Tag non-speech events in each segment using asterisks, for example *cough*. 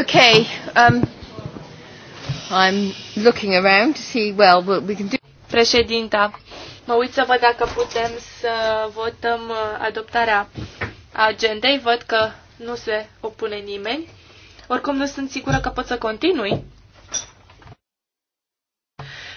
Okay, um, I'm looking around to see, well, what we can do... Președinta, mă uit să văd dacă putem să votăm uh, adoptarea agendei. Văd că nu se opune nimeni. Oricum nu sunt sigură că pot să continui.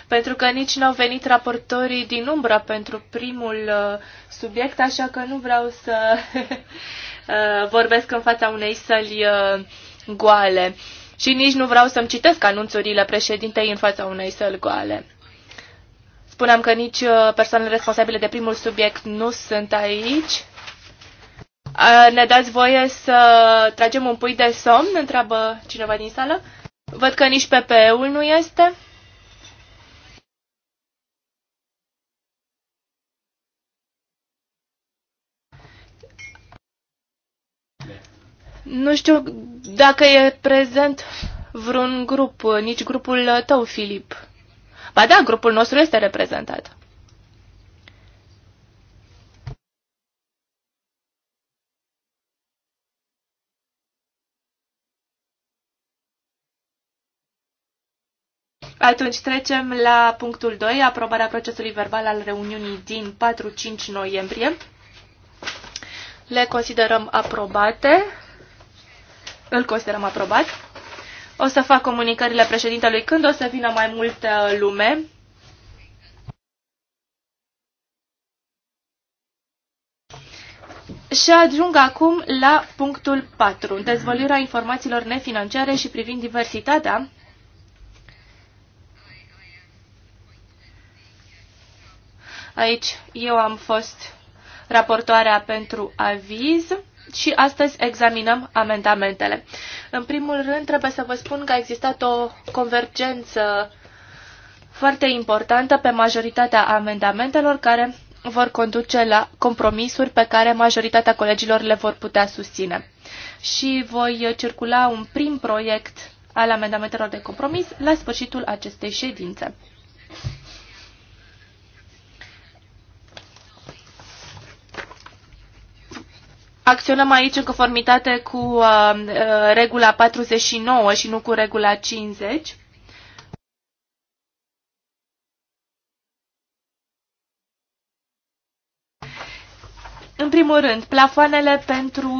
Pentru că nici nu au venit raportorii din umbra pentru primul uh, subiect, așa că nu vreau să *laughs* uh, vorbesc în fața unei săli uh, goale. Și nici nu vreau să-mi citesc anunțurile președintei în fața unei săli goale. Spuneam că nici uh, persoanele responsabile de primul subiect nu sunt aici. Ne dați voie să tragem un pui de somn? Întreabă cineva din sală. Văd că nici PPE-ul nu este. Nu știu dacă e prezent vreun grup, nici grupul tău, Filip. Ba da, grupul nostru este reprezentat. Atunci trecem la punctul 2, aprobarea procesului verbal al reuniunii din 4-5 noiembrie. Le considerăm aprobate. Îl considerăm aprobat. O să fac comunicările președintelui când o să vină mai multă lume. Și ajung acum la punctul 4, dezvăluirea informațiilor nefinanciare și privind diversitatea. Aici eu am fost raportoarea pentru aviz și astăzi examinăm amendamentele. În primul rând, trebuie să vă spun că a existat o convergență foarte importantă pe majoritatea amendamentelor care vor conduce la compromisuri pe care majoritatea colegilor le vor putea susține. Și voi circula un prim proiect al amendamentelor de compromis la sfârșitul acestei ședințe. acționăm aici în conformitate cu uh, uh regula 49 și nu cu regula 50. În primul rând, plafoanele pentru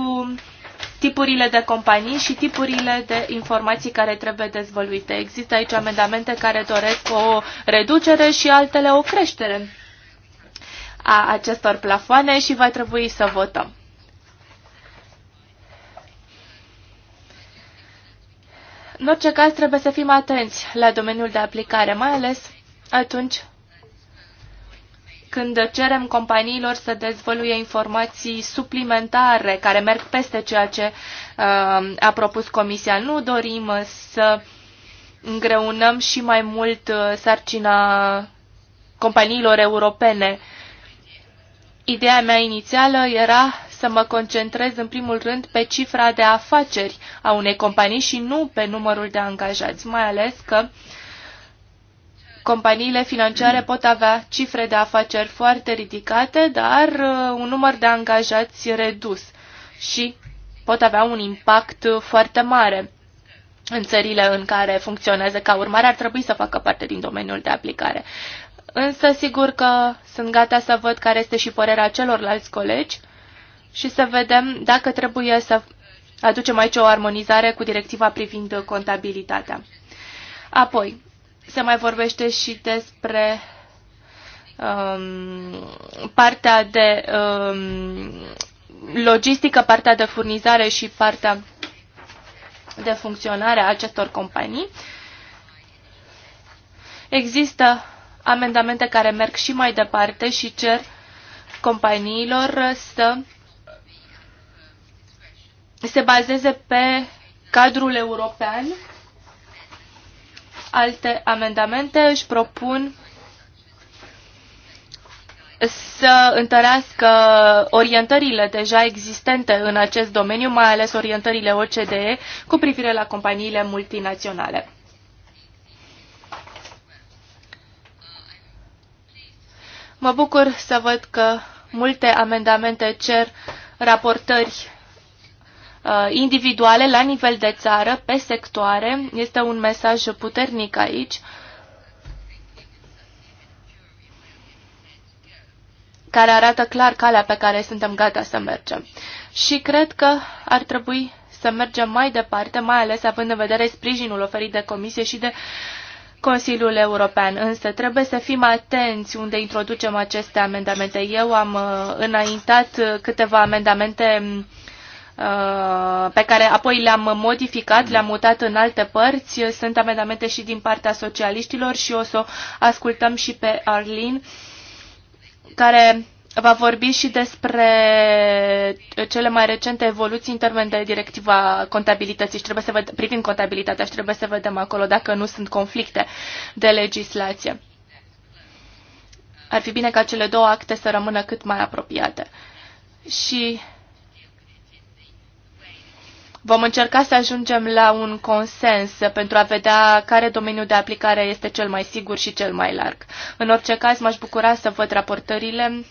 tipurile de companii și tipurile de informații care trebuie dezvăluite. Există aici amendamente care doresc o reducere și altele o creștere a acestor plafoane și va trebui să votăm. În orice caz, trebuie să fim atenți la domeniul de aplicare, mai ales atunci când cerem companiilor să dezvăluie informații suplimentare care merg peste ceea ce uh, a propus Comisia. Nu dorim să îngreunăm și mai mult uh, sarcina companiilor europene. Ideea mea inițială era să mă concentrez în primul rând pe cifra de afaceri a unei companii și nu pe numărul de angajați, mai ales că companiile financiare mm. pot avea cifre de afaceri foarte ridicate, dar uh, un număr de angajați redus și pot avea un impact foarte mare în țările în care funcționează ca urmare, ar trebui să facă parte din domeniul de aplicare. Însă, sigur că sunt gata să văd care este și părerea celorlalți colegi și să vedem dacă trebuie să aducem aici o armonizare cu directiva privind contabilitatea. Apoi, se mai vorbește și despre um, partea de um, logistică, partea de furnizare și partea de funcționare a acestor companii. Există amendamente care merg și mai departe și cer companiilor să se bazeze pe cadrul european. Alte amendamente își propun să întărească orientările deja existente în acest domeniu, mai ales orientările OCDE cu privire la companiile multinaționale. Mă bucur să văd că multe amendamente cer raportări Uh, individuale la nivel de țară, pe sectoare. Este un mesaj puternic aici. care arată clar calea pe care suntem gata să mergem. Și cred că ar trebui să mergem mai departe, mai ales având în vedere sprijinul oferit de Comisie și de Consiliul European. Însă trebuie să fim atenți unde introducem aceste amendamente. Eu am uh, înaintat câteva amendamente Uh, pe care apoi le-am modificat, le-am mutat în alte părți. Sunt amendamente și din partea socialiștilor și o să o ascultăm și pe Arlin, care va vorbi și despre cele mai recente evoluții în termen de directiva contabilității și trebuie să văd, privind contabilitatea și trebuie să vedem acolo dacă nu sunt conflicte de legislație. Ar fi bine ca cele două acte să rămână cât mai apropiate. Și Vom încerca să ajungem la un consens pentru a vedea care domeniu de aplicare este cel mai sigur și cel mai larg. În orice caz, m-aș bucura să văd raportările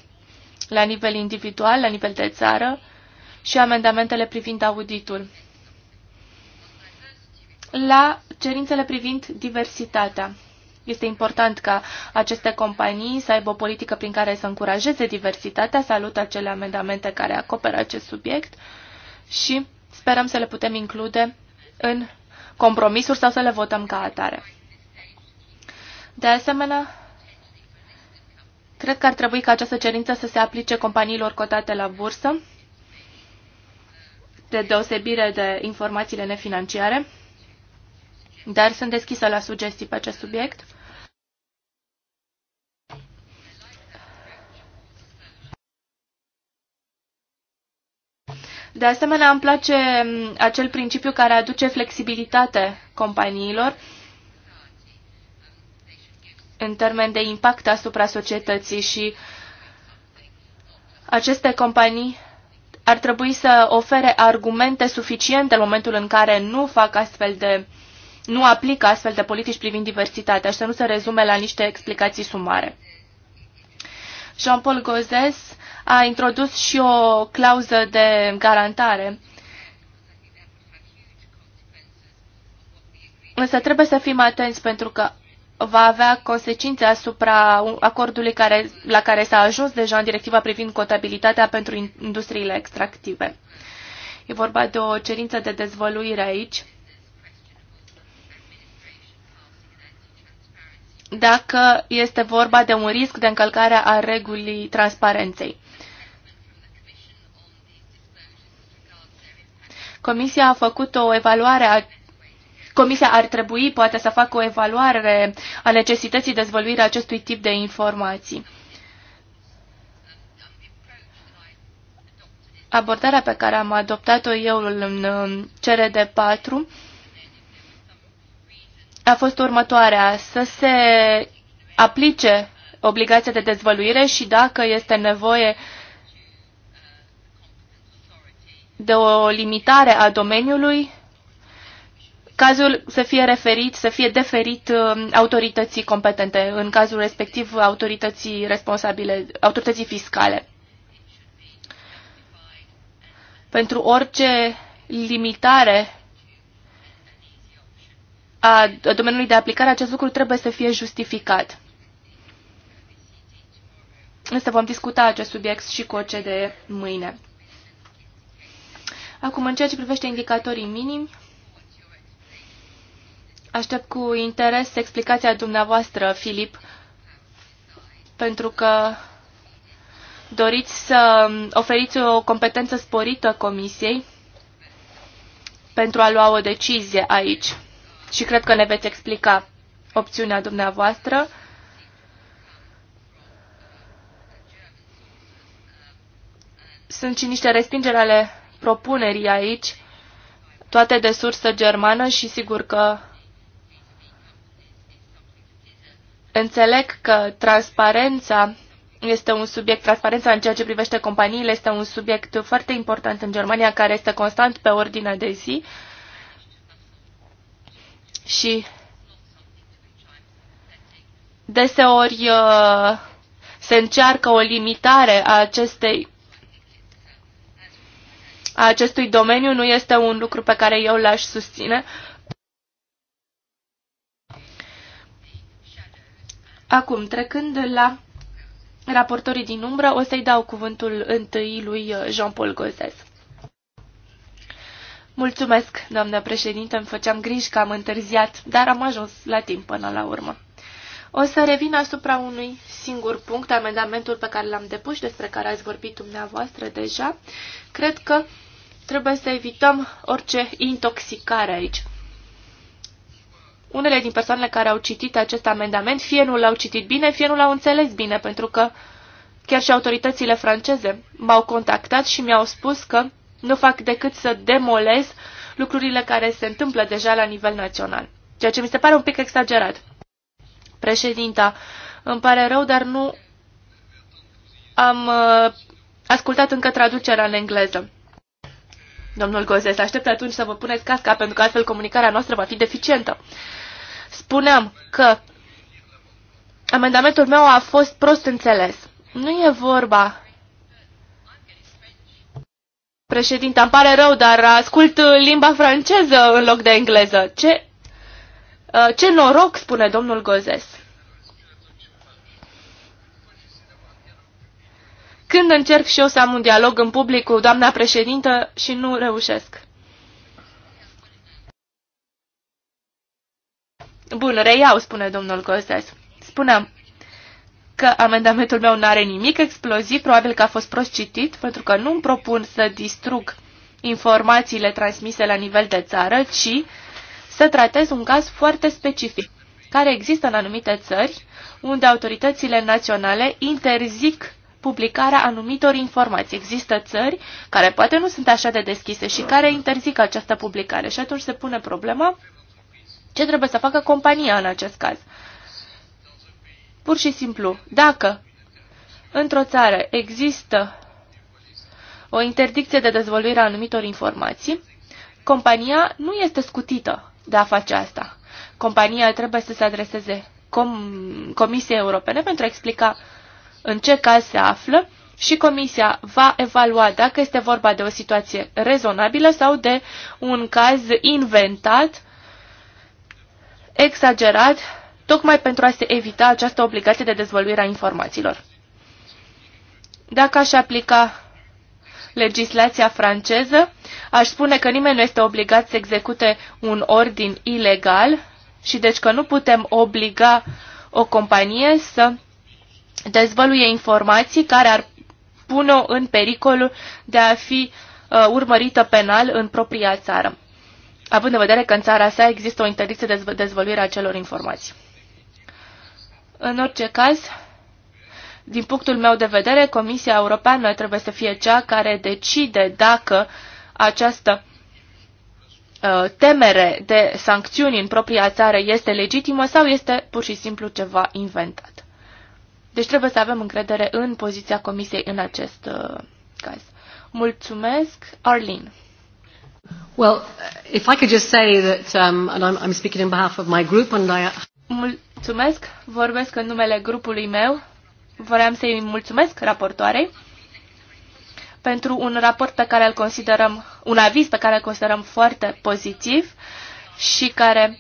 la nivel individual, la nivel de țară și amendamentele privind auditul. La cerințele privind diversitatea. Este important ca aceste companii să aibă o politică prin care să încurajeze diversitatea. Salut acele amendamente care acoperă acest subiect și Sperăm să le putem include în compromisuri sau să le votăm ca atare. De asemenea, cred că ar trebui ca această cerință să se aplice companiilor cotate la bursă, de deosebire de informațiile nefinanciare, dar sunt deschisă la sugestii pe acest subiect. De asemenea, îmi place mm, acel principiu care aduce flexibilitate companiilor în termen de impact asupra societății și aceste companii ar trebui să ofere argumente suficiente în momentul în care nu fac astfel de nu aplică astfel de politici privind diversitatea și să nu se rezume la niște explicații sumare. Jean-Paul Gauzès a introdus și o clauză de garantare. Însă trebuie să fim atenți pentru că va avea consecințe asupra acordului care, la care s-a ajuns deja în directiva privind contabilitatea pentru industriile extractive. E vorba de o cerință de dezvăluire aici dacă este vorba de un risc de încălcare a regulii transparenței. Comisia a făcut o evaluare a Comisia ar trebui, poate, să facă o evaluare a necesității dezvăluirii acestui tip de informații. Abordarea pe care am adoptat-o eu în CRD 4 a fost următoarea, să se aplice obligația de dezvăluire și dacă este nevoie de o limitare a domeniului, cazul să fie referit, să fie deferit um, autorității competente, în cazul respectiv autorității responsabile, autorității fiscale. Pentru orice limitare a domeniului de aplicare, acest lucru trebuie să fie justificat. Însă vom discuta acest subiect și cu OCDE mâine. Acum, în ceea ce privește indicatorii minimi, aștept cu interes explicația dumneavoastră, Filip, pentru că doriți să oferiți o competență sporită Comisiei pentru a lua o decizie aici și cred că ne veți explica opțiunea dumneavoastră. Sunt și niște respingere ale propunerii aici, toate de sursă germană și sigur că înțeleg că transparența este un subiect, transparența în ceea ce privește companiile este un subiect foarte important în Germania, care este constant pe ordinea de zi. Uh, și deseori uh, se încearcă o limitare a acestei a acestui domeniu nu este un lucru pe care eu l-aș susține. Acum, trecând la raportorii din umbră, o să-i dau cuvântul întâi lui Jean-Paul Gozes. Mulțumesc, doamnă președinte, îmi făceam griji că am întârziat, dar am ajuns la timp până la urmă. O să revin asupra unui singur punct, amendamentul pe care l-am depus, despre care ați vorbit dumneavoastră deja. Cred că trebuie să evităm orice intoxicare aici. Unele din persoanele care au citit acest amendament fie nu l-au citit bine, fie nu l-au înțeles bine, pentru că chiar și autoritățile franceze m-au contactat și mi-au spus că nu fac decât să demolez lucrurile care se întâmplă deja la nivel național. Ceea ce mi se pare un pic exagerat. Președinta, îmi pare rău, dar nu am uh, ascultat încă traducerea în engleză. Domnul Gozes, aștept atunci să vă puneți casca, pentru că altfel comunicarea noastră va fi deficientă. Spuneam că amendamentul meu a fost prost înțeles. Nu e vorba Președinte, îmi pare rău, dar ascult limba franceză în loc de engleză. Ce, uh, ce noroc, spune domnul Gozes. Când încerc și eu să am un dialog în public cu doamna președintă și nu reușesc. Bun, reiau, spune domnul Gozes. Spuneam, că amendamentul meu nu are nimic exploziv, probabil că a fost prost citit, pentru că nu îmi propun să distrug informațiile transmise la nivel de țară, ci să tratez un caz foarte specific, care există în anumite țări, unde autoritățile naționale interzic publicarea anumitor informații. Există țări care poate nu sunt așa de deschise și care interzic această publicare și atunci se pune problema ce trebuie să facă compania în acest caz. Pur și simplu, dacă într-o țară există o interdicție de dezvoltare a anumitor informații, compania nu este scutită de a face asta. Compania trebuie să se adreseze Com- Comisiei Europene pentru a explica în ce caz se află și Comisia va evalua dacă este vorba de o situație rezonabilă sau de un caz inventat, exagerat tocmai pentru a se evita această obligație de dezvăluire a informațiilor. Dacă aș aplica legislația franceză, aș spune că nimeni nu este obligat să execute un ordin ilegal și deci că nu putem obliga o companie să dezvăluie informații care ar pune-o în pericolul de a fi uh, urmărită penal în propria țară, având în vedere că în țara sa există o interdicție de dezvăluire a celor informații. În orice caz, din punctul meu de vedere, Comisia Europeană trebuie să fie cea care decide dacă această uh, temere de sancțiuni în propria țară este legitimă sau este pur și simplu ceva inventat. Deci trebuie să avem încredere în poziția Comisiei în acest uh, caz. Mulțumesc, Arlene. Well, if I could just say that, um, and I'm, I'm speaking in behalf of my group, and I Mulțumesc, vorbesc în numele grupului meu. Vreau să-i mulțumesc raportoarei pentru un raport pe care îl considerăm, un aviz pe care îl considerăm foarte pozitiv și care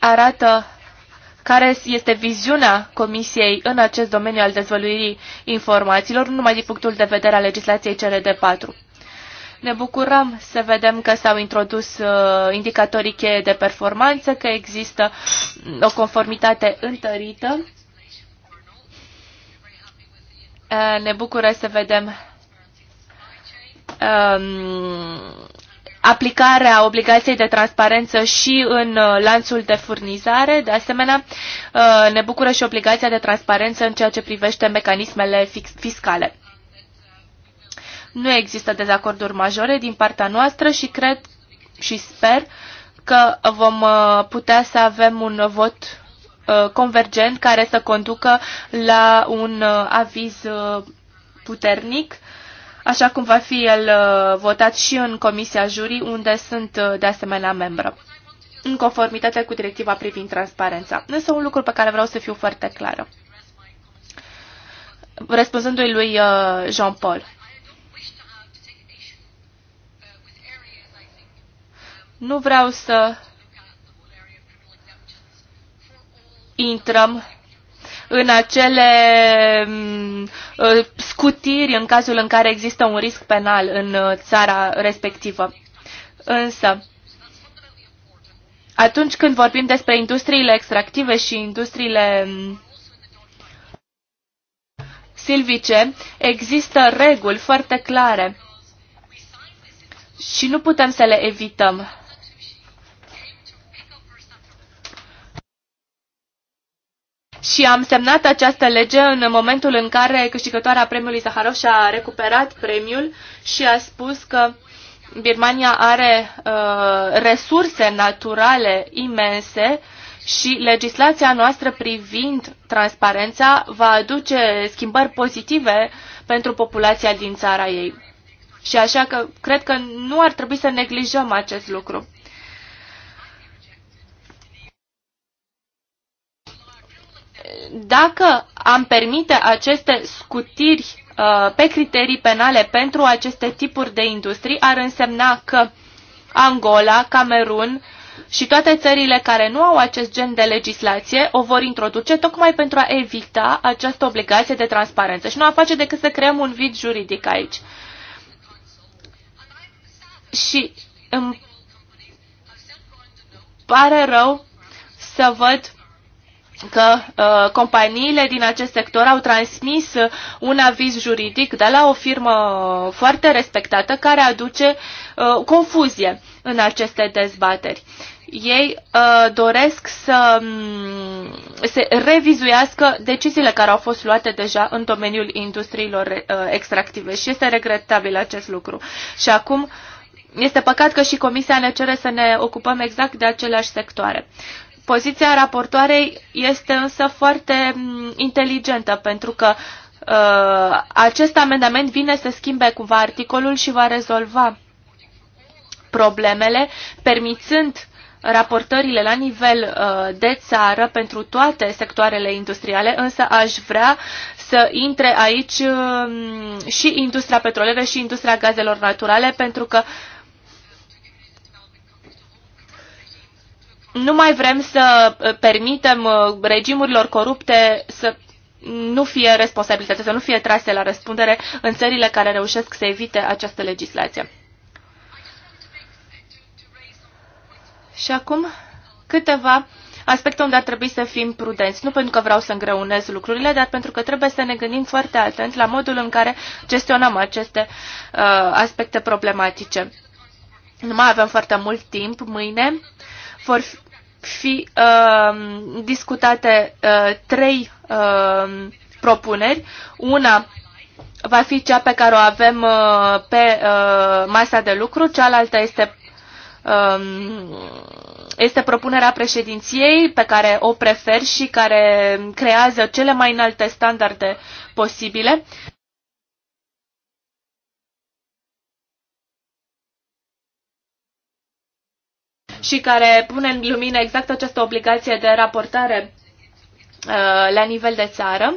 arată care este viziunea Comisiei în acest domeniu al dezvăluirii informațiilor, numai din punctul de vedere al legislației CRD 4. Ne bucurăm să vedem că s-au introdus uh, indicatorii cheie de performanță, că există o conformitate întărită. Uh, ne bucură să vedem um, aplicarea obligației de transparență și în uh, lanțul de furnizare. De asemenea, ne bucură și obligația de transparență în ceea ce privește mecanismele fiscale. Nu există dezacorduri majore din partea noastră și cred și sper că vom uh, putea să avem un vot uh, convergent care să conducă la un uh, aviz puternic, așa cum va fi el votat și în Comisia Jurii, unde sunt de asemenea membră în conformitate cu directiva privind transparența. Însă un lucru pe care vreau să fiu foarte clară. Răspunzându-i lui Jean-Paul. Nu vreau să intrăm în acele mm, uh, scutiri în cazul în care există un risc penal în uh, țara respectivă. Însă, atunci când vorbim despre industriile extractive și industriile mm, silvice, există reguli foarte clare și nu putem să le evităm. și am semnat această lege în momentul în care câștigătoarea premiului Zaharov și-a recuperat premiul și a spus că Birmania are uh, resurse naturale imense și legislația noastră privind transparența va aduce schimbări pozitive pentru populația din țara ei. Și așa că cred că nu ar trebui să neglijăm acest lucru. dacă am permite aceste scutiri uh, pe criterii penale pentru aceste tipuri de industrii, ar însemna că Angola, Camerun și toate țările care nu au acest gen de legislație o vor introduce tocmai pentru a evita această obligație de transparență și nu a face decât să creăm un vid juridic aici. Și îmi pare rău să văd că uh, companiile din acest sector au transmis un aviz juridic de la o firmă foarte respectată care aduce uh, confuzie în aceste dezbateri. Ei uh, doresc să um, se revizuiască deciziile care au fost luate deja în domeniul industriilor uh, extractive și este regretabil acest lucru. Și acum este păcat că și Comisia ne cere să ne ocupăm exact de aceleași sectoare. Poziția raportoarei este însă foarte mm, inteligentă pentru că uh, acest amendament vine să schimbe cumva articolul și va rezolva problemele, permițând raportările la nivel uh, de țară pentru toate sectoarele industriale, însă aș vrea să intre aici uh, și industria petrolieră și industria gazelor naturale, pentru că uh, nu mai vrem să uh, permitem uh, regimurilor corupte să nu fie responsabilitate, să nu fie trase la răspundere în țările care reușesc să evite această legislație. Și acum câteva aspecte unde ar trebui să fim prudenți. Nu pentru că vreau să îngreunez lucrurile, dar pentru că trebuie să ne gândim foarte atent la modul în care gestionăm aceste uh, aspecte problematice. Nu mai avem foarte mult timp mâine vor fi uh, discutate uh, trei uh, propuneri. Una va fi cea pe care o avem uh, pe uh, masa de lucru, cealaltă este, uh, este propunerea președinției pe care o prefer și care creează cele mai înalte standarde posibile. și care pune în lumină exact această obligație de raportare uh, la nivel de țară.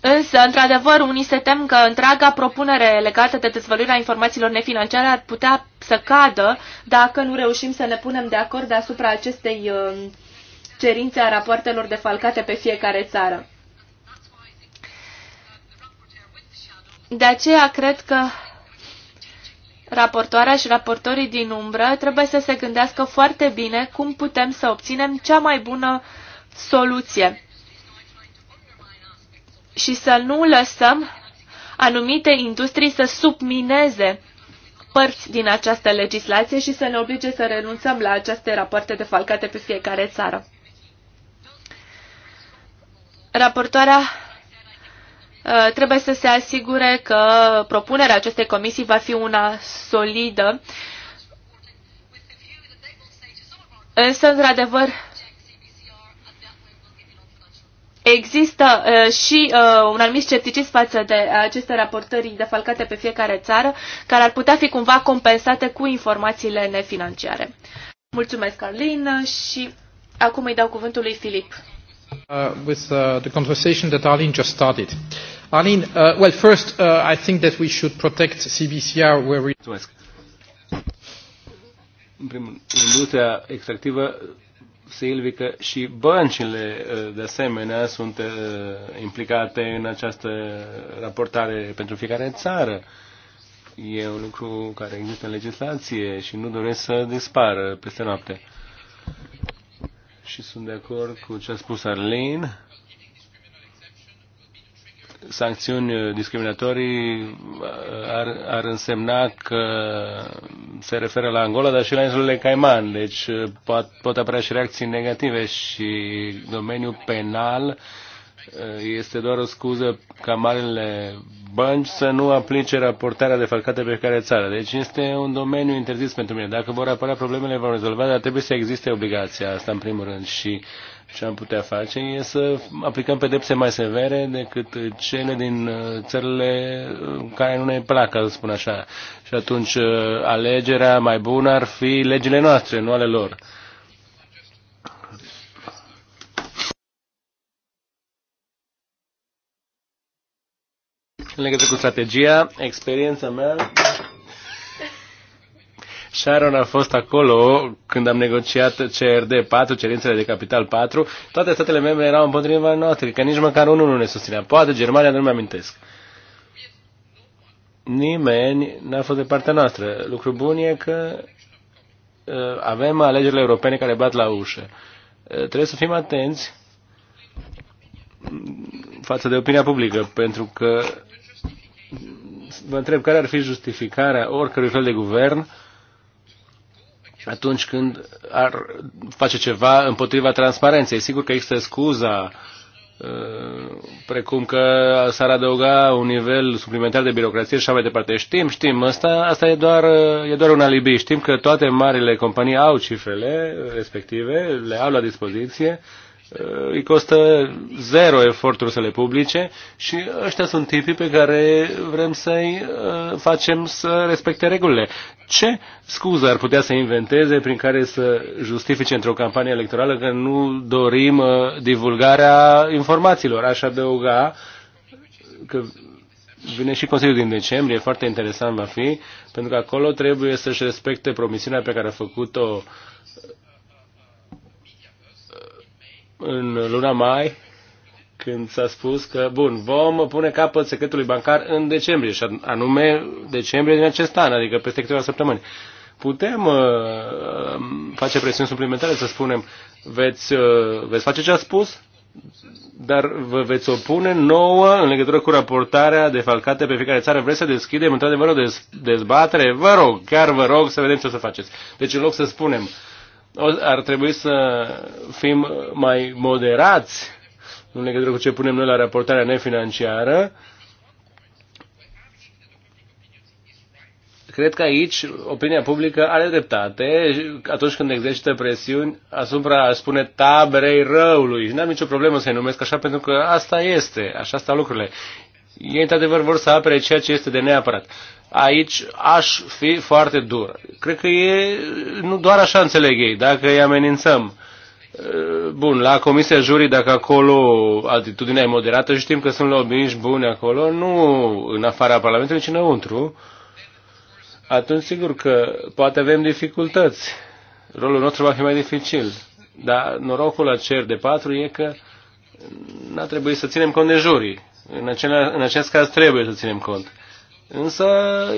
Însă, într-adevăr, unii se tem că întreaga propunere legată de dezvăluirea informațiilor nefinanciare ar putea să cadă dacă nu reușim să ne punem de acord asupra acestei uh, cerințe a rapoartelor defalcate pe fiecare țară. De aceea cred că raportoarea și raportorii din umbră trebuie să se gândească foarte bine cum putem să obținem cea mai bună soluție și să nu lăsăm anumite industrii să submineze părți din această legislație și să ne oblige să renunțăm la aceste rapoarte defalcate pe fiecare țară. Raportoarea Uh, trebuie să se asigure că propunerea acestei comisii va fi una solidă. Însă, într-adevăr, Există uh, și uh, un anumit scepticism față de aceste raportări defalcate pe fiecare țară, care ar putea fi cumva compensate cu informațiile nefinanciare. Mulțumesc, Carlin, și acum îi dau cuvântul lui Filip. Uh, with uh, the conversation that Arlene just started. Uh, Marlene, uh, well, first, uh, I think that we should protect CBCR where we... Mulțumesc. În primul industria extractivă silvică și băncile uh, de asemenea sunt uh, implicate în această raportare pentru fiecare țară. E un lucru care există în legislație și nu doresc să dispară peste noapte. Și sunt de acord cu ce a spus Arlene sancțiuni discriminatorii ar, ar însemna că se referă la Angola, dar și la insulele Caiman, deci pot, pot apărea și reacții negative și domeniul penal uh, este doar o scuză ca marile bănci să nu aplice raportarea defalcată pe care țară. Deci este un domeniu interzis pentru mine. Dacă vor apărea problemele, vom rezolva, dar trebuie să existe obligația asta în primul rând și uh, ce am putea face e să aplicăm pedepse mai severe decât cele din uh, țările uh, care nu ne plac, să spun așa. Și atunci uh, alegerea mai bună ar fi legile noastre, nu ale lor. În legătură cu strategia, experiența mea Sharon a fost acolo când am negociat CRD 4, cerințele de capital 4. Toate statele membre erau împotriva noastră, că nici măcar unul nu ne susținea. Poate Germania, nu-mi amintesc. Nimeni n-a fost de partea noastră. Lucru bun e că uh, avem alegerile europene care bat la ușă. Uh, trebuie să fim atenți față de opinia publică, pentru că vă întreb care ar fi justificarea oricărui fel de guvern uh, atunci când ar face ceva împotriva transparenței. Sigur că există scuza uh, precum că s-ar adăuga un nivel suplimentar de birocrație și așa mai departe. Știm, știm, asta, asta e, doar, uh, e doar un alibi. Știm că toate marile companii au cifrele respective, le au la dispoziție Uh, îi costă zero eforturile publice și ăștia sunt tipii pe care vrem să-i uh, facem să respecte regulile. Ce scuză ar putea să inventeze prin care să justifice într-o campanie electorală că nu dorim uh, divulgarea informațiilor? Aș adăuga că vine și Consiliul din decembrie, foarte interesant va fi, pentru că acolo trebuie să-și respecte promisiunea pe care a făcut-o în luna mai, când s-a spus că, bun, vom pune capăt secretului bancar în decembrie, și anume decembrie din acest an, adică peste câteva săptămâni. Putem uh, face presiuni suplimentare, să spunem, veți, uh, veți face ce a spus, dar vă veți opune nouă în legătură cu raportarea defalcată pe fiecare țară. Vreți să deschidem într-adevăr o dez, dezbatere? Vă rog, chiar vă rog să vedem ce o să faceți. Deci în loc să spunem, uh, ar trebui să fim mai moderați în legătură cu ce punem noi la raportarea nefinanciară. Cred că aici opinia publică are dreptate atunci când exercită presiuni asupra, aș spune, taberei răului. Și n-am nicio problemă să-i numesc așa pentru că asta este, așa stau lucrurile ei într-adevăr vor să apere ceea ce este de neapărat. Aici aș fi foarte dur. Cred că e, nu doar așa înțeleg ei, dacă îi amenințăm. Bun, la Comisia Jurii, dacă acolo atitudinea e moderată, știm că sunt lobbyiști buni acolo, nu în afara Parlamentului, ci înăuntru, atunci sigur că poate avem dificultăți. Rolul nostru va fi mai dificil. Dar norocul la cer de patru e că n-a trebuit să ținem cont de jurii în, acela, în acest caz trebuie să ținem cont. Însă,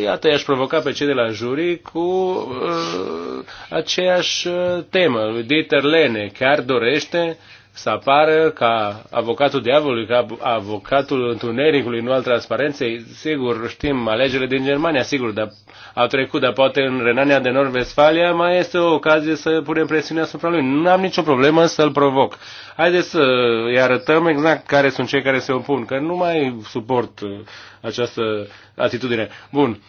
iată, i-aș provoca pe cei de la juri cu uh, aceeași uh, temă. Dieter Lene chiar dorește să apară ca avocatul diavolului, ca avocatul întunericului, nu al transparenței. Sigur, știm alegerile din Germania, sigur, dar au trecut, dar poate în Renania de Nord-Vestfalia mai este o ocazie să punem presiune asupra lui. Nu am nicio problemă să-l provoc. Haideți să îi arătăm exact care sunt cei care se opun, că nu mai suport uh, această atitudine. Bun,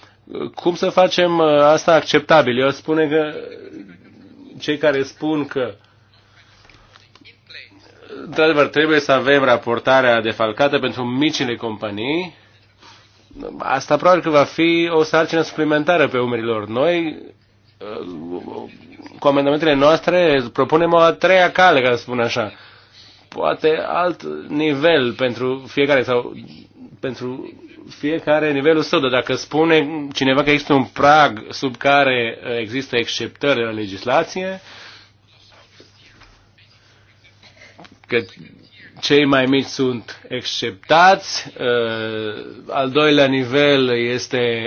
cum să facem uh, asta acceptabil? Eu spune că cei care spun că într-adevăr, trebuie să avem raportarea defalcată pentru micile companii. Asta probabil că va fi o sarcină suplimentară pe umerilor. Noi, cu amendamentele noastre, propunem o a treia cale, ca să spun așa. Poate alt nivel pentru fiecare sau pentru fiecare nivelul său, dar dacă spune cineva că există un prag sub care există exceptări la legislație, că cei mai mici sunt exceptați, uh, al doilea nivel este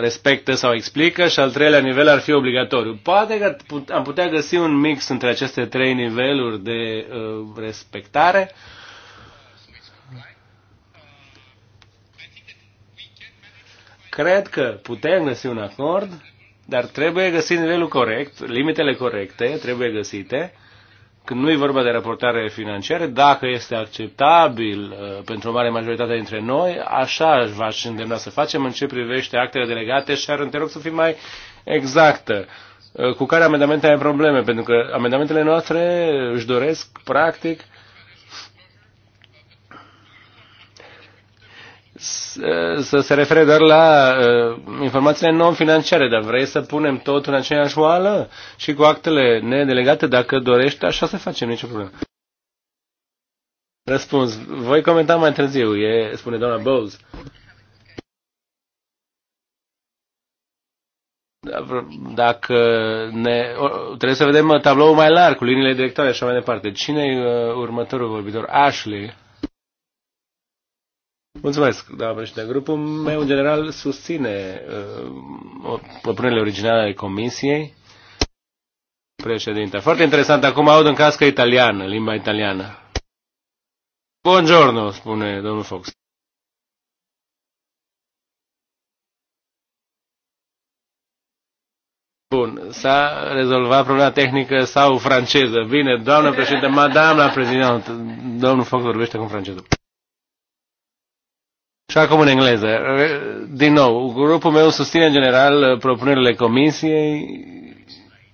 respectă sau explică și al treilea nivel ar fi obligatoriu. Poate că am putea găsi un mix între aceste trei niveluri de uh, respectare. Cred că putem găsi un acord, dar trebuie găsit nivelul corect, limitele corecte trebuie găsite când nu e vorba de raportare financiară, dacă este acceptabil uh, pentru o mare majoritate dintre noi, așa v-aș îndemna să facem în ce privește actele delegate și ar te rog să fii mai exactă uh, cu care amendamente ai probleme, pentru că amendamentele noastre își doresc, practic, să se refere doar la uh, informațiile non-financiare, dar vrei să punem tot în aceeași oală și cu actele nedelegate, dacă dorești, așa se face, nicio problemă. Răspuns. Voi comenta mai târziu, e, spune doamna Bowles. Da, dacă ne, trebuie să vedem tabloul mai larg, cu liniile directoare și așa mai departe. Cine e uh, următorul vorbitor? Ashley. Mulțumesc, doamna președinte. Grupul meu, în general, susține uh, propunerile originale ale Comisiei. Președinte. Foarte interesant. Acum aud în cască italiană, limba italiană. Buongiorno, spune domnul Fox. Bun, s-a rezolvat problema tehnică sau franceză. Bine, doamnă președinte, madame la președinte, domnul Fox vorbește cu franceză. Și acum în engleză. Din nou, grupul meu susține în general uh, propunerile comisiei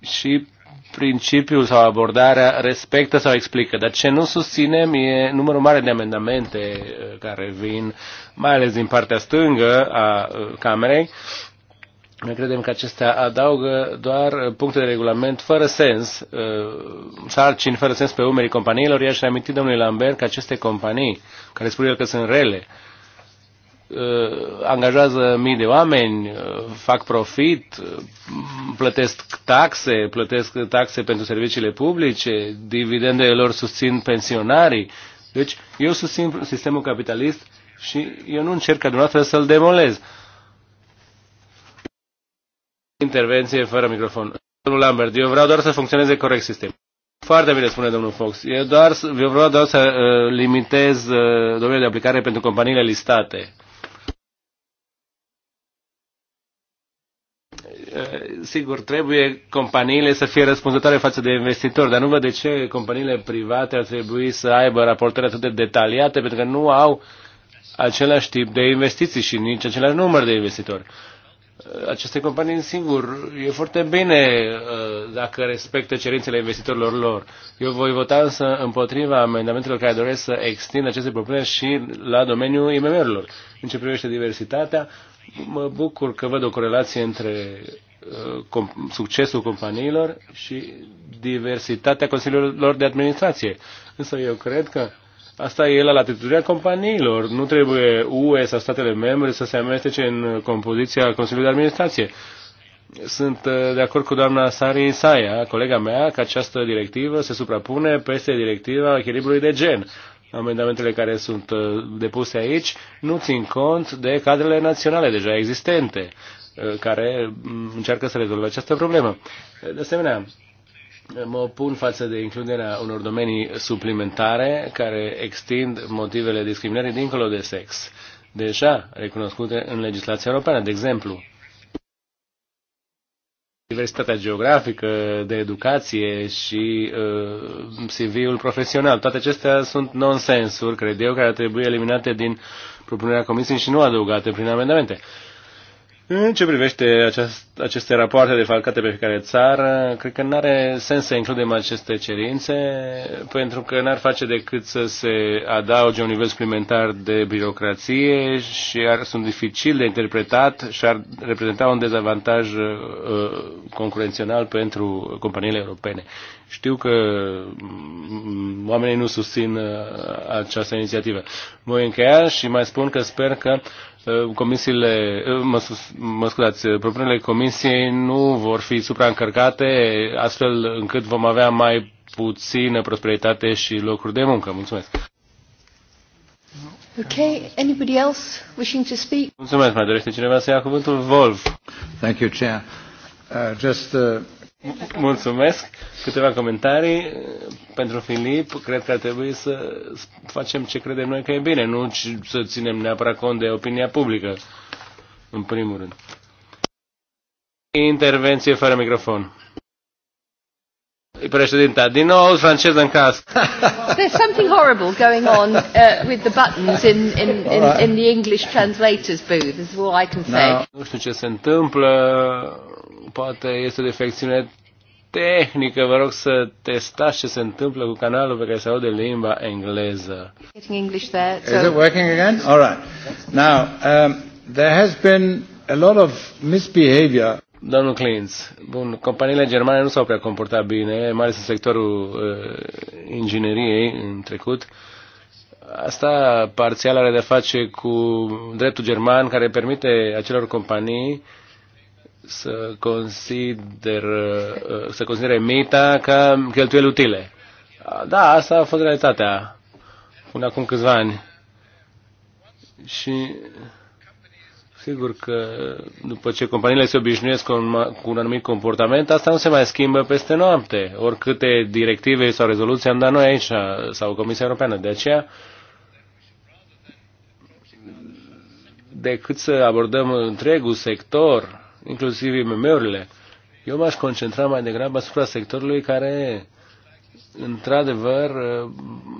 și principiul sau abordarea respectă sau explică. Dar ce nu susținem e numărul mare de amendamente uh, care vin, mai ales din partea stângă a uh, Camerei. Noi credem că acestea adaugă doar puncte de regulament fără sens, sarcini fără sens pe umerii companiilor. I-aș reaminti domnului Lambert că aceste companii, care spune el că sunt rele, Uh, angajează mii de oameni, uh, fac profit, uh, plătesc taxe, plătesc taxe pentru serviciile publice, dividendele lor susțin pensionarii. Deci eu susțin sistemul capitalist și eu nu încerc ca dumneavoastră să-l demolez. Intervenție fără microfon. Domnul Lambert, eu vreau doar să funcționeze corect sistemul. Foarte bine spune domnul Fox. Eu, doar, eu vreau doar să uh, limitez uh, domeniul de aplicare pentru companiile listate. Eh, sigur, trebuie companiile să fie răspunzătoare față de investitori, dar nu văd de ce companiile private ar trebui să aibă raportări atât de detaliate, pentru că nu au același tip de investiții și nici același număr de investitori. Eh, aceste companii, sigur, e foarte bine eh, dacă respectă cerințele investitorilor lor. Eu voi vota însă împotriva amendamentelor care doresc să extind aceste propuneri și la domeniul IMM-urilor. În ce privește diversitatea, Mă bucur că văd o corelație între uh, succesul companiilor și diversitatea consiliilor de administrație. Însă eu cred că asta e la latitudinea companiilor. Nu trebuie UE sau statele membre să se amestece în compoziția Consiliului de Administrație. Sunt uh, de acord cu doamna Sari Saia, colega mea, că această directivă se suprapune peste directiva echilibrului de gen amendamentele care sunt uh, depuse aici nu țin cont de cadrele naționale deja existente uh, care mm, încearcă să rezolve această problemă. De asemenea, mă opun față de includerea unor domenii suplimentare care extind motivele discriminării dincolo de sex, deja recunoscute în legislația europeană. De exemplu, diversitatea geografică, de educație și uh, CV-ul profesional. Toate acestea sunt nonsensuri, cred eu, care trebuie eliminate din propunerea comisiei și nu adăugate prin amendamente. Uh, în ce privește aceast, aceste rapoarte de falcate pe fiecare țară, cred că nu are sens să includem aceste cerințe, pentru că n-ar face decât să se adauge un nivel suplimentar de birocrație și ar, sunt dificil de interpretat și ar reprezenta un dezavantaj uh, concurențional pentru companiile europene. Știu că mm, oamenii nu susțin uh, această inițiativă. Voi încheia și mai spun că sper că comisiile, mă, mă scuzați, propunerile comisiei nu vor fi supraîncărcate, astfel încât vom avea mai puțină prosperitate și locuri de muncă. Mulțumesc! Okay, anybody else wishing to speak? Mulțumesc, mai dorește cineva să ia cuvântul? Wolf. Thank you, Chair. Uh, just uh, Mulțumesc. Câteva comentarii pentru Filip. Cred că ar trebui să facem ce credem noi că e bine, nu să ținem neapărat cont de opinia publică, în primul rând. Intervenție fără microfon. Președinta, din nou francez în caz. *laughs* There's something horrible going on uh, with the buttons in, in, in, in the English translators booth, is all I can say. Nu știu ce se întâmplă poate este o defecțiune tehnică, vă rog să testați ce se întâmplă cu canalul pe care se aude limba engleză. there, so... Is it working again? All right. Now, um, there has been a lot of misbehavior. Domnul Klintz, bun, companiile germane nu s-au prea comportat bine, mai ales în sectorul uh, ingineriei în trecut. Asta parțial are de face cu dreptul german care permite acelor companii uh, să, consider, uh, să considere mita ca cheltuieli utile. Da, asta a fost realitatea până acum câțiva ani. Și sigur că după ce companiile se obișnuiesc cu un, cu un anumit comportament, asta nu se mai schimbă peste noapte, oricâte directive sau rezoluții am dat noi aici sau Comisia Europeană. De aceea, decât să abordăm întregul sector inclusiv IMM-urile. Eu m-aș concentra mai degrabă asupra sectorului care într-adevăr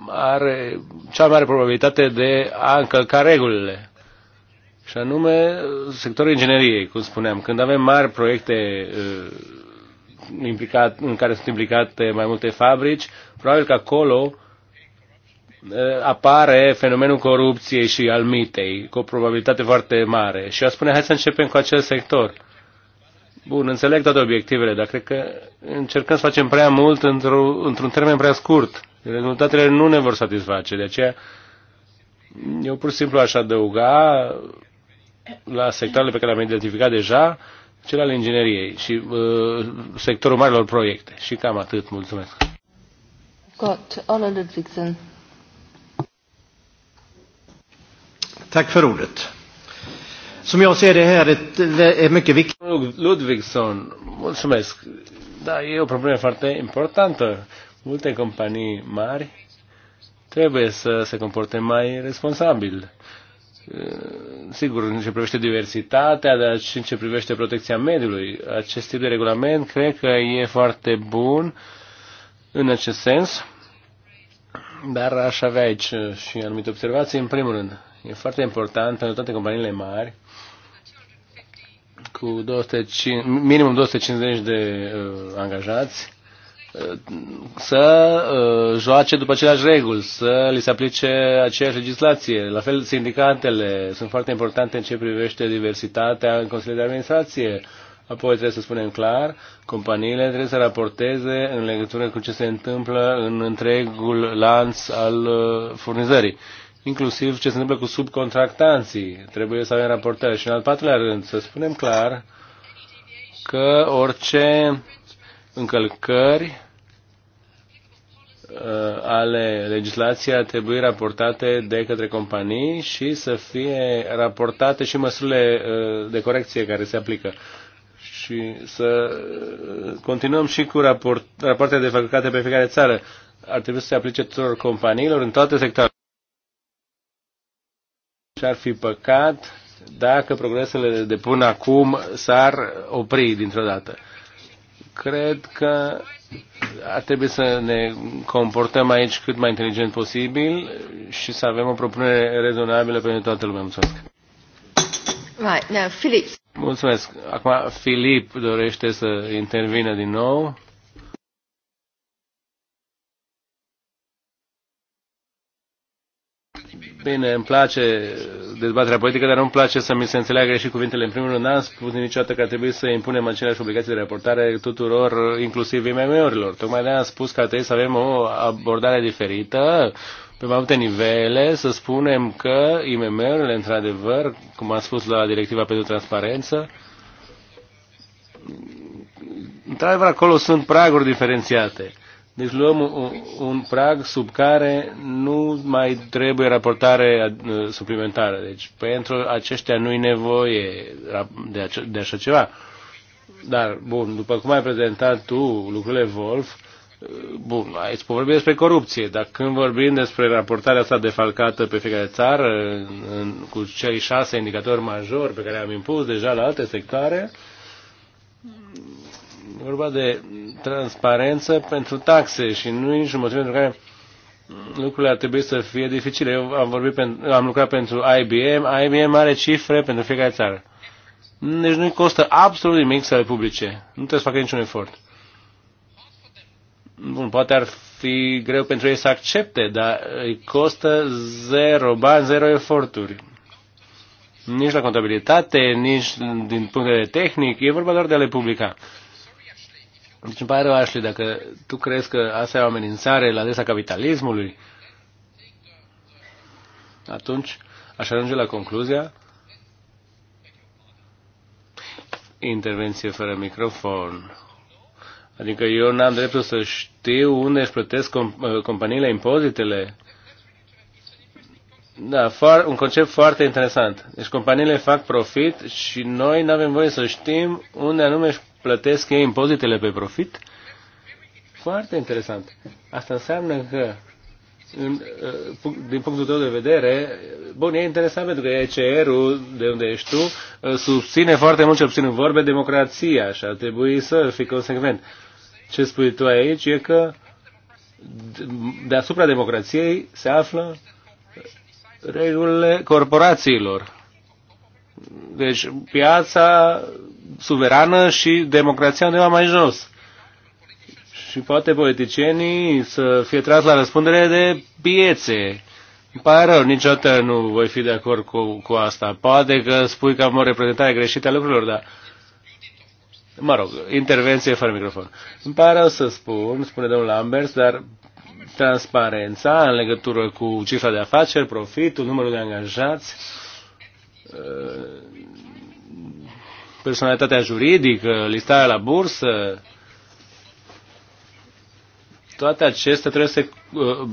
are cea mai mare probabilitate de a încălca regulile. Și anume sectorul ingineriei, cum spuneam. Când avem mari proiecte uh, implicat, în care sunt implicate mai multe fabrici, probabil că acolo uh, apare fenomenul corupției și al mitei, cu o probabilitate foarte mare. Și eu spune, hai să începem cu acel sector Bun, înțeleg toate obiectivele, dar cred că încercăm să facem prea mult într-un într termen prea scurt. Rezultatele nu ne vor satisface, de aceea eu pur și simplu aș adăuga la sectoarele pe care le-am identificat deja, cel al ingineriei și uh, sectorul marilor proiecte. Și cam atât. Mulțumesc. Got Ola Ludvigsen. Tack för ordet. Som jag ser det här är mycket viktigt. Ludvigsson, mulțumesc. Da, eu o problemă foarte importantă. Multe companii mari trebuie să se comporte mai responsabil. Eh, sigur, în ce privește diversitatea, dar și în ce privește protecția mediului. Acest tip de regulament cred că e foarte bun în acest sens, dar aș avea aici și anumite observații. În primul rând, e foarte important pentru toate companiile mari cu 205, minimum 250 de uh, angajați uh, să uh, joace după aceleași reguli, să li se aplice aceeași legislație. La fel, sindicatele sunt foarte importante în ce privește diversitatea în Consiliul de Administrație. Apoi trebuie să spunem clar, companiile trebuie să raporteze în legătură cu ce se întâmplă în întregul lanț al uh, furnizării. Uh, inclusiv ce se întâmplă cu subcontractanții. Trebuie să avem raportări. Și în al patrulea rând, să spunem clar că orice încălcări uh, ale legislației ar trebui raportate de către companii și să fie raportate și măsurile uh, de corecție care se aplică. Și să uh, continuăm și cu raport, rapoartele de facultate pe fiecare țară. Ar trebui să se aplice tuturor companiilor în toate sectoarele și ar fi păcat dacă progresele de până acum s-ar opri dintr-o dată. Cred că ar trebui să ne comportăm aici cât mai inteligent posibil și să avem o propunere rezonabilă pentru toată lumea. Mulțumesc! Right, now, Philip. Mulțumesc. Acum Filip dorește să intervină din nou. Bine, îmi place dezbaterea politică, dar nu-mi place să mi se înțeleagă greșit cuvintele. În primul rând, n-am spus niciodată că ar trebui să impunem aceleași obligații de raportare tuturor, inclusiv IMM-urilor. Tocmai de am spus că trebuie să avem o abordare diferită, pe mai multe nivele, să spunem că IMM-urile, într-adevăr, cum am spus la Directiva pentru Transparență, într-adevăr acolo sunt praguri diferențiate deci luăm un, un prag sub care nu mai trebuie raportare uh, suplimentară. Deci pentru aceștia nu-i nevoie de, ace- de așa ceva. Dar, bun, după cum ai prezentat tu lucrurile Wolf, uh, bun, aici vorbim despre corupție, dar când vorbim despre raportarea asta defalcată pe fiecare țară, în, cu cei șase indicatori majori pe care am impus deja la alte sectoare, E vorba de transparență pentru taxe și nu e niciun motiv pentru care lucrurile ar trebui să fie dificile. Eu am, vorbit pentru, am lucrat pentru IBM. IBM are cifre pentru fiecare țară. Deci nu-i costă absolut nimic să le publice. Nu trebuie să facă niciun efort. Bun, poate ar fi greu pentru ei să accepte, dar îi costă zero bani, zero eforturi. Nici la contabilitate, nici din punct de vedere tehnic, e vorba doar de a le publica. Deci îmi pare rău, Ashley, dacă tu crezi că asta e o amenințare la adresa capitalismului, atunci aș ajunge la concluzia intervenție fără microfon. Adică eu n-am dreptul să știu unde își plătesc com- uh, companiile impozitele. Da, foar- un concept foarte interesant. Deci companiile fac profit și noi nu avem voie să știm unde anume își plătesc ei impozitele pe profit. Foarte interesant. Asta înseamnă că în, uh, din punctul tău de vedere, bun, e interesant pentru că ECR-ul, de unde ești tu, uh, susține foarte mult, cel puțin în vorbe, democrația și ar trebui să fii consecvent. Ce spui tu aici e că deasupra democrației se află regulile corporațiilor. Deci piața suverană și democrația undeva mai jos. Și poate politicienii să fie tras la răspundere de piețe. Îmi pare rău, niciodată nu voi fi de acord cu, cu asta. Poate că spui că am o reprezentare greșită a lucrurilor, dar... Mă rog, intervenție fără microfon. Îmi pare rău să spun, spune domnul Lambers, dar transparența în legătură cu cifra de afaceri, profitul, numărul de angajați, personalitatea juridică, listarea la bursă, toate acestea trebuie să se uh,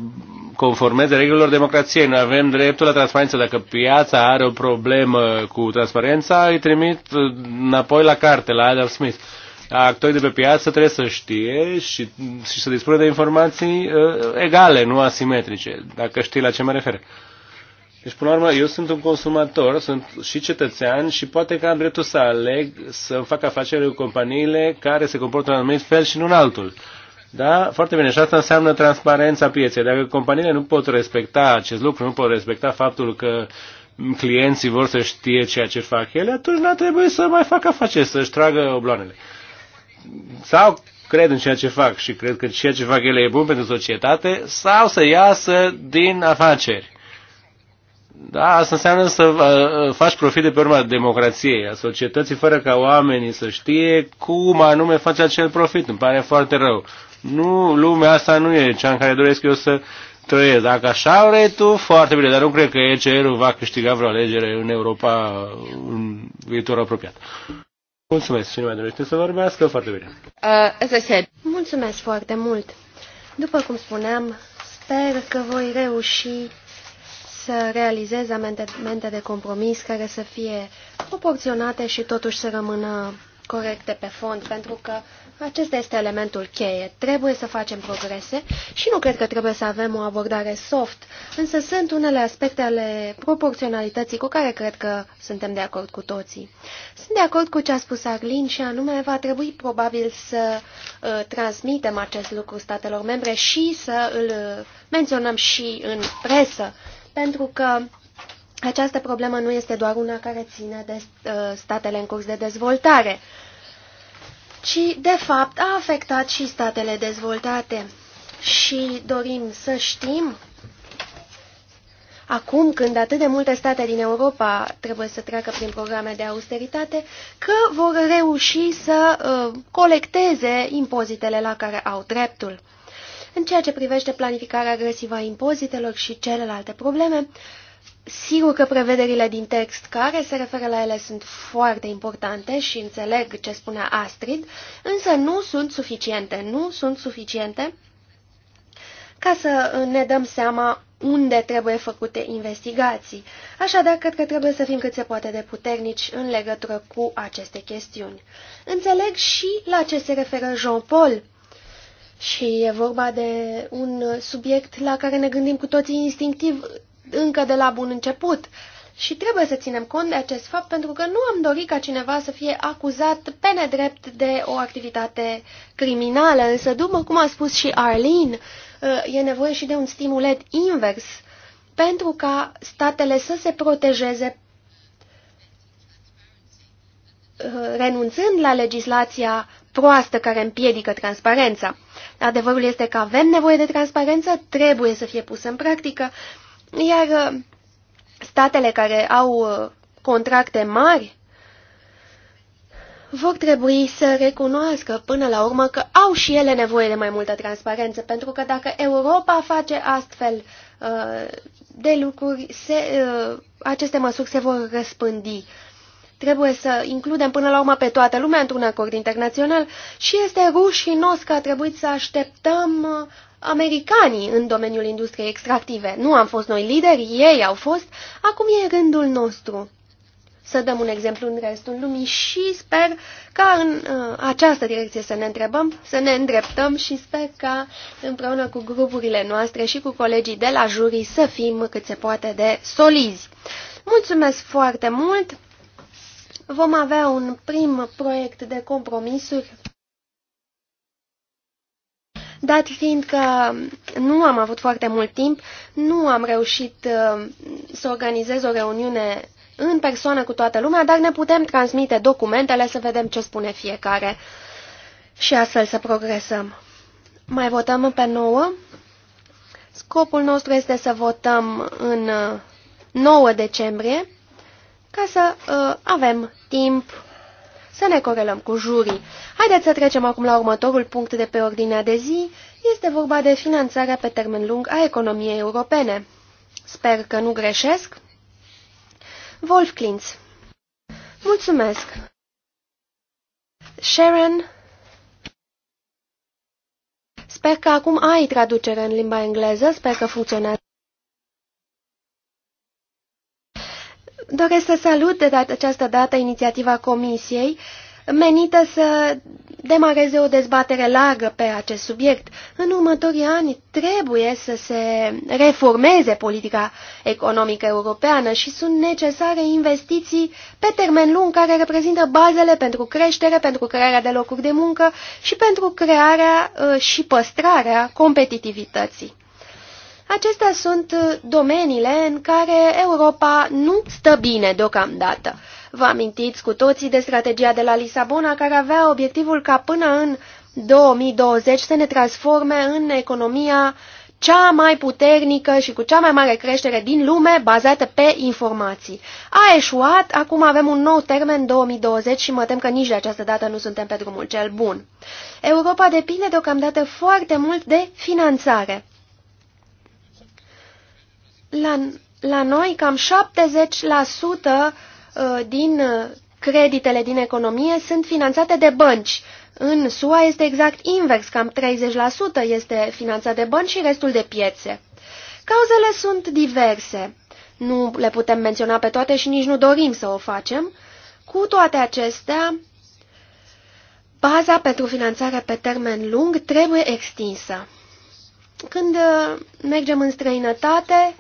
conformeze regulilor democrației. Noi avem dreptul la transparență. Dacă piața are o problemă cu transparența, îi trimit înapoi la carte, la Adam Smith. Actorii de pe piață trebuie să știe și, și să dispună de informații uh, egale, nu asimetrice, dacă știi la ce mă refer. Uh, deci, până la urmă, eu sunt un consumator, sunt și cetățean și poate că am dreptul să aleg să fac afaceri cu companiile care se comportă în un anumit fel și nu în altul. Da? Foarte bine. Și asta înseamnă transparența pieței. Dacă companiile nu pot respecta acest lucru, nu pot respecta faptul că clienții vor să știe ceea ce fac ele, atunci nu trebuie să mai facă afaceri, să-și tragă obloanele. Sau cred în ceea ce fac și cred că ceea ce fac ele e bun pentru societate, sau să iasă din afaceri. Da, asta înseamnă să uh, uh, faci profit de pe urma democrației, a societății, fără ca oamenii să știe cum anume face acel profit. Îmi pare foarte rău. Nu, lumea asta nu e cea în care doresc eu să trăiesc. Dacă așa vrei tu, foarte bine, dar nu cred că ECR-ul va câștiga vreo alegere în Europa în viitor apropiat. Mulțumesc. Cine mai dorește să vorbească? Foarte bine. Uh, Mulțumesc foarte mult. După cum spuneam, sper că voi reuși să realizeze amendamente de compromis care să fie proporționate și totuși să rămână corecte pe fond, pentru că acesta este elementul cheie. Trebuie să facem progrese și nu cred că trebuie să avem o abordare soft, însă sunt unele aspecte ale proporționalității cu care cred că suntem de acord cu toții. Sunt de acord cu ce a spus Arlin și anume va trebui probabil să uh, transmitem acest lucru statelor membre și să îl menționăm și în presă, pentru că această problemă nu este doar una care ține de uh, statele în curs de dezvoltare, ci, de fapt, a afectat și statele dezvoltate. Și dorim să știm, acum când atât de multe state din Europa trebuie să treacă prin programe de austeritate, că vor reuși să uh, colecteze impozitele la care au dreptul. În ceea ce privește planificarea agresivă a impozitelor și celelalte probleme, sigur că prevederile din text care se referă la ele sunt foarte importante și înțeleg ce spunea Astrid, însă nu sunt suficiente, nu sunt suficiente ca să ne dăm seama unde trebuie făcute investigații. Așadar, cred că trebuie să fim cât se poate de puternici în legătură cu aceste chestiuni. Înțeleg și la ce se referă Jean-Paul și e vorba de un subiect la care ne gândim cu toții instinctiv încă de la bun început. Și trebuie să ținem cont de acest fapt pentru că nu am dorit ca cineva să fie acuzat pe nedrept de o activitate criminală, însă după cum a spus și Arlene, uh, e nevoie și de un stimulet invers pentru ca statele să se protejeze uh, renunțând la legislația proastă care împiedică transparența. Adevărul este că avem nevoie de transparență, trebuie să fie pusă în practică, iar uh, statele care au uh, contracte mari vor trebui să recunoască până la urmă că au și ele nevoie de mai multă transparență, pentru că dacă Europa face astfel uh, de lucruri, se, aceste măsuri se vor răspândi Trebuie să includem până la urmă pe toată lumea într-un acord internațional și este rușinos că a trebuit să așteptăm uh, americanii în domeniul industriei extractive. Nu am fost noi lideri, ei au fost, acum e rândul nostru. Să dăm un exemplu în restul lumii și sper ca în uh, această direcție să ne întrebăm, să ne îndreptăm și sper ca împreună cu grupurile noastre și cu colegii de la jurii să fim cât se poate de solizi. Mulțumesc foarte mult! Vom avea un prim proiect de compromisuri, dat fiind că nu am avut foarte mult timp, nu am reușit uh, să organizez o reuniune în persoană cu toată lumea, dar ne putem transmite documentele să vedem ce spune fiecare și astfel să progresăm. Mai votăm pe 9. Scopul nostru este să votăm în 9 uh, decembrie ca să uh, avem timp să ne corelăm cu jurii. Haideți să trecem acum la următorul punct de pe ordinea de zi. Este vorba de finanțarea pe termen lung a economiei europene. Sper că nu greșesc. Wolf Klintz. Mulțumesc. Sharon. Sper că acum ai traducere în limba engleză, sper că funcționează. Doresc să salut de data această dată inițiativa Comisiei menită să demareze o dezbatere largă pe acest subiect. În următorii ani trebuie să se reformeze politica economică europeană și sunt necesare investiții pe termen lung care reprezintă bazele pentru creștere, pentru crearea de locuri de muncă și pentru crearea uh, și păstrarea competitivității. Acestea sunt uh, domeniile în care Europa nu stă bine deocamdată. Vă amintiți cu toții de strategia de la Lisabona, care avea obiectivul ca până în 2020 să ne transforme în economia cea mai puternică și cu cea mai mare creștere din lume bazată pe informații. A eșuat, acum avem un nou termen 2020 și mă tem că nici de această dată nu suntem pe drumul cel bun. Europa depinde deocamdată foarte mult de finanțare. La, la noi, cam 70% uh, din uh, creditele din economie sunt finanțate de bănci. În SUA este exact invers, cam 30% este finanțat de bănci și restul de piețe. Cauzele sunt diverse. Nu le putem menționa pe toate și nici nu dorim să o facem. Cu toate acestea, baza pentru finanțare pe termen lung trebuie extinsă. Când uh, mergem în străinătate,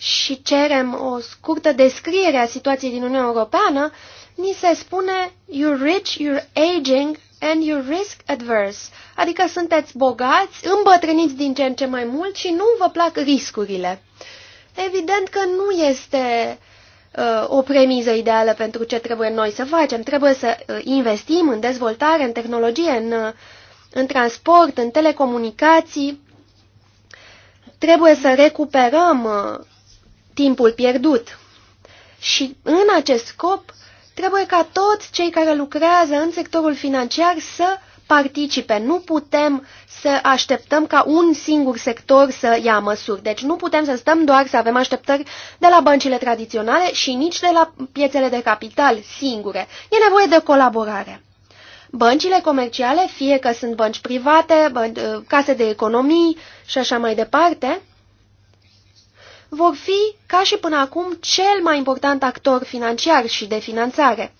și cerem o scurtă descriere a situației din Uniunea Europeană, ni se spune you're rich, you're aging and you're risk adverse, adică sunteți bogați, îmbătrâniți din ce în ce mai mult și nu vă plac riscurile. Evident că nu este uh, o premiză ideală pentru ce trebuie noi să facem. Trebuie să uh, investim în dezvoltare, în tehnologie, în, uh, în transport, în telecomunicații. Trebuie să recuperăm uh, timpul pierdut. Și în acest scop, trebuie ca toți cei care lucrează în sectorul financiar să participe. Nu putem să așteptăm ca un singur sector să ia măsuri. Deci nu putem să stăm doar să avem așteptări de la băncile tradiționale și nici de la piețele de capital singure. E nevoie de colaborare. Băncile comerciale, fie că sunt bănci private, uh, case de economii și așa mai departe, vor fi, ca și până acum, cel mai important actor financiar și de finanțare,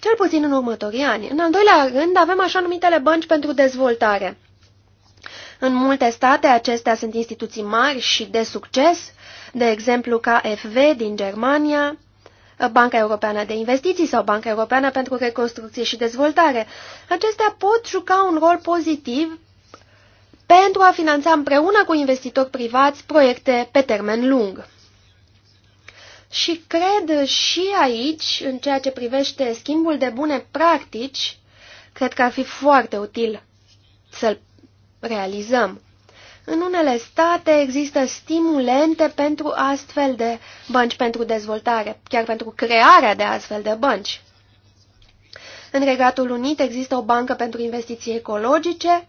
cel puțin în următorii ani. În al doilea rând, avem așa numitele bănci pentru dezvoltare. În multe state, acestea sunt instituții mari și de succes, de exemplu ca FV din Germania, Banca Europeană de Investiții sau Banca Europeană pentru Reconstrucție și Dezvoltare. Acestea pot juca un rol pozitiv pentru a finanța împreună cu investitori privați proiecte pe termen lung. Și cred și aici, în ceea ce privește schimbul de bune practici, cred că ar fi foarte util să-l realizăm. În unele state există stimulente pentru astfel de bănci pentru dezvoltare, chiar pentru crearea de astfel de bănci. În Regatul Unit există o bancă pentru investiții ecologice,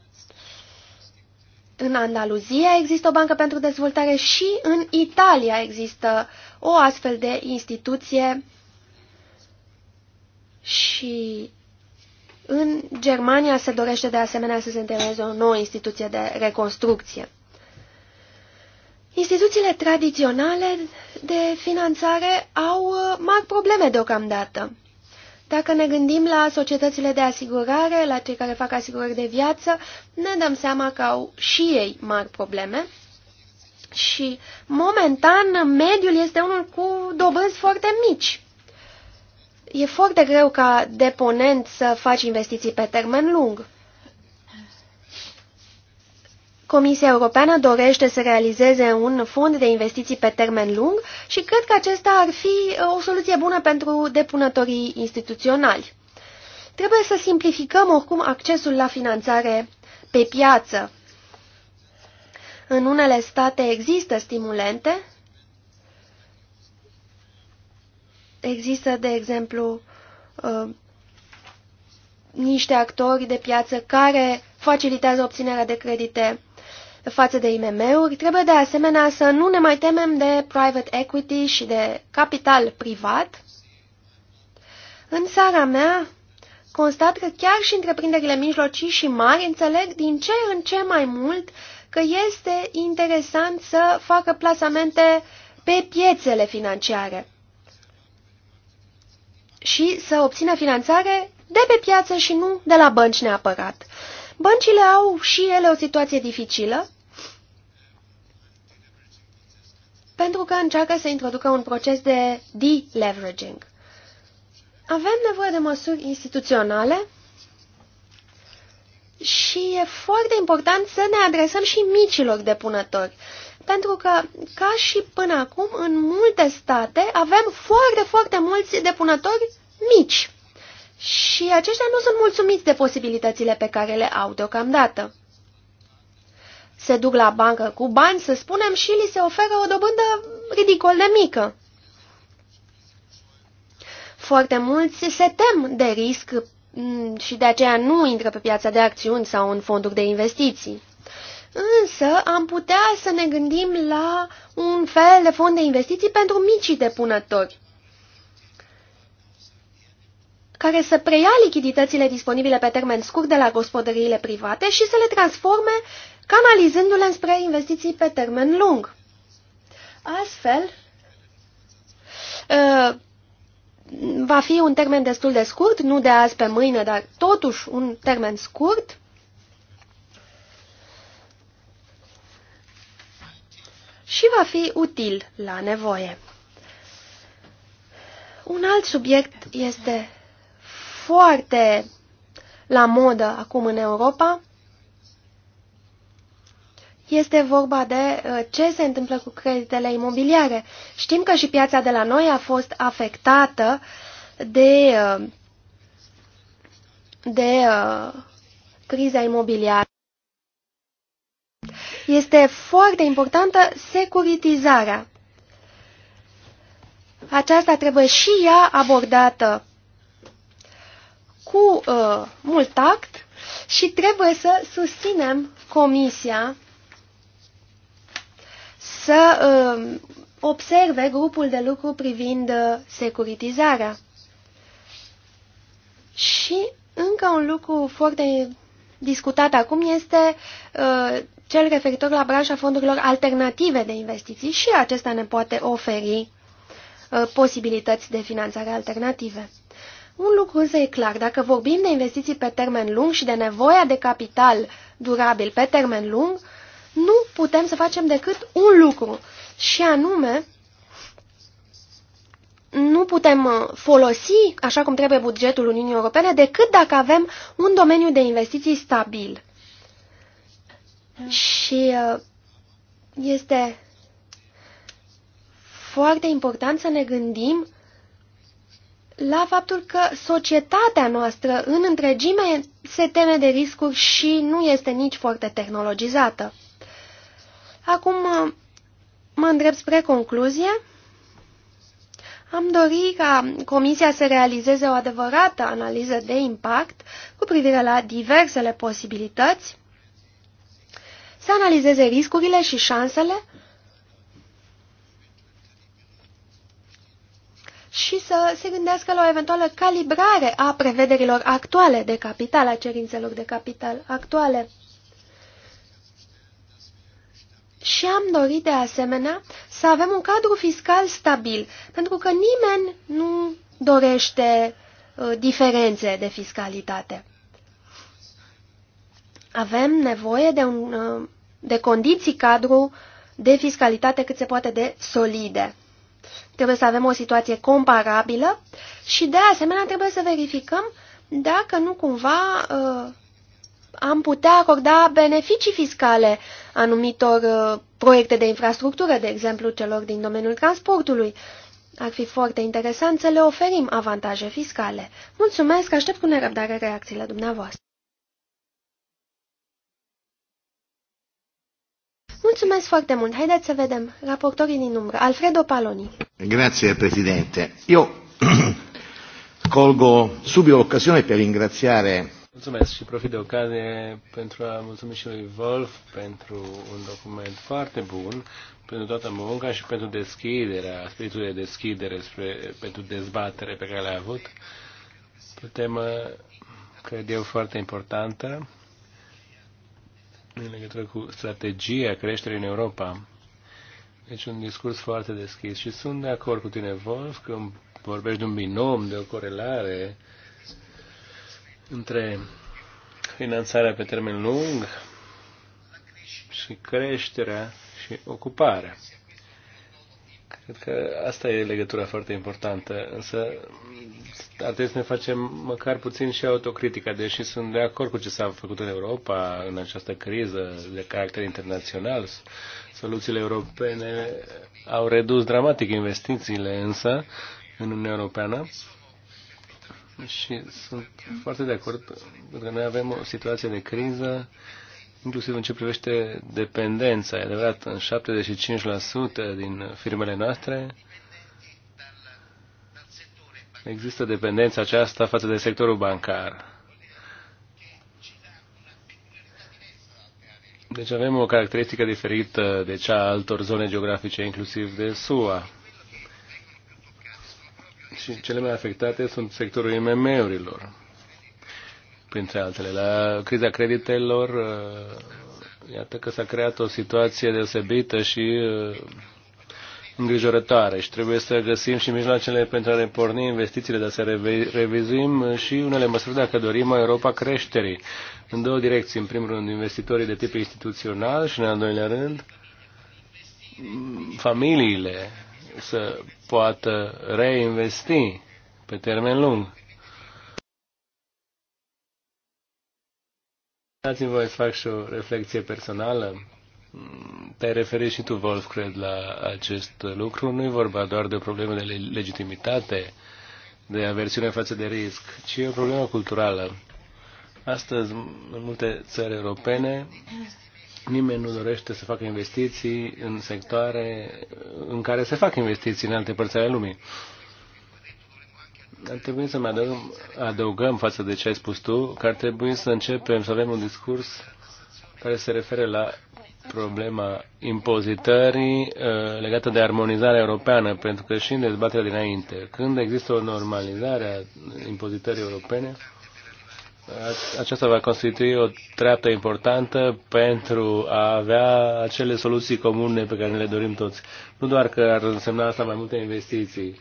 în Andaluzia există o bancă pentru dezvoltare și în Italia există o astfel de instituție și în Germania se dorește de asemenea să se întemeieze o nouă instituție de reconstrucție. Instituțiile tradiționale de finanțare au uh, mari probleme deocamdată. Dacă ne gândim la societățile de asigurare, la cei care fac asigurări de viață, ne dăm seama că au și ei mari probleme și, momentan, mediul este unul cu dobânzi foarte mici. E foarte greu ca deponent să faci investiții pe termen lung. Comisia Europeană dorește să realizeze un fond de investiții pe termen lung și cred că acesta ar fi uh, o soluție bună pentru depunătorii instituționali. Trebuie să simplificăm oricum accesul la finanțare pe piață. În unele state există stimulente. Există, de exemplu, uh, niște actori de piață care facilitează obținerea de credite față de IMM-uri, trebuie de asemenea să nu ne mai temem de private equity și de capital privat. În țara mea, constat că chiar și întreprinderile mijlocii și mari înțeleg din ce în ce mai mult că este interesant să facă plasamente pe piețele financiare și să obțină finanțare de pe piață și nu de la bănci neapărat. Băncile au și ele o situație dificilă pentru că încearcă să introducă un proces de deleveraging. Avem nevoie de măsuri instituționale și e foarte important să ne adresăm și micilor depunători. Pentru că, ca și până acum, în multe state avem foarte, foarte mulți depunători mici. Și aceștia nu sunt mulțumiți de posibilitățile pe care le au deocamdată se duc la bancă cu bani, să spunem, și li se oferă o dobândă ridicol de mică. Foarte mulți se tem de risc mm, și de aceea nu intră pe piața de acțiuni sau în fonduri de investiții. Însă am putea să ne gândim la un fel de fond de investiții pentru micii depunători care să preia lichiditățile disponibile pe termen scurt de la gospodăriile private și să le transforme canalizându-le spre investiții pe termen lung. Astfel, uh, va fi un termen destul de scurt, nu de azi pe mâine, dar totuși un termen scurt. Și va fi util la nevoie. Un alt subiect este foarte la modă acum în Europa este vorba de uh, ce se întâmplă cu creditele imobiliare. Știm că și piața de la noi a fost afectată de, uh, de uh, criza imobiliară. Este foarte importantă securitizarea. Aceasta trebuie și ea abordată cu uh, mult tact și trebuie să susținem Comisia să uh, observe grupul de lucru privind uh, securitizarea. Și încă un lucru foarte discutat acum este uh, cel referitor la branșa fondurilor alternative de investiții și acesta ne poate oferi uh, posibilități de finanțare alternative. Un lucru însă e clar, dacă vorbim de investiții pe termen lung și de nevoia de capital durabil pe termen lung, uh, nu putem să facem decât un lucru, și anume nu putem uh, folosi așa cum trebuie bugetul Uniunii Europene decât dacă avem un domeniu de investiții stabil. Și uh, este foarte important să ne gândim la faptul că societatea noastră în întregime se teme de riscuri și nu este nici foarte tehnologizată. Acum uh, mă îndrept spre concluzie. Am dori ca Comisia să realizeze o adevărată analiză de impact cu privire la diversele posibilități, să analizeze riscurile și șansele și să se gândească la o eventuală calibrare a prevederilor actuale de capital, a cerințelor de capital actuale. Și am dorit de asemenea să avem un cadru fiscal stabil, pentru că nimeni nu dorește uh, diferențe de fiscalitate. Avem nevoie de, un, uh, de condiții cadru de fiscalitate cât se poate de solide. Trebuie să avem o situație comparabilă și de asemenea trebuie să verificăm dacă nu cumva uh, am putea acorda beneficii fiscale anumitor uh, proiecte de infrastructură, de exemplu celor din domeniul transportului. Ar fi foarte interesant să le oferim avantaje fiscale. Mulțumesc, aștept cu nerăbdare reacțiile dumneavoastră. Mulțumesc foarte mult. Haideți să vedem. Raportorii din umbră. Alfredo Paloni. Grazie, Presidente. Eu *clears throat* colgo subito l'occasione per ringraziare Mulțumesc și profit de ocazie pentru a mulțumi și lui Wolf pentru un document foarte bun, pentru toată munca și pentru deschiderea, spiritul de deschidere spre, pentru dezbatere pe care l-a avut. O temă, cred eu, foarte importantă în legătură cu strategia creșterii în Europa. Deci un discurs foarte deschis și sunt de acord cu tine, Wolf, când vorbești de un binom, de o corelare, între finanțarea pe termen lung și creșterea și ocuparea. Cred că asta e legătura foarte importantă, însă ar trebui să ne facem măcar puțin și autocritica, deși sunt de acord cu ce s-a făcut în Europa în această criză de caracter internațional. Soluțiile europene au redus dramatic investițiile, însă, în Uniunea Europeană și sunt foarte de acord, pentru că noi avem o situație de criză, inclusiv în ce privește dependența. E adevărat, în 75% din firmele noastre există dependența aceasta față de sectorul bancar. Deci avem o caracteristică diferită de cea a altor zone geografice, inclusiv de SUA și cele mai afectate sunt sectorul IMM-urilor. Printre altele, la criza creditelor, uh, iată că s-a creat o situație deosebită și uh, îngrijorătoare și trebuie să găsim și mijloacele pentru a reporni investițiile, dar să revizuim revizim și unele măsuri dacă dorim o Europa creșterii. În două direcții, în primul rând investitorii de tip instituțional și în al doilea rând familiile să poată reinvesti pe termen lung. Dați-mi voi fac și o reflexie personală. Te-ai referit și tu, Wolf, cred, la acest lucru. Nu e vorba doar de o problemă de legitimitate, de aversiune față de risc, ci e o problemă culturală. Astăzi, în multe țări europene, Nimeni nu dorește să facă investiții în sectoare în care se fac investiții în alte părți ale lumii. Ar trebui să mai adăugăm, adăugăm față de ce ai spus tu, că ar trebui să începem să avem un discurs care se referă la problema impozitării uh, legată de armonizarea europeană, pentru că și în dezbaterea dinainte, când există o normalizare a impozitării europene, aceasta va constitui o treaptă importantă pentru a avea acele soluții comune pe care le dorim toți. Nu doar că ar însemna asta mai multe investiții,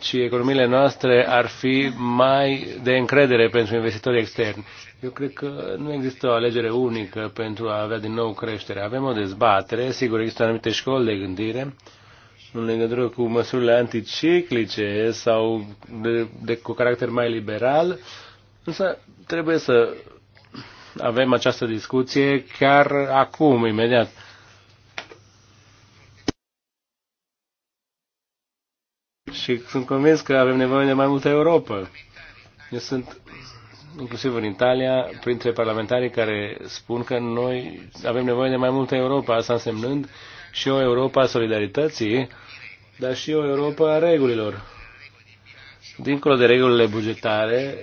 ci economiile noastre ar fi mai de încredere pentru investitorii externi. Eu cred că nu există o alegere unică pentru a avea din nou creștere. Avem o dezbatere, sigur există anumite școli de gândire, în legătură cu măsurile anticiclice sau de, de, cu caracter mai liberal, Însă trebuie să avem această discuție chiar acum, imediat. Și sunt convins că avem nevoie de mai multă Europa. Eu sunt inclusiv în Italia, printre parlamentarii care spun că noi avem nevoie de mai multă Europa, asta însemnând și o Europa a solidarității, dar și o Europa a regulilor. Dincolo de regulile bugetare,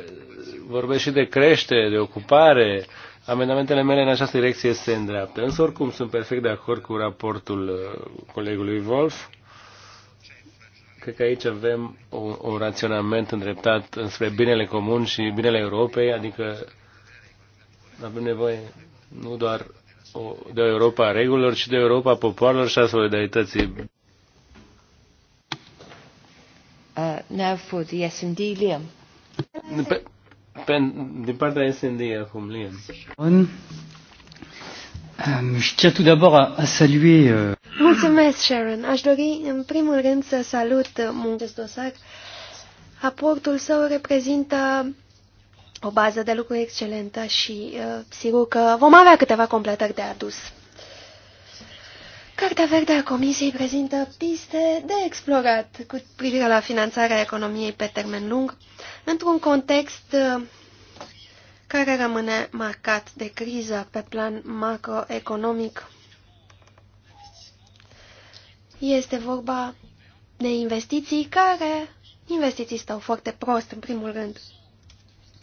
vorbesc și de creștere, de ocupare. Amendamentele mele în această direcție se îndreaptă. Însă, oricum, sunt perfect de acord cu raportul uh, colegului Wolf. Cred că aici avem un, un raționament îndreptat înspre binele comun și binele Europei, adică avem nevoie nu doar o, de o Europa a regulilor, ci de Europa a popoarelor și a solidarității. Uh, now for the S&D, Liam. Pe, din partea SND acum, Liam. d'abord uh? Mulțumesc, Sharon. Aș dori, în primul rând, să salut Muntes Dosac. Aportul său reprezintă o bază de lucru excelentă și uh, sigur că vom avea câteva completări de adus. Cartea verde a Comisiei prezintă piste de explorat cu privire la finanțarea economiei pe termen lung într-un context uh, care rămâne marcat de criză pe plan macroeconomic. Este vorba de investiții care, investiții stau foarte prost în primul rând.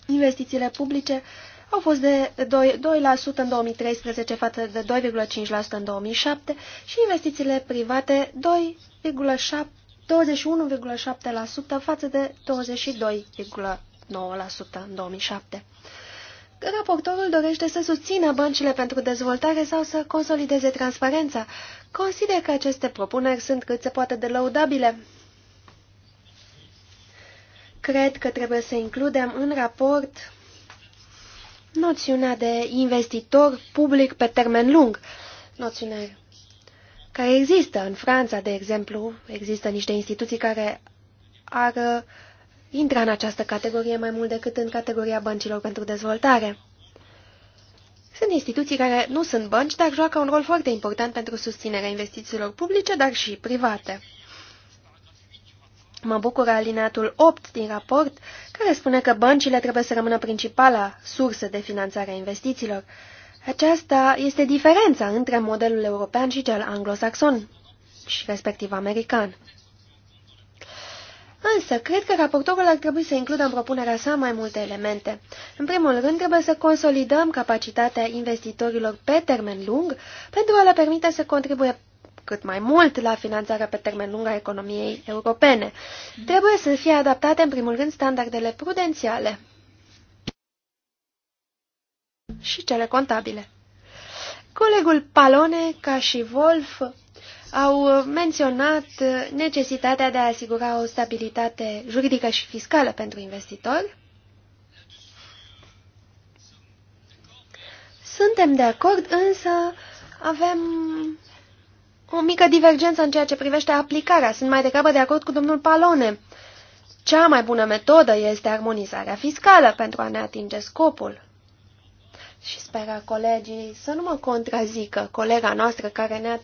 Investițiile publice au fost de 2%, 2% în 2013 față de 2,5% în 2007 și investițiile private 21,7% față de 22,9% în 2007. Raportorul dorește să susțină băncile pentru dezvoltare sau să consolideze transparența. Consider că aceste propuneri sunt cât se poate de lăudabile. Cred că trebuie să includem în raport noțiunea de investitor public pe termen lung, noțiune care există în Franța, de exemplu, există niște instituții care ar uh, intra în această categorie mai mult decât în categoria băncilor pentru dezvoltare. Sunt instituții care nu sunt bănci, dar joacă un rol foarte important pentru susținerea investițiilor publice, dar și private. Mă bucură alineatul 8 din raport, care spune că băncile trebuie să rămână principala sursă de finanțare a investițiilor. Aceasta este diferența între modelul european și cel anglosaxon și respectiv american. Însă, cred că raportorul ar trebui să includă în propunerea sa mai multe elemente. În primul rând, trebuie să consolidăm capacitatea investitorilor pe termen lung pentru a le permite să contribuie cât mai mult la finanțarea pe termen lung a economiei europene. Trebuie să fie adaptate, în primul rând, standardele prudențiale și cele contabile. Colegul Palone, ca și Wolf, au menționat necesitatea de a asigura o stabilitate juridică și fiscală pentru investitori. Suntem de acord, însă avem o mică divergență în ceea ce privește aplicarea. Sunt mai degrabă de acord cu domnul Palone. Cea mai bună metodă este armonizarea fiscală pentru a ne atinge scopul. Și speră colegii să nu mă contrazică colega noastră care ne-a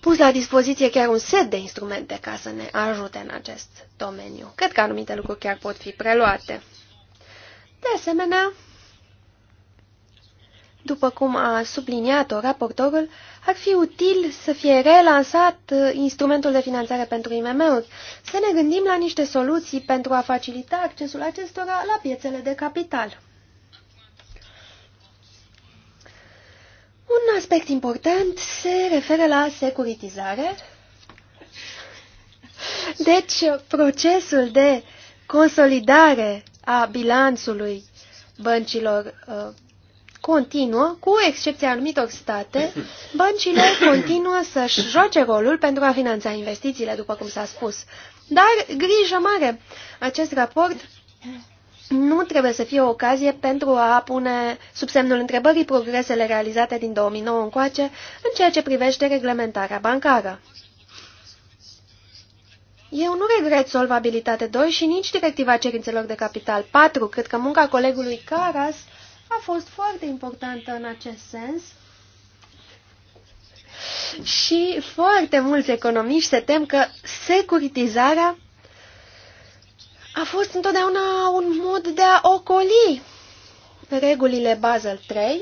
pus la dispoziție chiar un set de instrumente ca să ne ajute în acest domeniu. Cred că anumite lucruri chiar pot fi preluate. De asemenea, după cum a subliniat-o raportorul, ar fi util să fie relansat uh, instrumentul de finanțare pentru IMM-uri, să ne gândim la niște soluții pentru a facilita accesul acestora la piețele de capital. Un aspect important se referă la securitizare. Deci, procesul de consolidare a bilanțului băncilor uh, continuă, cu excepția anumitor state, băncile continuă să-și joace rolul pentru a finanța investițiile, după cum s-a spus. Dar, grijă mare, acest raport nu trebuie să fie o ocazie pentru a pune sub semnul întrebării progresele realizate din 2009 încoace în ceea ce privește reglementarea bancară. Eu nu regret solvabilitate 2 și nici directiva cerințelor de capital 4. Cred că munca colegului Caras a fost foarte importantă în acest sens și foarte mulți economiști se tem că securitizarea a fost întotdeauna un mod de a ocoli regulile Basel 3.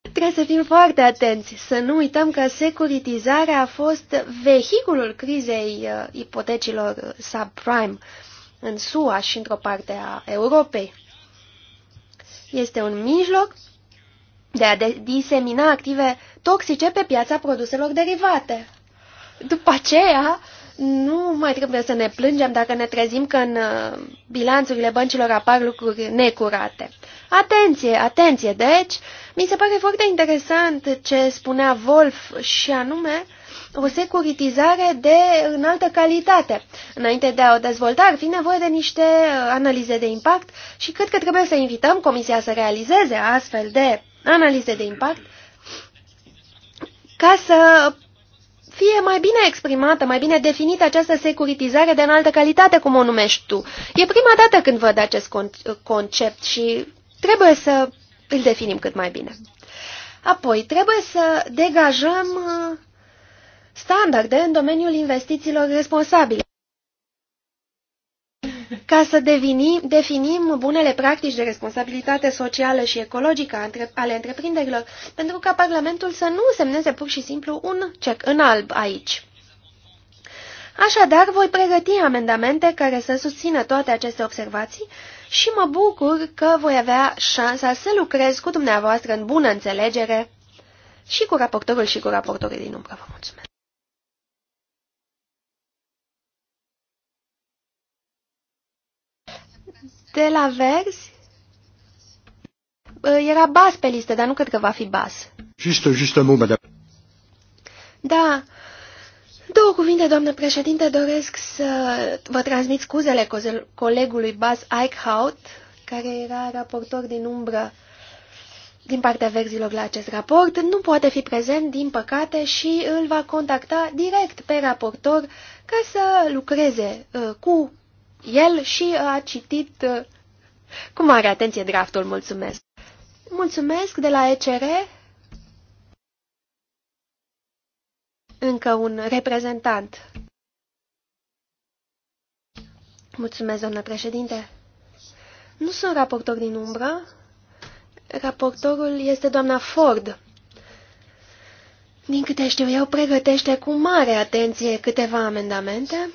Trebuie să fim foarte atenți, să nu uităm că securitizarea a fost vehiculul crizei uh, ipotecilor subprime în SUA și într-o parte a Europei. Este un mijloc de a disemina active toxice pe piața produselor derivate. După aceea, nu mai trebuie să ne plângem dacă ne trezim că în uh, bilanțurile băncilor apar lucruri necurate. Atenție, atenție, deci, mi se pare foarte interesant ce spunea Wolf și anume o securitizare de înaltă calitate. Înainte de a o dezvolta, ar fi nevoie de niște uh, analize de impact și cred că trebuie să invităm Comisia să realizeze astfel de analize de impact ca să fie mai bine exprimată, mai bine definită această securitizare de înaltă calitate, cum o numești tu. E prima dată când văd acest uh, concept și trebuie să îl definim cât mai bine. Apoi, trebuie să degajăm uh, standarde în domeniul investițiilor responsabile ca să devini, definim bunele practici de responsabilitate socială și ecologică ale întreprinderilor, pentru ca Parlamentul să nu semneze pur și simplu un cec în alb aici. Așadar, voi pregăti amendamente care să susțină toate aceste observații și mă bucur că voi avea șansa să lucrez cu dumneavoastră în bună înțelegere și cu raportorul și cu raportorii din umbră. Vă mulțumesc! de la Verzi era Bas pe listă, dar nu cred că va fi Bas. Juste, just un mot, madame. Da. Două cuvinte, doamnă președinte, doresc să vă transmit scuzele colegului Bas Eichhout, care era raportor din umbră din partea verzilor la acest raport. Nu poate fi prezent, din păcate, și îl va contacta direct pe raportor ca să lucreze uh, cu el și a citit uh, cu mare atenție draftul. Mulțumesc! Mulțumesc de la ECR. Încă un reprezentant. Mulțumesc, doamnă președinte. Nu sunt raportor din umbră. Raportorul este doamna Ford. Din câte știu eu, pregătește cu mare atenție câteva amendamente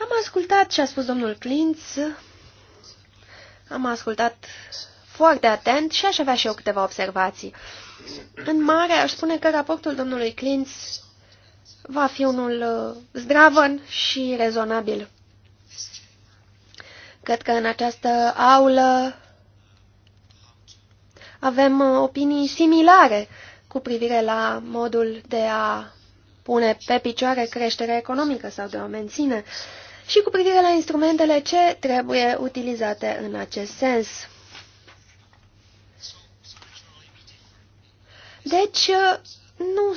am ascultat ce a spus domnul Clintz, am ascultat foarte atent și aș avea și eu câteva observații. În mare, aș spune că raportul domnului Clintz va fi unul uh, zdravăn și rezonabil. Cred că în această aulă avem uh, opinii similare cu privire la modul de a pune pe picioare creșterea economică sau de a o menține. Uh, și cu privire la instrumentele ce trebuie utilizate în acest sens. Deci, nu,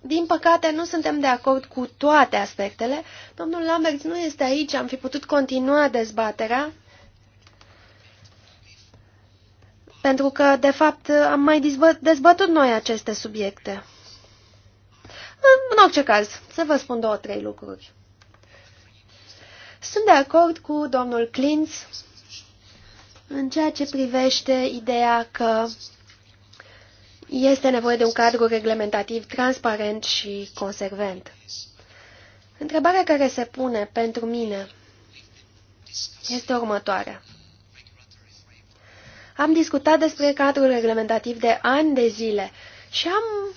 din păcate, nu suntem de acord cu toate aspectele. Domnul Lambert nu este aici, am fi putut continua dezbaterea. Pentru că, de fapt, am mai dezbătut noi aceste subiecte. În orice caz, să vă spun două, trei lucruri. Sunt de acord cu domnul Clintz în ceea ce privește ideea că este nevoie de un cadru reglementativ transparent și conservent. Întrebarea care se pune pentru mine este următoarea. Am discutat despre cadrul reglementativ de ani de zile și am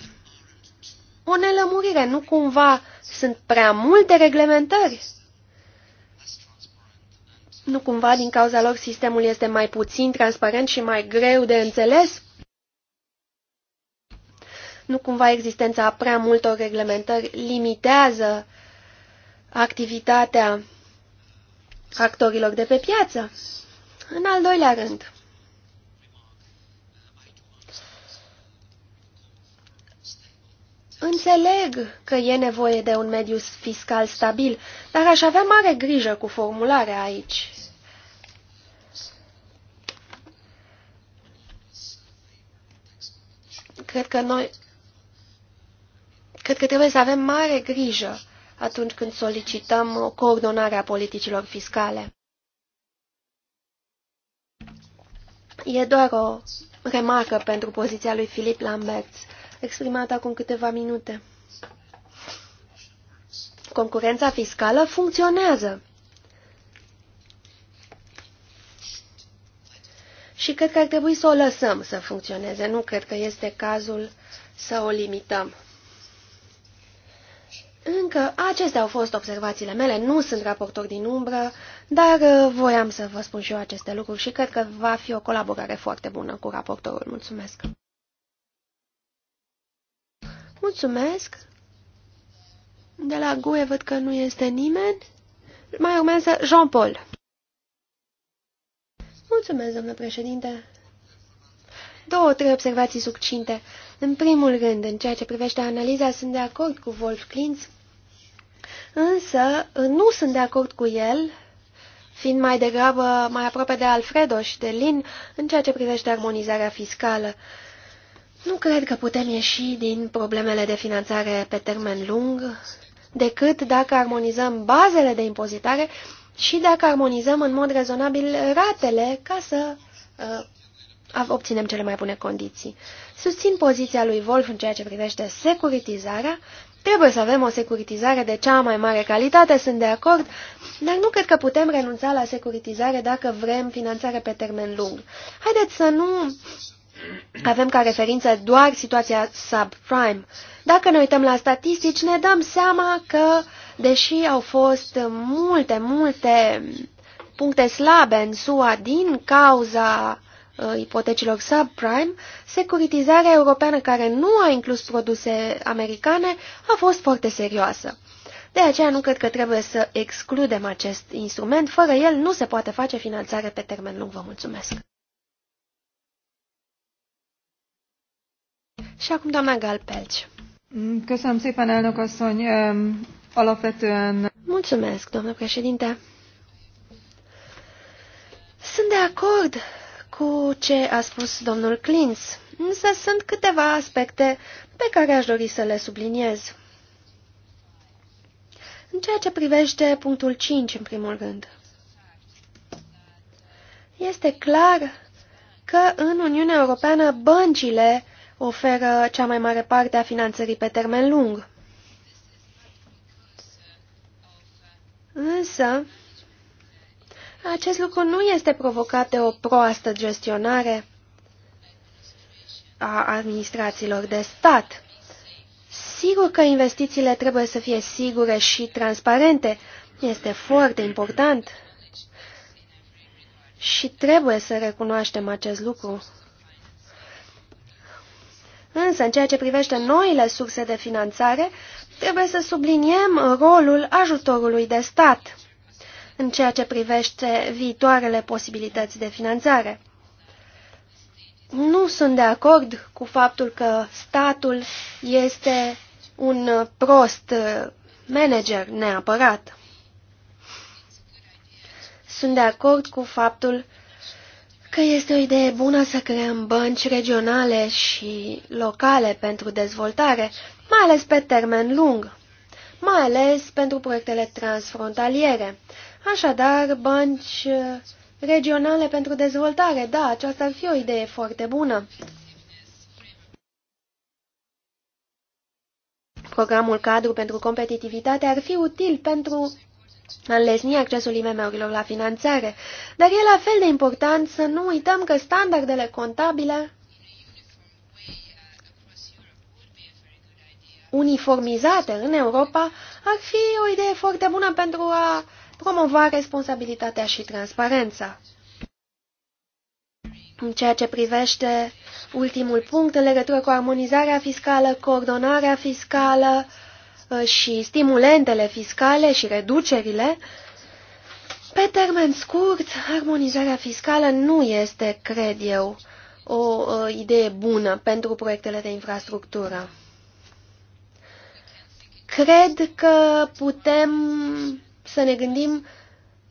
o nelămurire. Nu cumva sunt prea multe reglementări? Nu cumva din cauza lor sistemul este mai puțin transparent și mai greu de înțeles? Nu cumva existența prea multor reglementări limitează activitatea actorilor de pe piață? În al doilea rând, Înțeleg că e nevoie de un mediu fiscal stabil, dar aș avea mare grijă cu formularea aici. Cred că noi... Cred că trebuie să avem mare grijă atunci când solicităm o coordonare a politicilor fiscale. E doar o remarcă pentru poziția lui Filip Lamberts exprimat acum câteva minute. Concurența fiscală funcționează. Și cred că ar trebui să o lăsăm să funcționeze. Nu cred că este cazul să o limităm. Încă acestea au fost observațiile mele, nu sunt raportor din umbră, dar uh, voiam să vă spun și eu aceste lucruri și cred că va fi o colaborare foarte bună cu raportorul. Mulțumesc! Mulțumesc. De la GUE văd că nu este nimeni. Mai urmează Jean-Paul. Mulțumesc, domnule președinte. Două, trei observații succinte. În primul rând, în ceea ce privește analiza, sunt de acord cu Wolf Klintz, însă uh, nu sunt de acord cu el, fiind mai degrabă mai aproape de Alfredo și de Lin, în ceea ce privește armonizarea fiscală. Nu cred că putem ieși din problemele de finanțare pe termen lung decât dacă armonizăm bazele de impozitare și dacă armonizăm în mod rezonabil ratele ca să uh, obținem cele mai bune condiții. Susțin poziția lui Wolf în ceea ce privește securitizarea. Trebuie să avem o securitizare de cea mai mare calitate, sunt de acord, dar nu cred că putem renunța la securitizare dacă vrem finanțare pe termen lung. Haideți să nu avem ca referință doar situația subprime. Dacă ne uităm la statistici, ne dăm seama că, deși au fost multe, multe puncte slabe în SUA din cauza uh, ipotecilor subprime, securitizarea europeană care nu a inclus produse americane a fost foarte serioasă. De aceea nu cred că trebuie să excludem acest instrument, fără el nu se poate face finanțare pe termen lung. Vă mulțumesc! Și acum doamna Galpelci. Mm, Köszönöm szépen, elnök asszony. Alapvetően... Mulțumesc, doamnă președinte. Sunt de acord cu ce a spus domnul Clins, însă sunt câteva aspecte pe care aș dori să le subliniez. În ceea ce privește punctul 5, în primul rând. Este clar că în Uniunea Europeană băncile oferă cea mai mare parte a finanțării pe termen lung. Însă, acest lucru nu este provocat de o proastă gestionare a administrațiilor de stat. Sigur că investițiile trebuie să fie sigure și transparente. Este foarte important. Și trebuie să recunoaștem acest lucru. Însă, în ceea ce privește noile surse de finanțare, trebuie să subliniem rolul ajutorului de stat în ceea ce privește viitoarele posibilități de finanțare. Nu sunt de acord cu faptul că statul este un prost manager neapărat. Sunt de acord cu faptul că este o idee bună să creăm bănci regionale și locale pentru dezvoltare, mai ales pe termen lung, mai ales pentru proiectele transfrontaliere. Așadar, bănci uh, regionale pentru dezvoltare, da, aceasta ar fi o idee foarte bună. Programul cadru pentru competitivitate ar fi util pentru înlesni accesul IMM-urilor la finanțare, dar e la fel de important să nu uităm că standardele contabile uniformizate în Europa ar fi o idee foarte bună pentru a promova responsabilitatea și transparența. În ceea ce privește ultimul punct în legătură cu armonizarea fiscală, coordonarea fiscală, și stimulentele fiscale și reducerile, pe termen scurt, armonizarea fiscală nu este, cred eu, o idee bună pentru proiectele de infrastructură. Cred că putem să ne gândim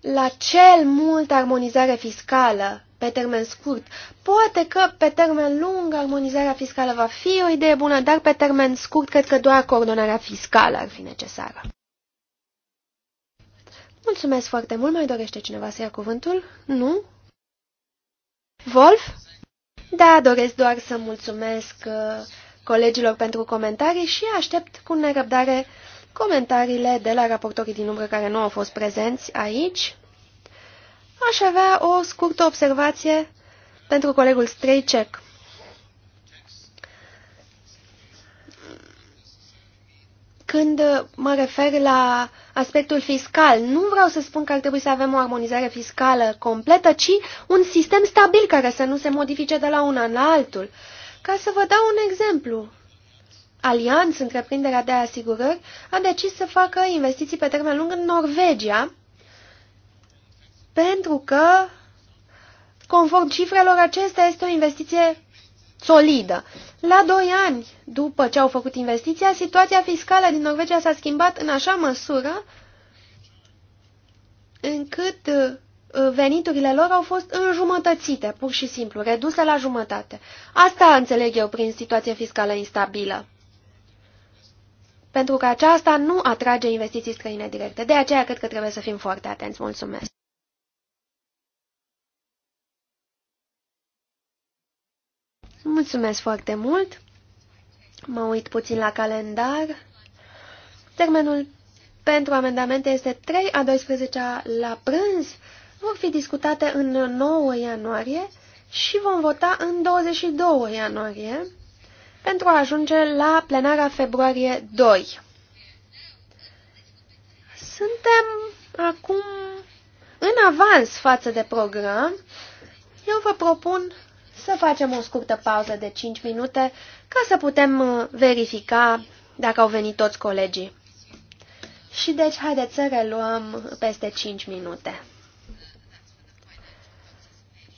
la cel mult armonizare fiscală pe termen scurt. Poate că pe termen lung armonizarea fiscală va fi o idee bună, dar pe termen scurt cred că doar coordonarea fiscală ar fi necesară. Mulțumesc foarte mult. Mai dorește cineva să ia cuvântul? Nu? Wolf? Da, doresc doar să mulțumesc uh, colegilor pentru comentarii și aștept cu nerăbdare comentariile de la raportorii din umbră care nu au fost prezenți aici aș avea o scurtă observație pentru colegul Strejcek. Când mă refer la aspectul fiscal, nu vreau să spun că ar trebui să avem o armonizare fiscală completă, ci un sistem stabil care să nu se modifice de la un an la altul. Ca să vă dau un exemplu, Alianța întreprinderea de asigurări, a decis să facă investiții pe termen lung în Norvegia, pentru că, conform cifrelor, acesta este o investiție solidă. La doi ani după ce au făcut investiția, situația fiscală din Norvegia s-a schimbat în așa măsură încât uh, veniturile lor au fost înjumătățite, pur și simplu, reduse la jumătate. Asta înțeleg eu prin situație fiscală instabilă. Pentru că aceasta nu atrage investiții străine directe. De aceea cred că trebuie să fim foarte atenți. Mulțumesc! Mulțumesc foarte mult. Mă uit puțin la calendar. Termenul pentru amendamente este 3 a 12 -a la prânz. Vor fi discutate în 9 ianuarie și vom vota în 22 ianuarie pentru a ajunge la plenara februarie 2. Suntem acum în avans față de program. Eu vă propun să facem o scurtă pauză de 5 minute ca să putem uh, verifica dacă au venit toți colegii. Și deci haideți să reluăm peste 5 minute.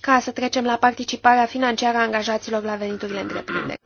Ca să trecem la participarea financiară a angajaților la veniturile întreprinderi.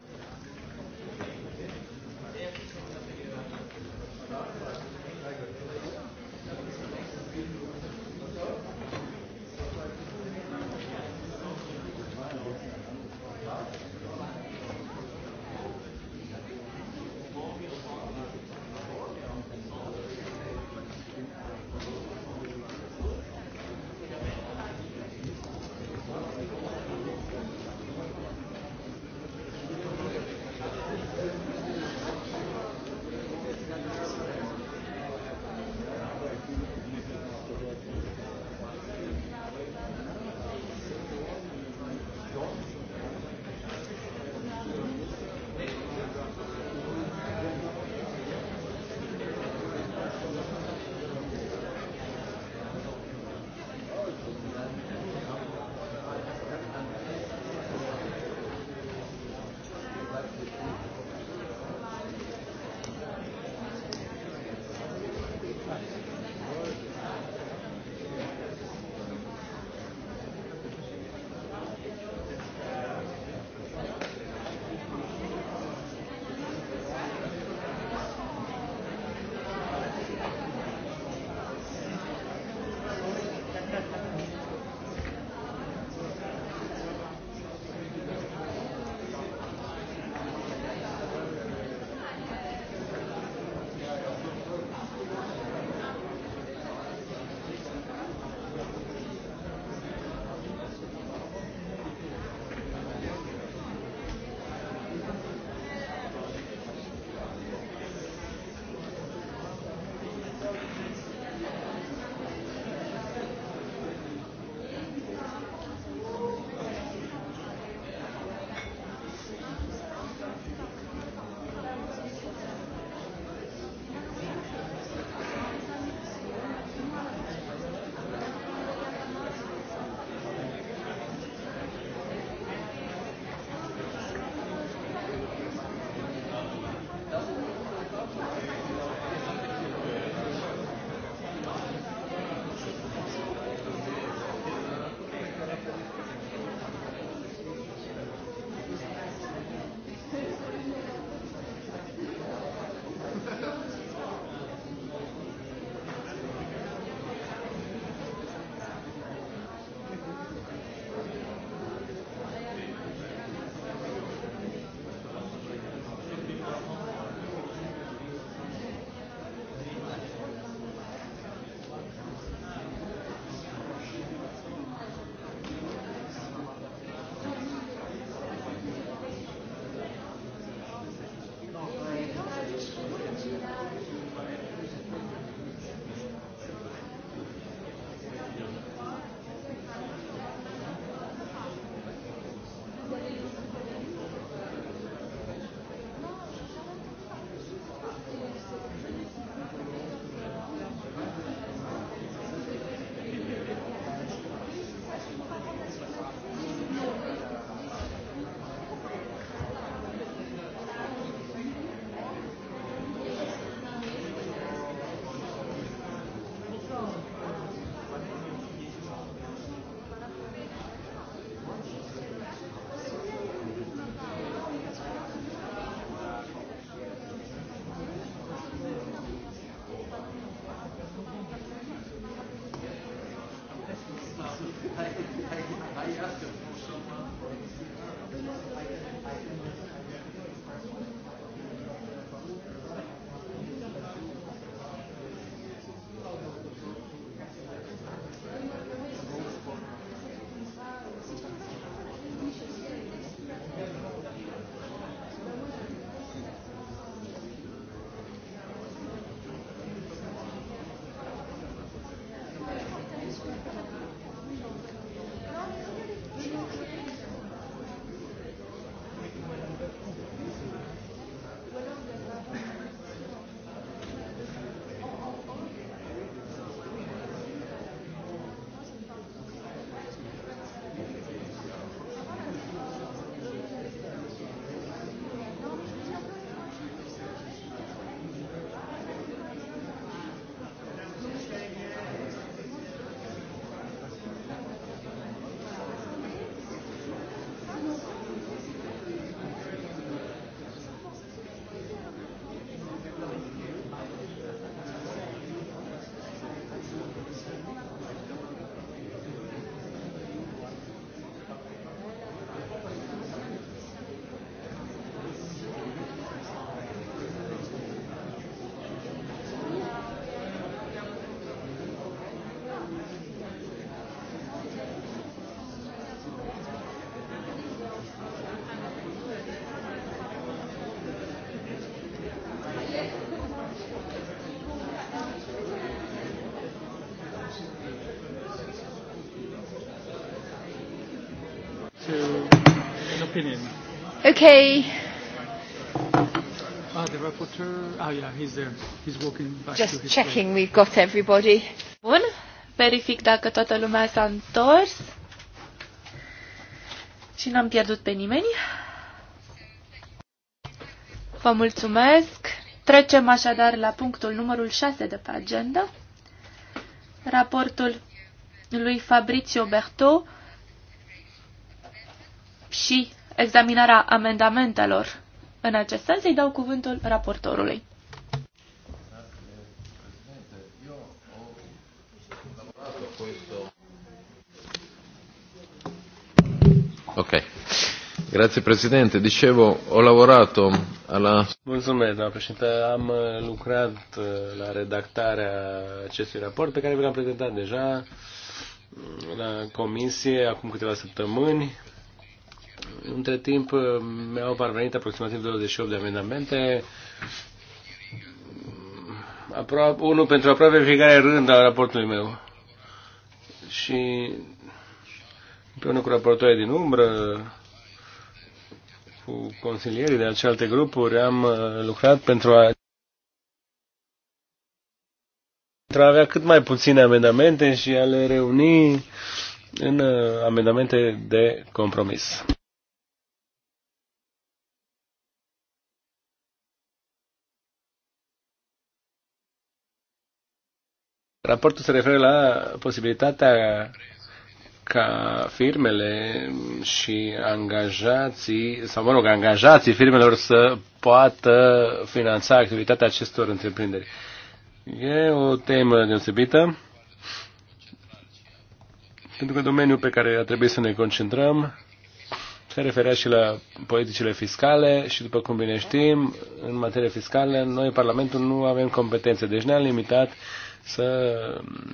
Okay. Ah, the rapporteur. Ah, yeah, he's there. He's walking back Just to his checking place. we've got everybody. Bun. Verific dacă toată lumea s-a întors și n-am pierdut pe nimeni. Vă mulțumesc. Trecem așadar la punctul numărul 6 de pe agenda. Raportul lui Fabrizio Berto și examinarea amendamentelor. În acest sens îi dau cuvântul raportorului. Ok. Grazie Presidente, dicevo ho lavorato alla... Mulțumesc, doamna președinte. Am uh, lucrat uh, la redactarea acestui raport pe care vi l-am prezentat deja mm, la comisie acum câteva săptămâni între timp uh, mi-au parvenit aproximativ 28 de amendamente. apro, unul pentru aproape fiecare rând al raportului meu. Și împreună cu raportoarea din umbră, cu consilierii de alte grupuri, am uh, lucrat pentru a pentru a avea cât mai puține amendamente și a le reuni în uh, amendamente de compromis. Raportul se referă la posibilitatea ca firmele și angajații, sau mă rog, angajații firmelor să poată finanța activitatea acestor întreprinderi. E o temă deosebită, pentru că domeniul pe care a trebuit să ne concentrăm se referea și la politicile fiscale și, după cum bine știm, în materie fiscală, noi, Parlamentul, nu avem competențe, deci ne-am limitat uh, să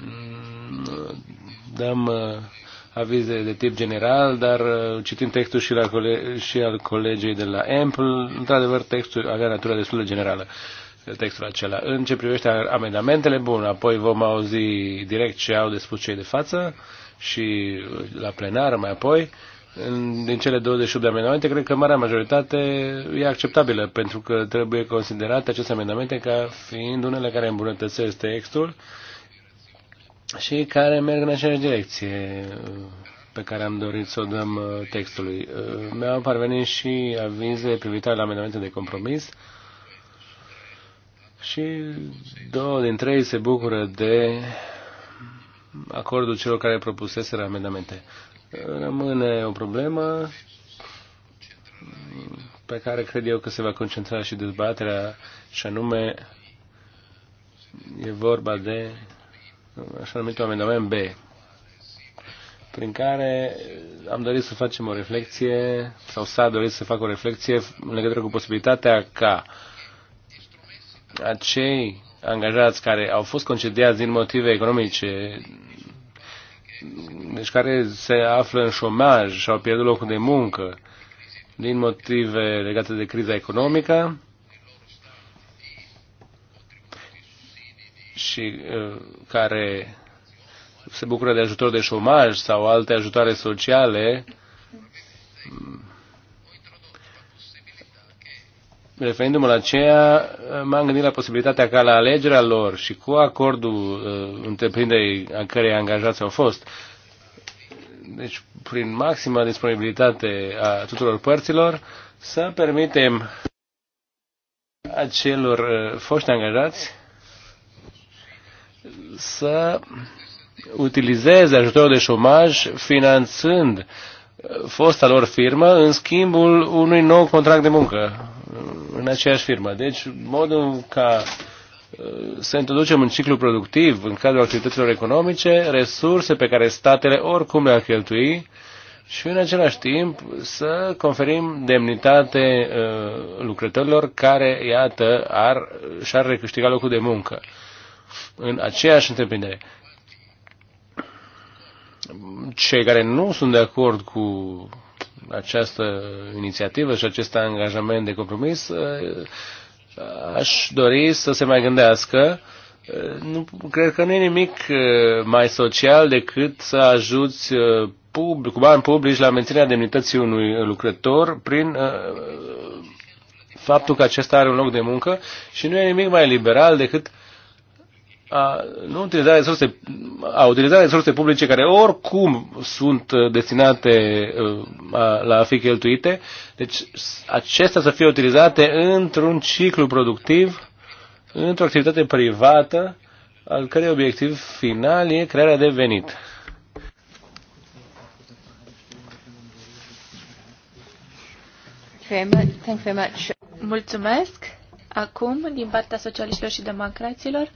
mm, dăm uh, avize de tip general, dar uh, citind textul și, la cole- și al colegii de la Ample, într-adevăr textul avea natură destul de generală textul acela. În ce privește amendamentele, bun, apoi vom auzi direct ce au de spus cei de față și la plenară mai apoi din cele 28 de amendamente, cred că marea majoritate e acceptabilă, pentru că trebuie considerate aceste amendamente ca fiind unele care îmbunătățesc textul și care merg în aceeași direcție pe care am dorit să o dăm uh, textului. Uh, mi-au parvenit și avize privitoare la amendamente de compromis și două din trei se bucură de acordul celor care propuseseră amendamente rămâne o problemă pe care cred eu că se va concentra și dezbaterea, și anume e vorba de așa numitul amendament B, prin care am dorit să facem o reflexie, sau s-a dorit să fac o reflexie în legătură cu posibilitatea ca acei angajați care au fost concediați din motive economice deci care se află în șomaj și au pierdut locul de muncă din motive legate de criza economică și uh, care se bucură de ajutor de șomaj sau alte ajutoare sociale referindu-mă la aceea, m-am gândit la posibilitatea ca la alegerea lor și cu acordul uh, întreprinderii a cărei angajați au fost, deci prin maxima disponibilitate a tuturor părților, să permitem acelor uh, foști angajați să utilizeze ajutorul de șomaj finanțând fosta lor firmă în schimbul unui nou contract de muncă în aceeași firmă. Deci, modul ca uh, să introducem în ciclu productiv, în cadrul activităților economice, resurse pe care statele oricum le-ar cheltui și în același timp să conferim demnitate uh, lucrătorilor care, iată, ar, și-ar recâștiga locul de muncă în aceeași întreprindere. Cei care nu sunt de acord cu această inițiativă și acest angajament de compromis, uh, aș dori să se mai gândească. Uh, nu, cred că nu e nimic uh, mai social decât să ajuți public, cu bani publici la menținerea demnității unui lucrător prin faptul că acesta are un loc de muncă și nu e nimic mai liberal decât a nu utiliza resurse, a utiliza resurse publice care oricum sunt uh, destinate uh, la a fi cheltuite, deci acestea să fie utilizate într-un ciclu productiv, într-o activitate privată, al cărei obiectiv final e crearea de venit. Mulțumesc. Acum, din partea socialiștilor și democraților,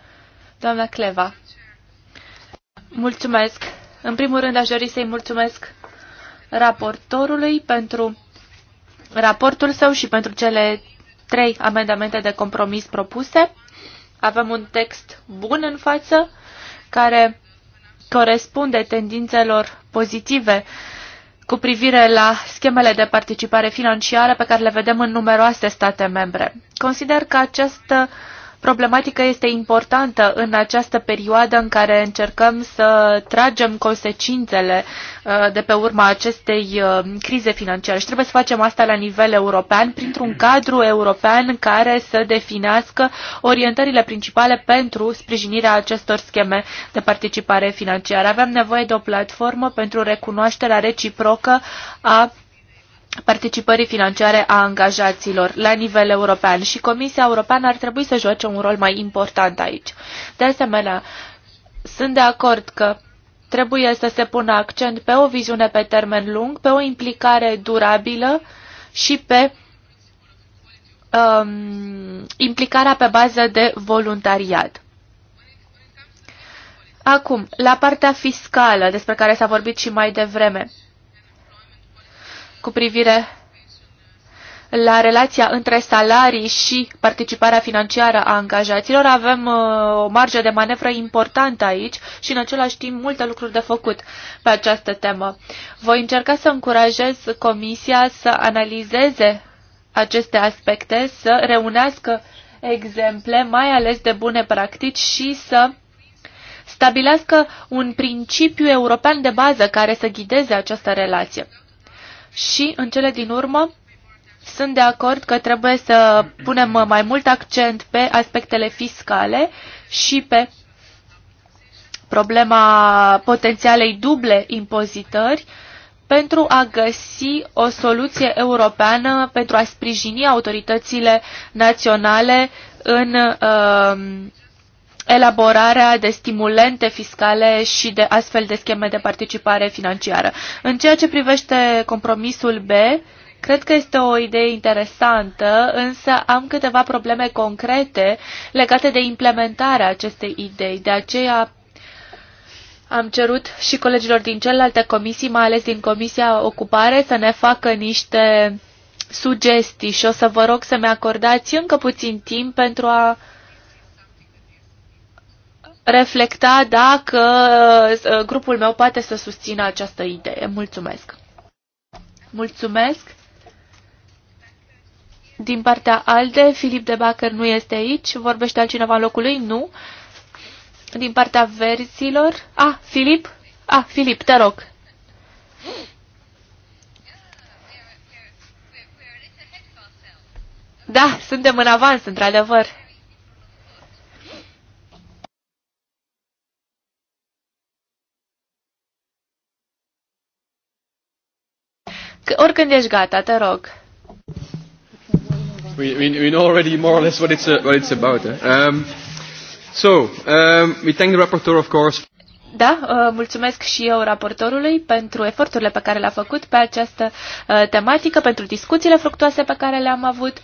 Doamna Cleva. Mulțumesc. În primul rând aș dori să-i mulțumesc raportorului pentru raportul său și pentru cele trei amendamente de compromis propuse. Avem un text bun în față care corespunde tendințelor pozitive cu privire la schemele de participare financiară pe care le vedem în numeroase state membre. Consider că această problematică este importantă în această perioadă în care încercăm să tragem consecințele uh, de pe urma acestei uh, crize financiare și trebuie să facem asta la nivel european, printr-un cadru european care să definească orientările principale pentru sprijinirea acestor scheme de participare financiară. Avem nevoie de o platformă pentru recunoașterea reciprocă a participării financiare a angajaților la nivel european și Comisia Europeană ar trebui să joace un rol mai important aici. De asemenea, sunt de acord că trebuie să se pună accent pe o viziune pe termen lung, pe o implicare durabilă și pe um, implicarea pe bază de voluntariat. Acum, la partea fiscală, despre care s-a vorbit și mai devreme cu privire la relația între salarii și participarea financiară a angajaților. Avem uh, o marjă de manevră importantă aici și în același timp multe lucruri de făcut pe această temă. Voi încerca să încurajez Comisia să analizeze aceste aspecte, să reunească exemple, mai ales de bune practici și să stabilească un principiu european de bază care să ghideze această relație. Și, în cele din urmă, sunt de acord că trebuie să punem mai mult accent pe aspectele fiscale și pe problema potențialei duble impozitări pentru a găsi o soluție europeană pentru a sprijini autoritățile naționale în uh, elaborarea de stimulente fiscale și de astfel de scheme de participare financiară. În ceea ce privește compromisul B, Cred că este o idee interesantă, însă am câteva probleme concrete legate de implementarea acestei idei. De aceea am cerut și colegilor din celelalte comisii, mai ales din Comisia Ocupare, să ne facă niște sugestii și o să vă rog să-mi acordați încă puțin timp pentru a reflecta dacă uh, grupul meu poate să susțină această idee. Mulțumesc! Mulțumesc! Din partea ALDE, Filip de Bacăr nu este aici. Vorbește altcineva în locul lui? Nu. Din partea verzilor... Ah, Filip? Ah, Filip, te rog. Da, suntem în avans, într-adevăr. Oricând ești gata, te rog. We, we, we know already more or less what it's, uh, what it's about. Eh? Um, so, um, we thank the rapporteur, of course. Da, uh, mulțumesc și eu raportorului pentru eforturile pe care le-a făcut pe această uh, tematică, pentru discuțiile fructuoase pe care le-am avut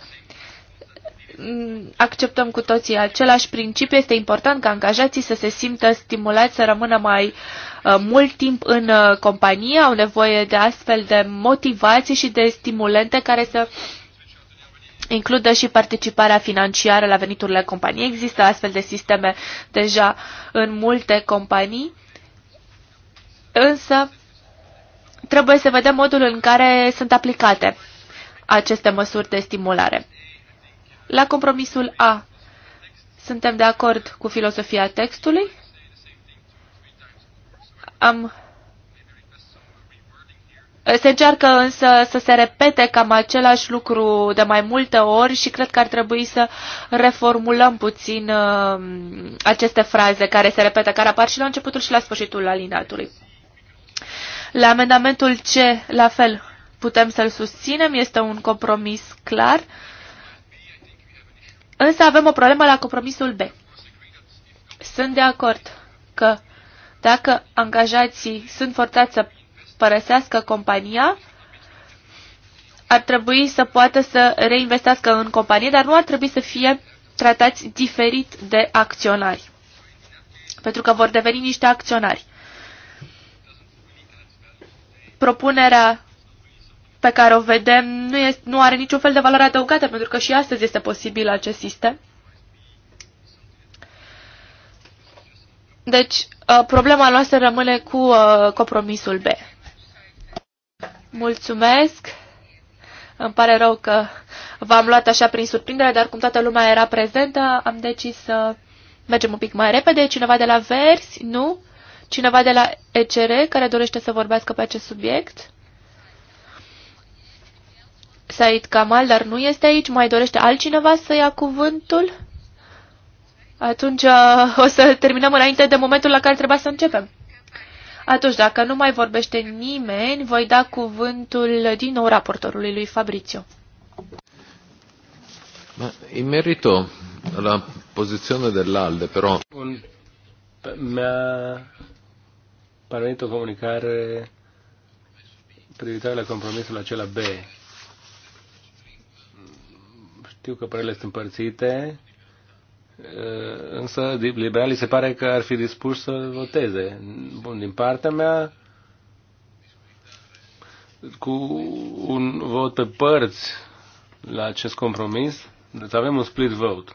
acceptăm cu toții același principiu. Este important ca angajații să se simtă stimulați să rămână mai uh, mult timp în uh, companie, au nevoie de astfel de motivații și de stimulente care să includă și participarea financiară la veniturile companiei. Există astfel de sisteme deja în multe companii, însă trebuie să vedem modul în care sunt aplicate aceste măsuri de stimulare. La compromisul A, suntem de acord cu filosofia textului? Am... Se încearcă însă să se repete cam același lucru de mai multe ori și cred că ar trebui să reformulăm puțin uh, aceste fraze care se repetă, care apar și la începutul și la sfârșitul alinatului. La amendamentul C, la fel, putem să-l susținem, este un compromis clar. Uh, Însă avem o problemă la compromisul B. Sunt de acord că dacă angajații sunt forțați să părăsească compania, ar trebui să poată să reinvestească în companie, dar nu ar trebui să fie tratați diferit de acționari, pentru că vor deveni niște acționari. Propunerea pe care o vedem nu, este, nu are niciun fel de valoare adăugată, pentru că și astăzi este posibil acest sistem. Deci, uh, problema noastră rămâne cu uh, compromisul B. Mulțumesc! Îmi pare rău că v-am luat așa prin surprindere, dar cum toată lumea era prezentă, am decis să mergem un pic mai repede. Cineva de la Versi? Nu? Cineva de la ECR care dorește să vorbească pe acest subiect? Said Kamal, dar nu este aici. Mai dorește altcineva să ia cuvântul? Atunci uh, o să terminăm înainte de momentul la care trebuia să începem. Atunci, dacă nu mai vorbește nimeni, voi da cuvântul din nou raportorului lui Fabrizio. In merito alla posizione dell'Alde, però... Un... Mi-a parvenit o comunicare privitoare la compromisul acela B, știu că părerile sunt împărțite, eh, însă liberalii se pare că ar fi dispuși să voteze. Bun, din partea mea, cu un vot pe părți la acest compromis, deci avem un split vote.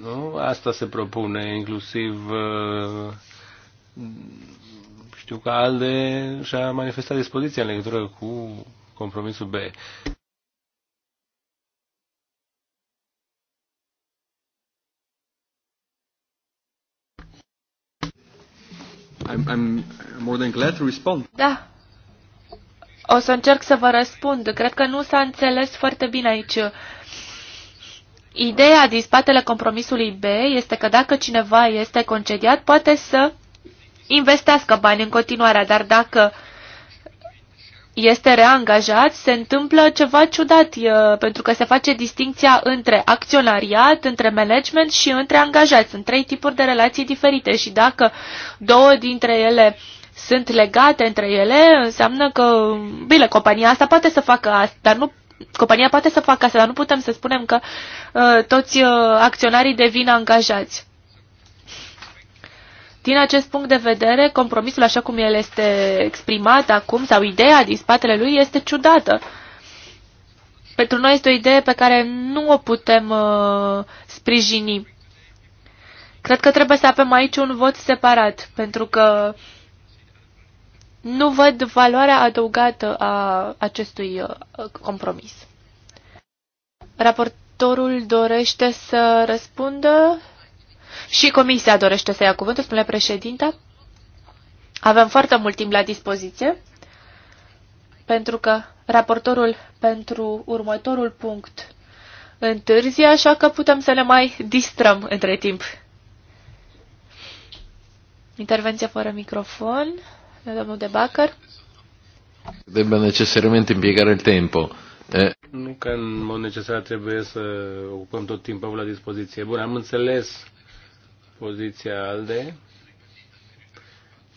Nu? Asta se propune, inclusiv eh, știu că ALDE și-a manifestat dispoziția în legătură cu compromisul B. I'm, I'm more than glad to respond. Da. O să încerc să vă răspund. Cred că nu s-a înțeles foarte bine aici. Ideea din spatele compromisului B este că dacă cineva este concediat, poate să investească bani în continuare, dar dacă uh, este reangajat, se întâmplă ceva ciudat, pentru că se face distinția între acționariat, între management și între angajați. Sunt trei tipuri de relații diferite și dacă două dintre ele sunt legate între ele, înseamnă că, bine, compania asta poate să facă asta, dar nu compania poate să facă asta, dar nu putem să spunem că uh, toți uh, acționarii devin angajați. Din acest punct de vedere, compromisul așa cum el este exprimat acum sau ideea din spatele lui este ciudată. Pentru noi este o idee pe care nu o putem uh, sprijini. Cred că trebuie să avem aici un vot separat, pentru că nu văd valoarea adăugată a acestui uh, compromis. Raportorul dorește să răspundă și comisia dorește să ia cuvântul, spune președinte. Avem foarte mult timp la dispoziție, pentru că raportorul pentru următorul punct întârzie, așa că putem să ne mai distrăm între timp. Intervenție fără microfon de domnul De Bacăr. Trebuie necesariamente impiegare il tempo. Eh. Nu că în mod necesar trebuie să ocupăm tot timpul la dispoziție. Bun, am înțeles poziția ALDE.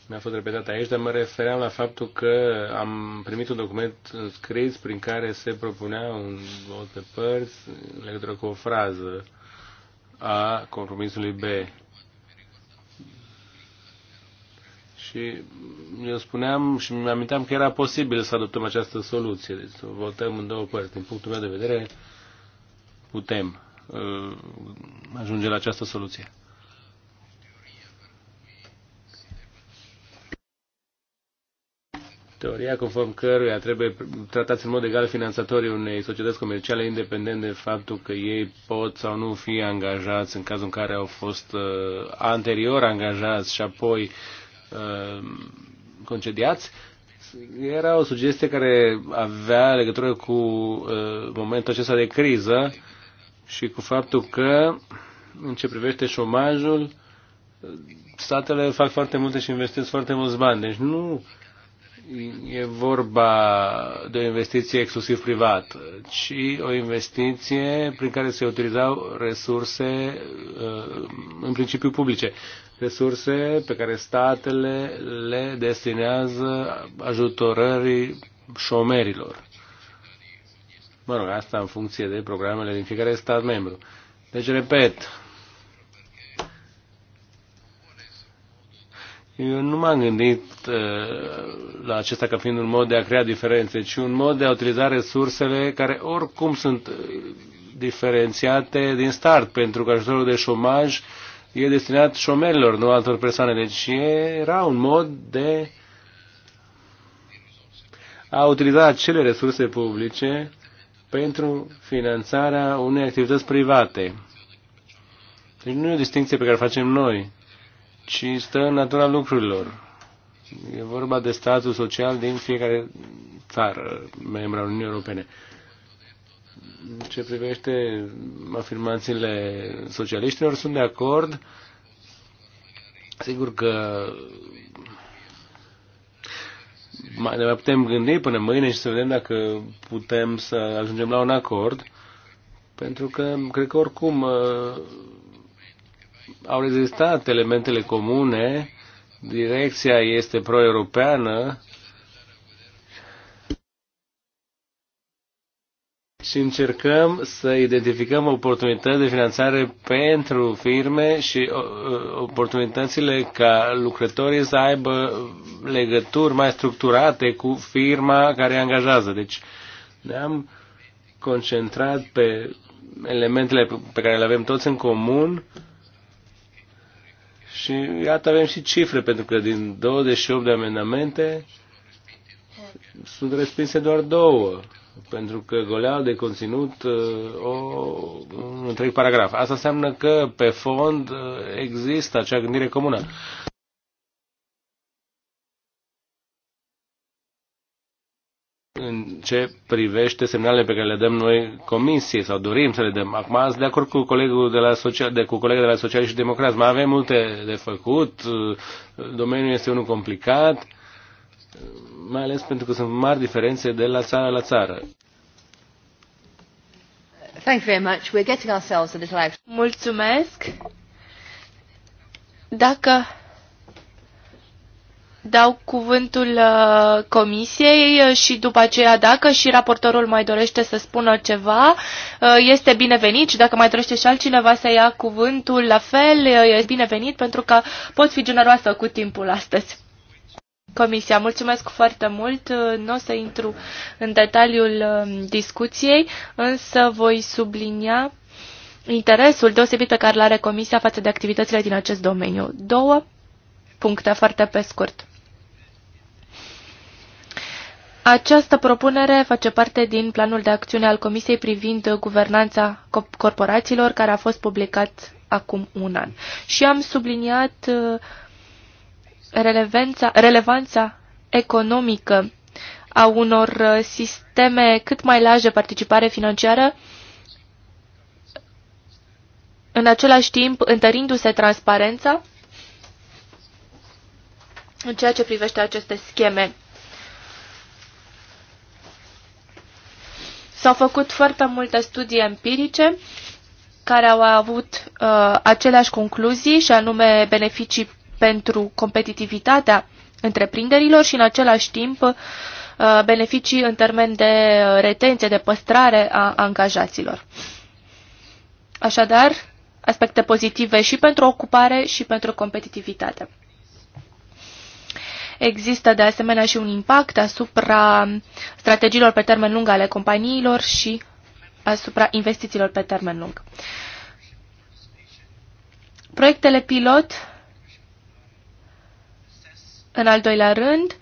Mi-a fost repetat aici, dar mă refeream la faptul că am primit un document scris prin care se propunea un vot pe părți în legătură cu o frază a compromisului B. Și eu spuneam și mi aminteam că era posibil să adoptăm această soluție, deci să votăm în două părți. Din punctul meu de vedere, putem uh, ajunge la această soluție. teoria conform căruia trebuie tratați în mod egal finanțatorii unei societăți comerciale, independent de faptul că ei pot sau nu fi angajați în cazul în care au fost uh, anterior angajați și apoi uh, concediați. Era o sugestie care avea legătură cu uh, momentul acesta de criză și cu faptul că, în ce privește șomajul, statele fac foarte multe și investesc foarte mulți bani. Deci nu uh, e vorba de o investiție exclusiv privată, ci o investiție prin care se utilizau resurse uh, în principiu publice, resurse pe care statele le destinează ajutorării șomerilor. Mă rog, asta în funcție de programele din fiecare stat membru. Deci, repet, Eu nu m-am gândit uh, la acesta ca fiind un mod de a crea diferențe, ci un mod de a utiliza resursele care oricum sunt uh, diferențiate din start, pentru că ajutorul de șomaj e destinat șomerilor, nu altor persoane. Deci era un mod de a utiliza acele resurse publice pentru finanțarea unei activități private. Deci nu e o distinție pe care o facem noi ci stă în natura lucrurilor. E vorba de statul social din fiecare țară membra Uniunii Europene. ce privește afirmațiile socialiștilor, sunt de acord. Sigur că mai, ne mai putem gândi până mâine și să vedem dacă putem să ajungem la un acord, pentru că cred că oricum au rezistat elementele comune, direcția este pro-europeană și încercăm să identificăm oportunități de finanțare pentru firme și uh, uh, oportunitățile ca lucrătorii să aibă legături mai structurate cu firma care îi angajează. Deci ne-am concentrat pe elementele pe care le avem toți în comun și iată avem și cifre, pentru că din 28 de amendamente sunt respinse doar două, pentru că goleau de conținut uh, o, un întreg paragraf. Asta înseamnă că pe fond uh, există acea gândire comună. în ce privește semnalele pe care le dăm noi comisiei sau dorim să le dăm. Acum sunt de acord cu colegul de la social, de, cu colegul de la Social și Democrați. Mai avem multe de făcut, domeniul este unul complicat, mai ales pentru că sunt mari diferențe de la țară la țară. Thank you very much. We're getting ourselves a little out. Mulțumesc. Dacă dau cuvântul uh, comisiei uh, și după aceea, dacă și raportorul mai dorește să spună ceva, uh, este binevenit și dacă mai dorește și altcineva să ia cuvântul, la fel, este binevenit pentru că pot fi generoasă cu timpul astăzi. Comisia, mulțumesc foarte mult. Nu o să intru în detaliul um, discuției, însă voi sublinia interesul deosebit pe care l are Comisia față de activitățile din acest domeniu. Două puncte foarte pe scurt. Această propunere face parte din planul de acțiune al Comisiei privind guvernanța corporațiilor, care a fost publicat acum un an. Și am subliniat uh, relevanța, relevanța economică a unor uh, sisteme cât mai laje de participare financiară, în același timp întărindu-se transparența în ceea ce privește aceste scheme. S-au făcut foarte multe studii empirice care au avut uh, aceleași concluzii și anume beneficii pentru competitivitatea întreprinderilor și în același timp uh, beneficii în termen de retenție, de păstrare a angajaților. Așadar, aspecte pozitive și pentru ocupare și pentru competitivitate. Există de asemenea și un impact asupra strategiilor pe termen lung ale companiilor și asupra investițiilor pe termen lung. Proiectele pilot, în al doilea rând,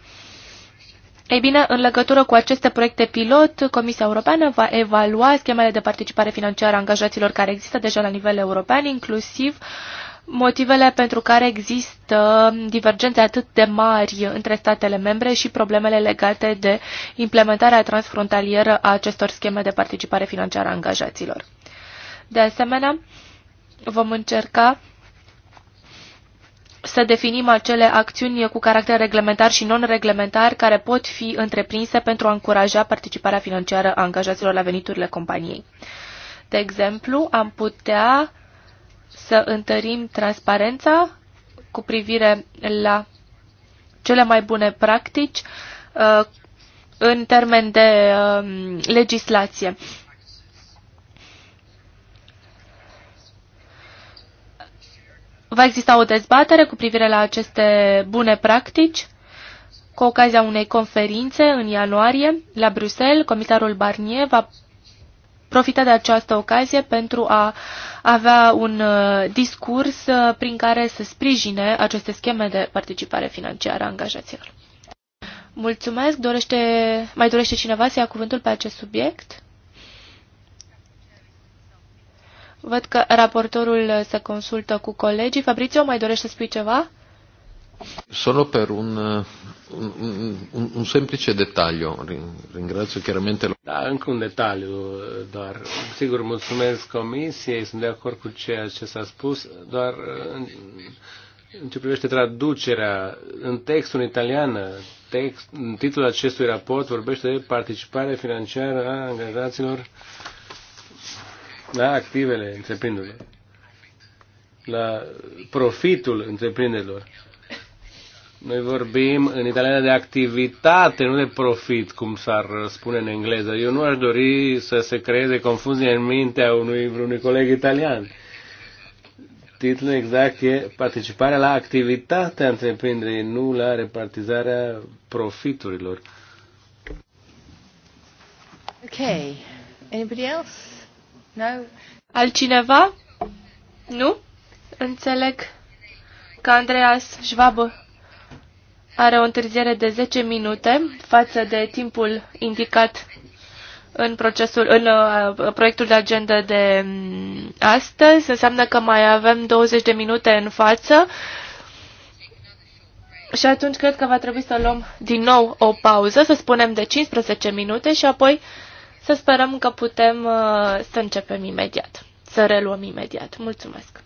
ei bine, în legătură cu aceste proiecte pilot, Comisia Europeană va evalua schemele de participare financiară a angajaților care există deja la nivel european, inclusiv uh, motivele pentru care există divergențe atât de mari între statele membre și problemele legate de implementarea transfrontalieră a acestor scheme de participare financiară a angajaților. De asemenea, vom încerca să definim acele acțiuni cu caracter reglementar și non-reglementar care pot fi întreprinse pentru a încuraja participarea financiară a angajaților la veniturile companiei. De exemplu, am putea să întărim transparența cu privire la cele mai bune practici uh, în termen de um, legislație. Va exista o dezbatere cu privire la aceste bune practici. Cu ocazia unei conferințe în ianuarie, la Bruxelles, comisarul Barnier va profita de această ocazie pentru a avea un uh, discurs uh, prin care să sprijine aceste scheme de participare financiară a angajaților. Mulțumesc. Dorește, mai dorește cineva să ia cuvântul pe acest subiect? Văd că raportorul se consultă cu colegii. Fabrizio, mai dorește să spui ceva? Solo per un, un, un, un semplice dettaglio, ringrazio chiaramente... Da, anche un detaliu doar. Sigur, mulțumesc Comisiei, sunt de acord cu ceea ce s-a spus, doar în ce privește traducerea în textul în italiană, text, în titlul acestui raport vorbește de participare financiară a angajaților la activele întreprinderilor, la profitul întreprinderilor. Noi vorbim în italiană de activitate, nu de profit, cum s-ar spune în engleză. Eu nu aș dori să se creeze confuzie în mintea unui vreunui coleg italian. Titlul exact e participarea la activitatea întreprinderii, nu la repartizarea profiturilor. Okay. Anybody else? No? Altcineva? Nu? Înțeleg că Andreas Schwabă are o întârziere de 10 minute față de timpul indicat în, procesul, în uh, proiectul de agenda de mm, astăzi. Înseamnă că mai avem 20 de minute în față și atunci cred că va trebui să luăm din nou o pauză, să spunem de 15 minute și apoi să sperăm că putem uh, să începem imediat, să reluăm imediat. Mulțumesc!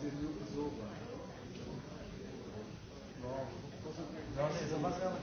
No, no, no, no,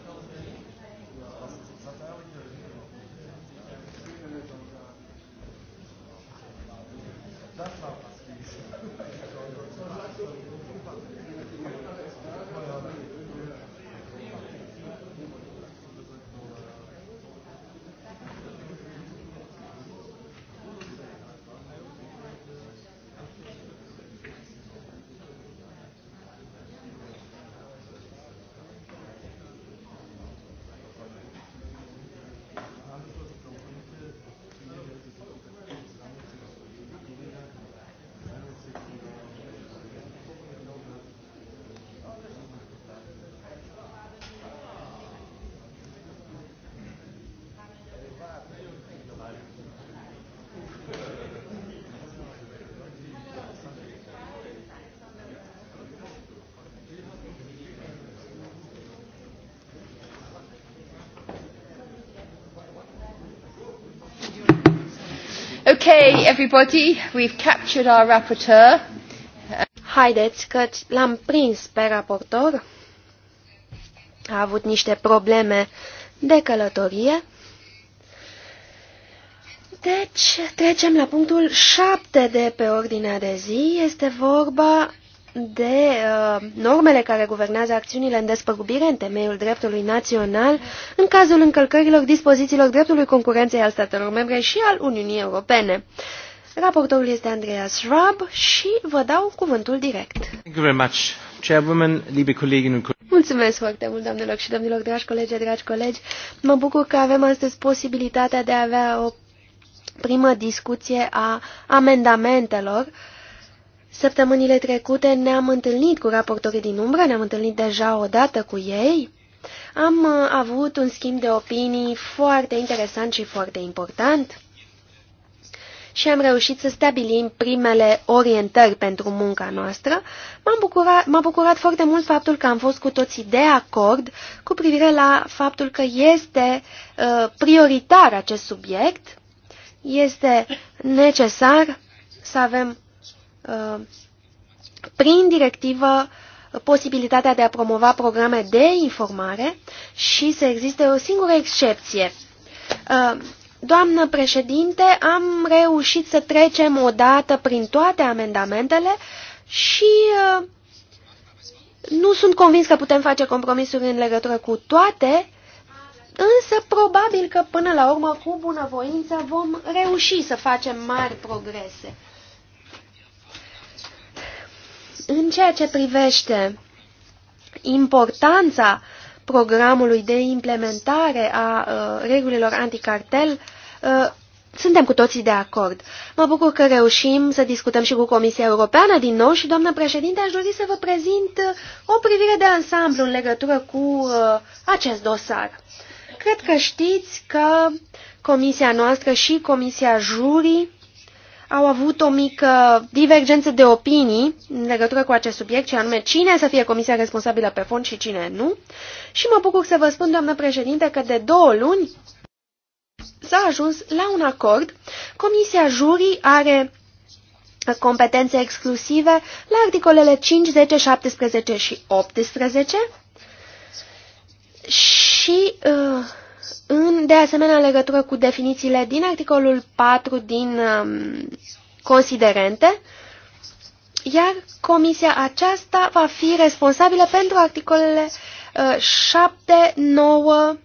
Okay, everybody, we've captured our rapporteur. Haideți că l-am prins pe raportor. A avut niște probleme de călătorie. Deci, trecem la punctul 7 de pe ordinea de zi. Este vorba de uh, normele care guvernează acțiunile în despăgubire în temeiul dreptului național în cazul încălcărilor dispozițiilor dreptului concurenței al statelor membre și al Uniunii Europene. Raportorul este Andreas Schwab și vă dau cuvântul direct. Mulțumesc foarte mult, doamnelor și domnilor, dragi colegi, dragi colegi. Mă bucur că avem astăzi posibilitatea de a avea o primă discuție a amendamentelor. Săptămânile trecute ne-am întâlnit cu raportorii din umbră, ne-am întâlnit deja o dată cu ei am uh, avut un schimb de opinii foarte interesant și foarte important și am reușit să stabilim primele orientări pentru munca noastră, m-a bucurat, bucurat foarte mult faptul că am fost cu toții de acord cu privire la faptul că este uh, prioritar acest subiect, este necesar să avem uh, prin directivă posibilitatea de a promova programe de informare și să existe o singură excepție. Uh, doamnă președinte, am reușit să trecem o dată prin toate amendamentele și uh, nu sunt convins că putem face compromisuri în legătură cu toate, însă probabil că până la urmă, cu bunăvoință, vom reuși să facem mari progrese. În ceea ce privește importanța programului de implementare a uh, regulilor anticartel, uh, suntem cu toții de acord. Mă bucur că reușim să discutăm și cu Comisia Europeană din nou și, doamnă președinte, aș dori să vă prezint uh, o privire de ansamblu în legătură cu uh, acest dosar. Cred că știți că Comisia noastră și Comisia Jurii au avut o mică divergență de opinii în legătură cu acest subiect, și anume cine să fie comisia responsabilă pe fond și cine nu. Și mă bucur să vă spun, doamnă președinte, că de două luni s-a ajuns la un acord. Comisia jurii are competențe exclusive la articolele 5, 10, 17 și 18 și... Uh, în, de asemenea, legătură cu definițiile din articolul 4 din um, considerente, iar comisia aceasta va fi responsabilă pentru articolele uh, 7, 9,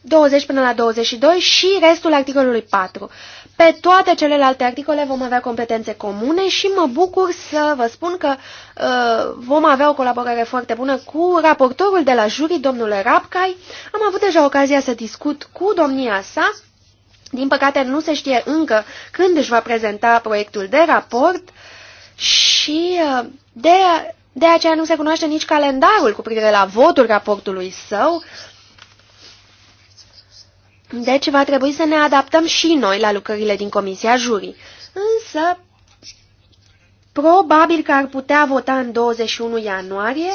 20 până la 22 și restul articolului 4. Uh, pe toate celelalte articole vom avea competențe comune și mă bucur să vă spun că uh, vom avea o colaborare foarte bună cu raportorul de la juri, domnul Rapcai. Am avut deja ocazia să discut cu domnia sa. Din păcate nu se știe încă când își va prezenta proiectul de raport și uh, de, de aceea nu se cunoaște nici calendarul cu privire la votul raportului său. Uh, deci va trebui să ne adaptăm și noi la lucrările din Comisia Jurii. Însă, probabil că ar putea vota în 21 ianuarie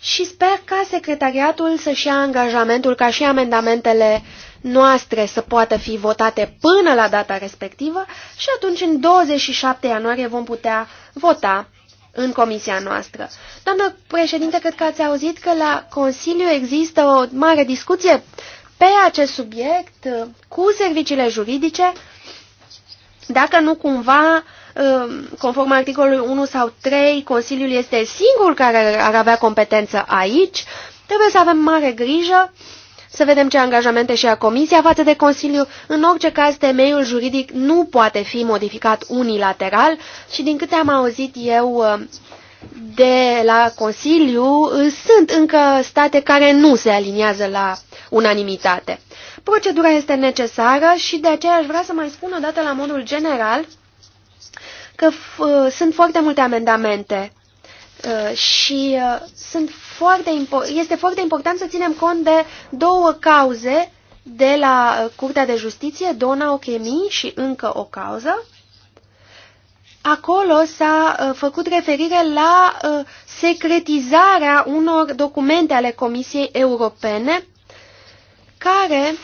și sper ca secretariatul să-și ia angajamentul ca și amendamentele noastre să poată fi votate până la data respectivă și atunci în 27 ianuarie vom putea vota în comisia noastră. Doamnă președinte, cred că ați auzit că la Consiliu există o mare discuție pe acest subiect uh, cu serviciile juridice, dacă nu cumva, uh, conform articolului 1 sau 3, Consiliul este singurul care ar avea competență aici, trebuie să avem mare grijă să vedem ce angajamente și a Comisia față de Consiliu. În orice caz, temeiul juridic nu poate fi modificat unilateral și, din câte am auzit eu, uh, de la Consiliu, uh, sunt încă state care nu se aliniază la unanimitate. Procedura este necesară și de aceea aș vrea să mai spun o dată la modul general că uh, sunt foarte multe amendamente uh, și sunt foarte este foarte important să ținem cont de două cauze de la Curtea de Justiție, Dona Ochemii și încă o cauză. Acolo s-a uh, făcut referire la uh, secretizarea unor documente ale Comisiei Europene care,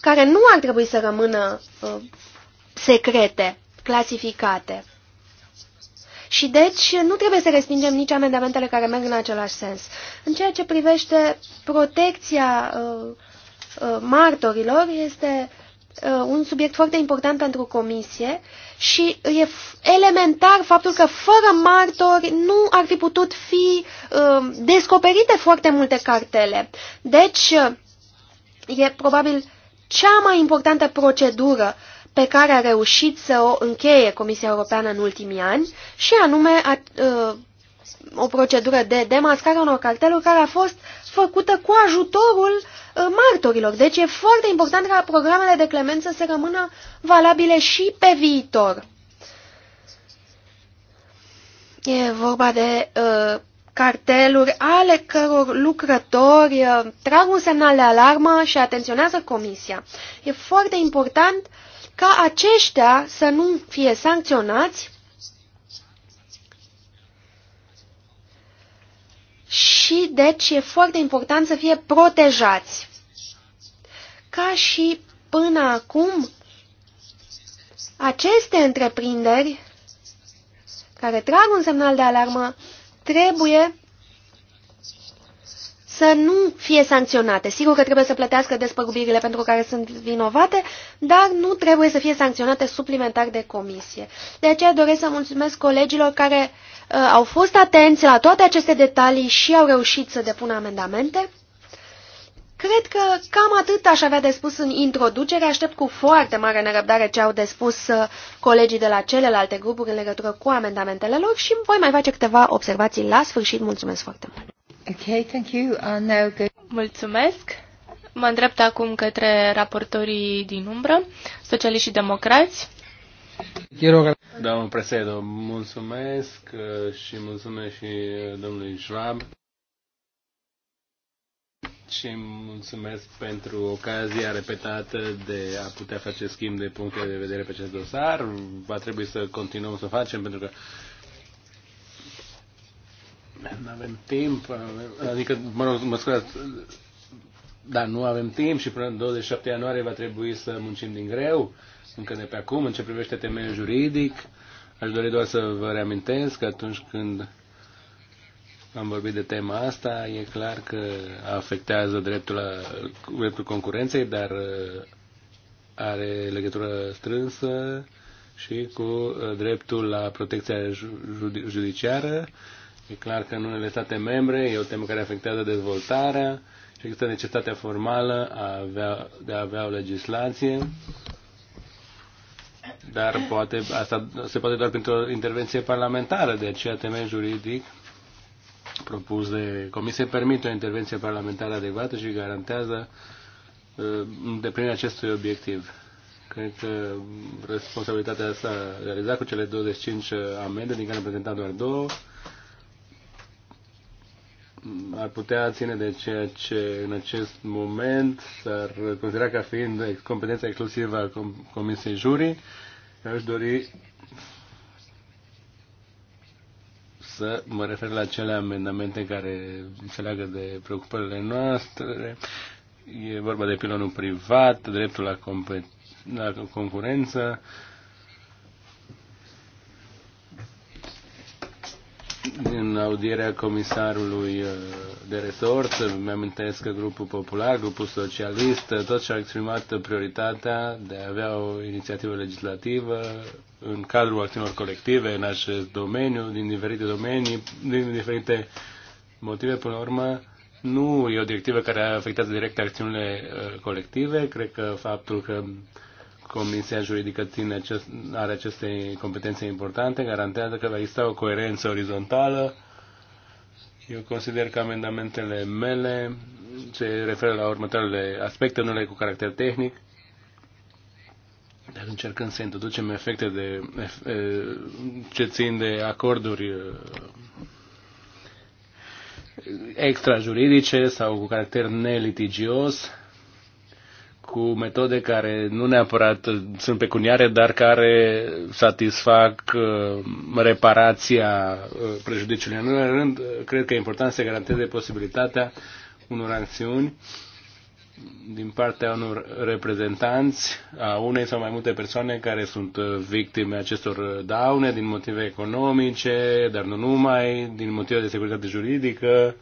care nu ar trebui să rămână uh, secrete, clasificate. Și deci nu trebuie să respingem nici amendamentele care merg în același sens. În ceea ce privește protecția uh, uh, martorilor, este Uh, un subiect foarte important pentru comisie și e elementar faptul că fără martori nu ar fi putut fi uh, descoperite foarte multe cartele. Deci uh, e probabil cea mai importantă procedură pe care a reușit să o încheie Comisia Europeană în ultimii ani și anume a, uh, o procedură de demascare a unor carteluri care a fost făcută cu ajutorul uh, Uh, martorilor. Deci e foarte important ca programele de clemență să rămână valabile și pe viitor. E vorba de uh, carteluri ale căror lucrători uh, trag un semnal de alarmă și atenționează comisia. E foarte important ca aceștia să nu fie sancționați și deci e foarte important să fie protejați. Ca și până acum, aceste întreprinderi care trag un semnal de alarmă trebuie să nu fie sancționate. Sigur că trebuie să plătească despăgubirile pentru care sunt vinovate, dar nu trebuie să fie sancționate suplimentar de comisie. De aceea doresc să mulțumesc colegilor care uh, au fost atenți la toate aceste detalii și au reușit să depună amendamente. Cred că cam atât aș avea de spus în introducere. Aștept cu foarte mare nerăbdare ce au de spus uh, colegii de la celelalte grupuri în legătură cu amendamentele lor și voi mai face câteva observații la sfârșit. Mulțumesc foarte mult! Okay, thank you. I'll uh, now go... Mulțumesc. Mă îndrept acum către raportorii din umbră, socialiști și democrați. Domnul Presedo, mulțumesc uh, și mulțumesc și uh, domnului Schwab și mulțumesc pentru ocazia repetată de a putea face schimb de puncte de vedere pe acest dosar. Va trebui să continuăm să facem pentru că nu avem timp, adică, mă rog, mă scuzați, dar nu avem timp și până în 27 ianuarie va trebui să muncim din greu, încă de pe acum, în ce privește temeiul juridic. Aș dori doar să vă reamintesc că atunci când am vorbit de tema asta, e clar că afectează dreptul, la, dreptul concurenței, dar uh, are legătură strânsă și cu uh, dreptul la protecția judiciară E clar că în unele state membre e o temă care afectează dezvoltarea și există necesitatea formală a avea, de a avea o legislație, dar poate, asta se poate doar printr-o intervenție parlamentară, de aceea temei juridic propus de Comisie permite o intervenție parlamentară adecvată și garantează uh, îndeplinirea acestui obiectiv. Cred că responsabilitatea asta realizat cu cele 25 amende, din care am prezentat doar două, ar putea ține de ceea ce în acest moment s-ar considera ca fiind competența exclusivă a Comisiei Jurii. Aș dori să mă refer la cele amendamente care se leagă de preocupările noastre. E vorba de pilonul privat, dreptul la, la concurență, În audierea comisarului uh, de resort, îmi amintesc că grupul popular, grupul socialist, uh, Tot și-au exprimat prioritatea de a avea o inițiativă legislativă în cadrul acțiunilor colective în acest domeniu, din diferite domenii, din diferite motive. Până la urmă, nu e o directivă care afectează direct acțiunile uh, colective. Cred că faptul că Comisia juridică ține acest, are aceste competențe importante, garantează că va exista o coerență orizontală. Eu consider că amendamentele mele se referă la următoarele aspecte, unele cu caracter tehnic, dar încercând să introducem efecte de, ce țin de acorduri extrajuridice sau cu caracter nelitigios, cu metode care nu neapărat sunt pecuniare, dar care satisfac uh, reparația uh, prejudiciului. În primul rând, cred că e important să garanteze posibilitatea unor acțiuni din partea unor reprezentanți a unei sau mai multe persoane care sunt uh, victime acestor daune din motive economice, dar nu numai, din motive de securitate juridică,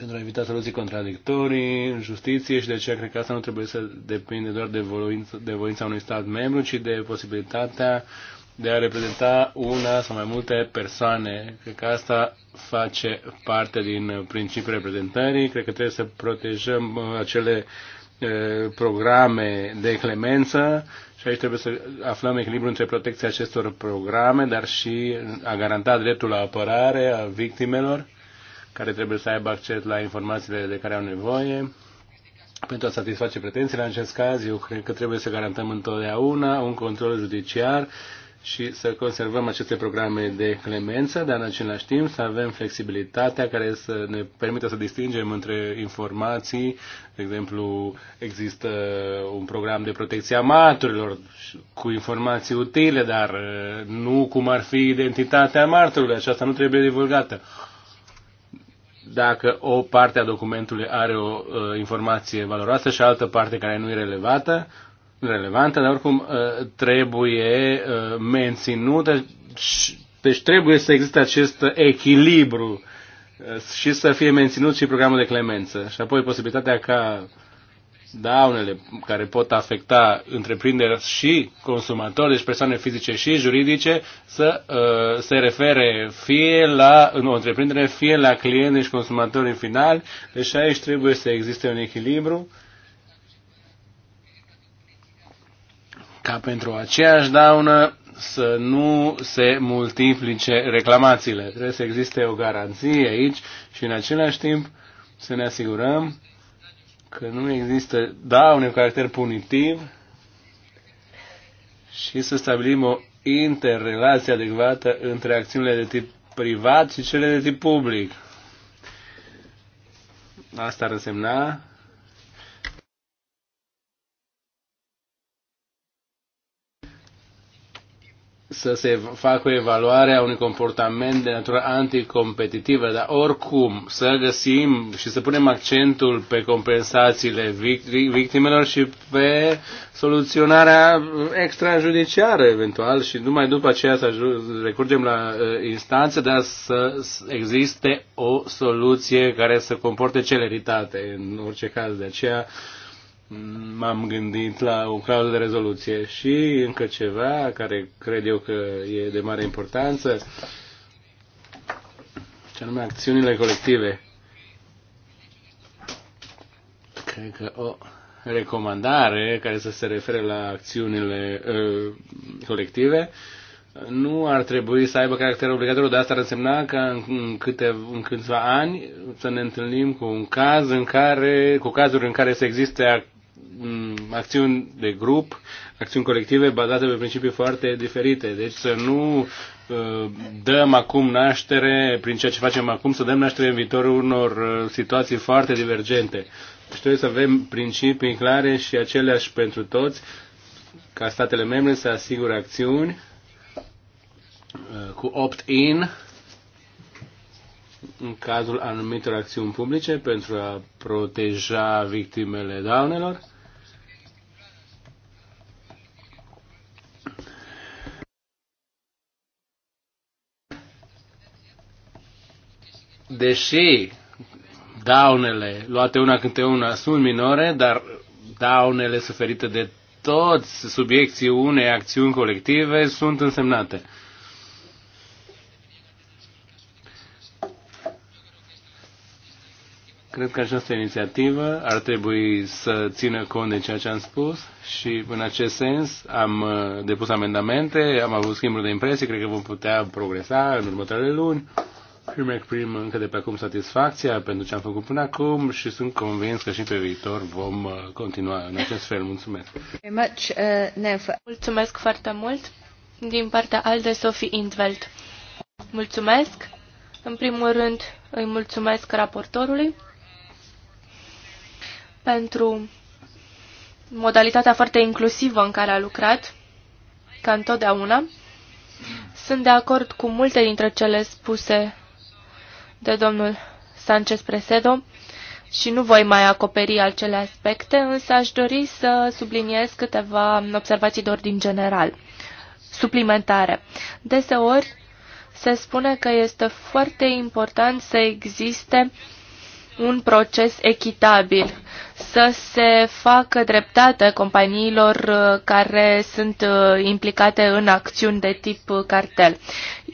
pentru a evita soluții contradictorii în justiție și de aceea cred că asta nu trebuie să depinde doar de voința, de voința unui stat membru, ci de posibilitatea de a reprezenta una sau mai multe persoane. Cred că asta face parte din principiul reprezentării. Cred că trebuie să protejăm uh, acele uh, programe de clemență și aici trebuie să aflăm echilibru între protecția acestor programe, dar și a garanta dreptul la apărare a victimelor care trebuie să aibă acces la informațiile de care au nevoie. Pentru a satisface pretențiile, în acest caz, eu cred că trebuie să garantăm întotdeauna un control judiciar și să conservăm aceste programe de clemență, dar în același timp să avem flexibilitatea care să ne permită să distingem între informații. De exemplu, există un program de protecție a martorilor cu informații utile, dar uh, nu cum ar fi identitatea martorului. Aceasta nu trebuie divulgată dacă o parte a documentului are o uh, informație valoroasă și altă parte care nu e relevantă, relevantă, dar oricum uh, trebuie uh, menținută, deci trebuie să existe acest echilibru uh, și să fie menținut și programul de clemență și apoi posibilitatea ca daunele care pot afecta întreprinderi și consumatori, deci persoane fizice și juridice, să uh, se refere fie la în o întreprindere, fie la clienți deci și consumatori în final. Deci aici trebuie să existe un echilibru ca pentru aceeași daună să nu se multiplice reclamațiile. Trebuie să existe o garanție aici și în același timp să ne asigurăm că nu există daune cu caracter punitiv și să stabilim o interrelație adecvată între acțiunile de tip privat și cele de tip public. Asta ar însemna să se facă o evaluare a unui comportament de natură anticompetitivă, dar oricum să găsim și să punem accentul pe compensațiile victimelor și pe soluționarea extrajudiciară eventual și numai după aceea să recurgem la uh, instanță, dar să existe o soluție care să comporte celeritate în orice caz. De aceea m-am gândit la o clauză de rezoluție și încă ceva care cred eu că e de mare importanță, ce anume acțiunile colective. Cred că o recomandare care să se refere la acțiunile uh, colective nu ar trebui să aibă caracter obligatoriu, dar asta ar însemna că în, câte, în câțiva ani să ne întâlnim cu un caz în care, cu cazuri în care să existe acțiuni de grup, acțiuni colective bazate pe principii foarte diferite. Deci să nu uh, dăm acum naștere, prin ceea ce facem acum, să dăm naștere în viitorul unor uh, situații foarte divergente. Deci trebuie să avem principii clare și aceleași pentru toți, ca statele membre să asigure acțiuni uh, cu opt-in în cazul anumitor acțiuni publice pentru a proteja victimele daunelor deși daunele luate una câte una sunt minore, dar daunele suferite de toți subiecții unei acțiuni colective sunt însemnate. Cred că această inițiativă ar trebui să țină cont de ceea ce am spus și în acest sens am uh, depus amendamente, am avut schimburi de impresie, cred că vom putea progresa în următoarele luni. Îmi exprim încă de pe acum satisfacția pentru ce am făcut până acum și sunt convins că și pe viitor vom uh, continua în acest fel. Mulțumesc! Uh, mulțumesc foarte mult din partea Alde Sophie Intveld. Mulțumesc! În primul rând îi mulțumesc raportorului pentru modalitatea foarte inclusivă în care a lucrat, ca întotdeauna. Sunt de acord cu multe dintre cele spuse de domnul Sanchez Presedo și nu voi mai acoperi acele aspecte, însă aș dori să subliniez câteva observații de ordin general, suplimentare. Deseori se spune că este foarte important să existe uh, un proces echitabil, să se facă dreptate companiilor uh, care sunt uh, implicate în acțiuni de tip cartel.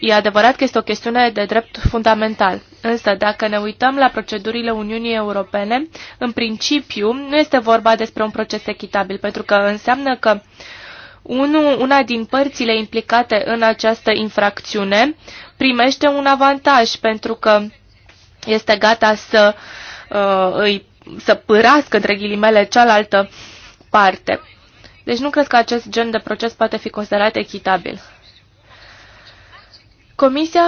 E adevărat că este o chestiune de drept fundamental, însă dacă ne uităm la procedurile Uniunii Europene, în principiu nu este vorba despre un proces echitabil, pentru că înseamnă că unu, una din părțile implicate în această infracțiune primește un avantaj, pentru că este gata să uh, îi să pârască, între ghilimele, cealaltă parte. Deci nu cred că acest gen de proces poate fi considerat echitabil. Comisia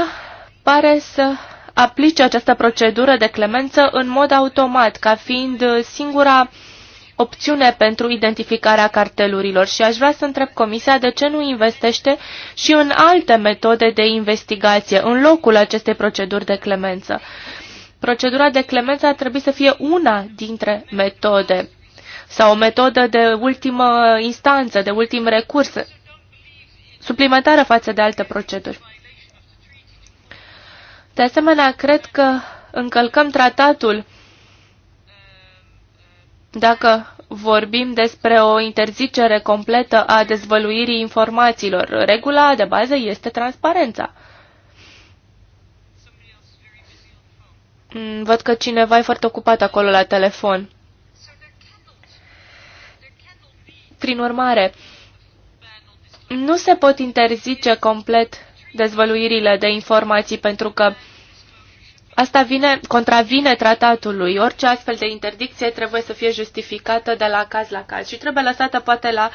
pare să aplice această procedură de clemență în mod automat, ca fiind singura opțiune pentru identificarea cartelurilor și aș vrea să întreb Comisia de ce nu investește și în alte metode de investigație în locul acestei proceduri de clemență. Procedura de clemență ar trebui să fie una dintre metode sau o metodă de ultimă instanță, de ultim recurs, suplimentară față de alte proceduri. De asemenea, cred că încălcăm tratatul dacă vorbim despre o interzicere completă a dezvăluirii informațiilor. Regula de bază este transparența. Mm, văd că cineva e foarte ocupat acolo la telefon. Prin urmare, nu se pot interzice complet dezvăluirile de informații pentru că asta vine, contravine tratatului. Orice astfel de interdicție trebuie să fie justificată de la caz la caz și trebuie lăsată poate la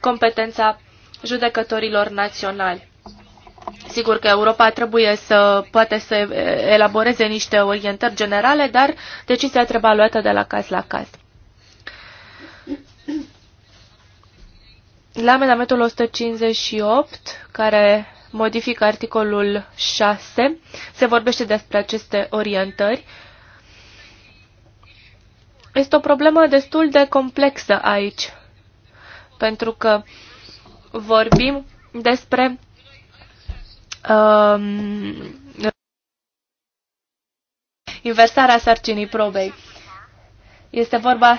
competența judecătorilor naționali. Sigur că Europa trebuie să poate să elaboreze niște orientări generale, dar decizia trebuie luată de la caz la caz. La amendamentul 158, care modifică articolul 6, se vorbește despre aceste orientări. Este o problemă destul de complexă aici, pentru că vorbim despre uh, um, inversarea sarcinii probei. Este vorba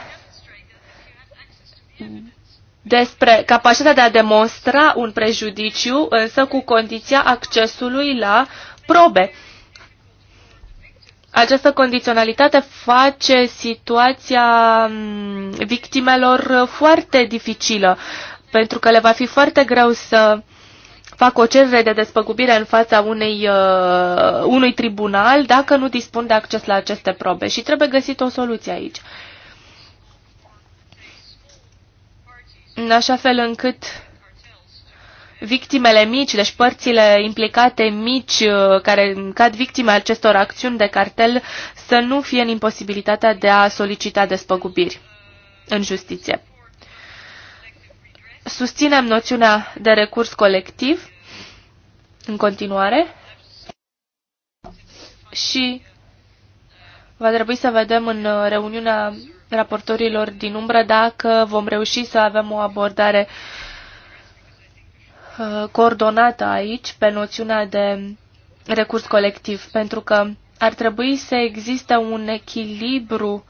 despre capacitatea de a demonstra un prejudiciu, însă cu condiția accesului la probe. Această condiționalitate face situația mm, victimelor foarte dificilă, pentru că le va fi foarte greu să fac o cerere de despăgubire în fața unei, uh, unui tribunal dacă nu dispun de acces la aceste probe și trebuie găsit o soluție aici. În așa fel încât victimele mici, deci părțile implicate mici uh, care cad victime acestor acțiuni de cartel să nu fie în imposibilitatea de a solicita despăgubiri în justiție susținem noțiunea de recurs colectiv în continuare și va trebui să vedem în uh, reuniunea raportorilor din umbră dacă vom reuși să avem o abordare uh, coordonată aici pe noțiunea de recurs colectiv, pentru că ar trebui să existe un echilibru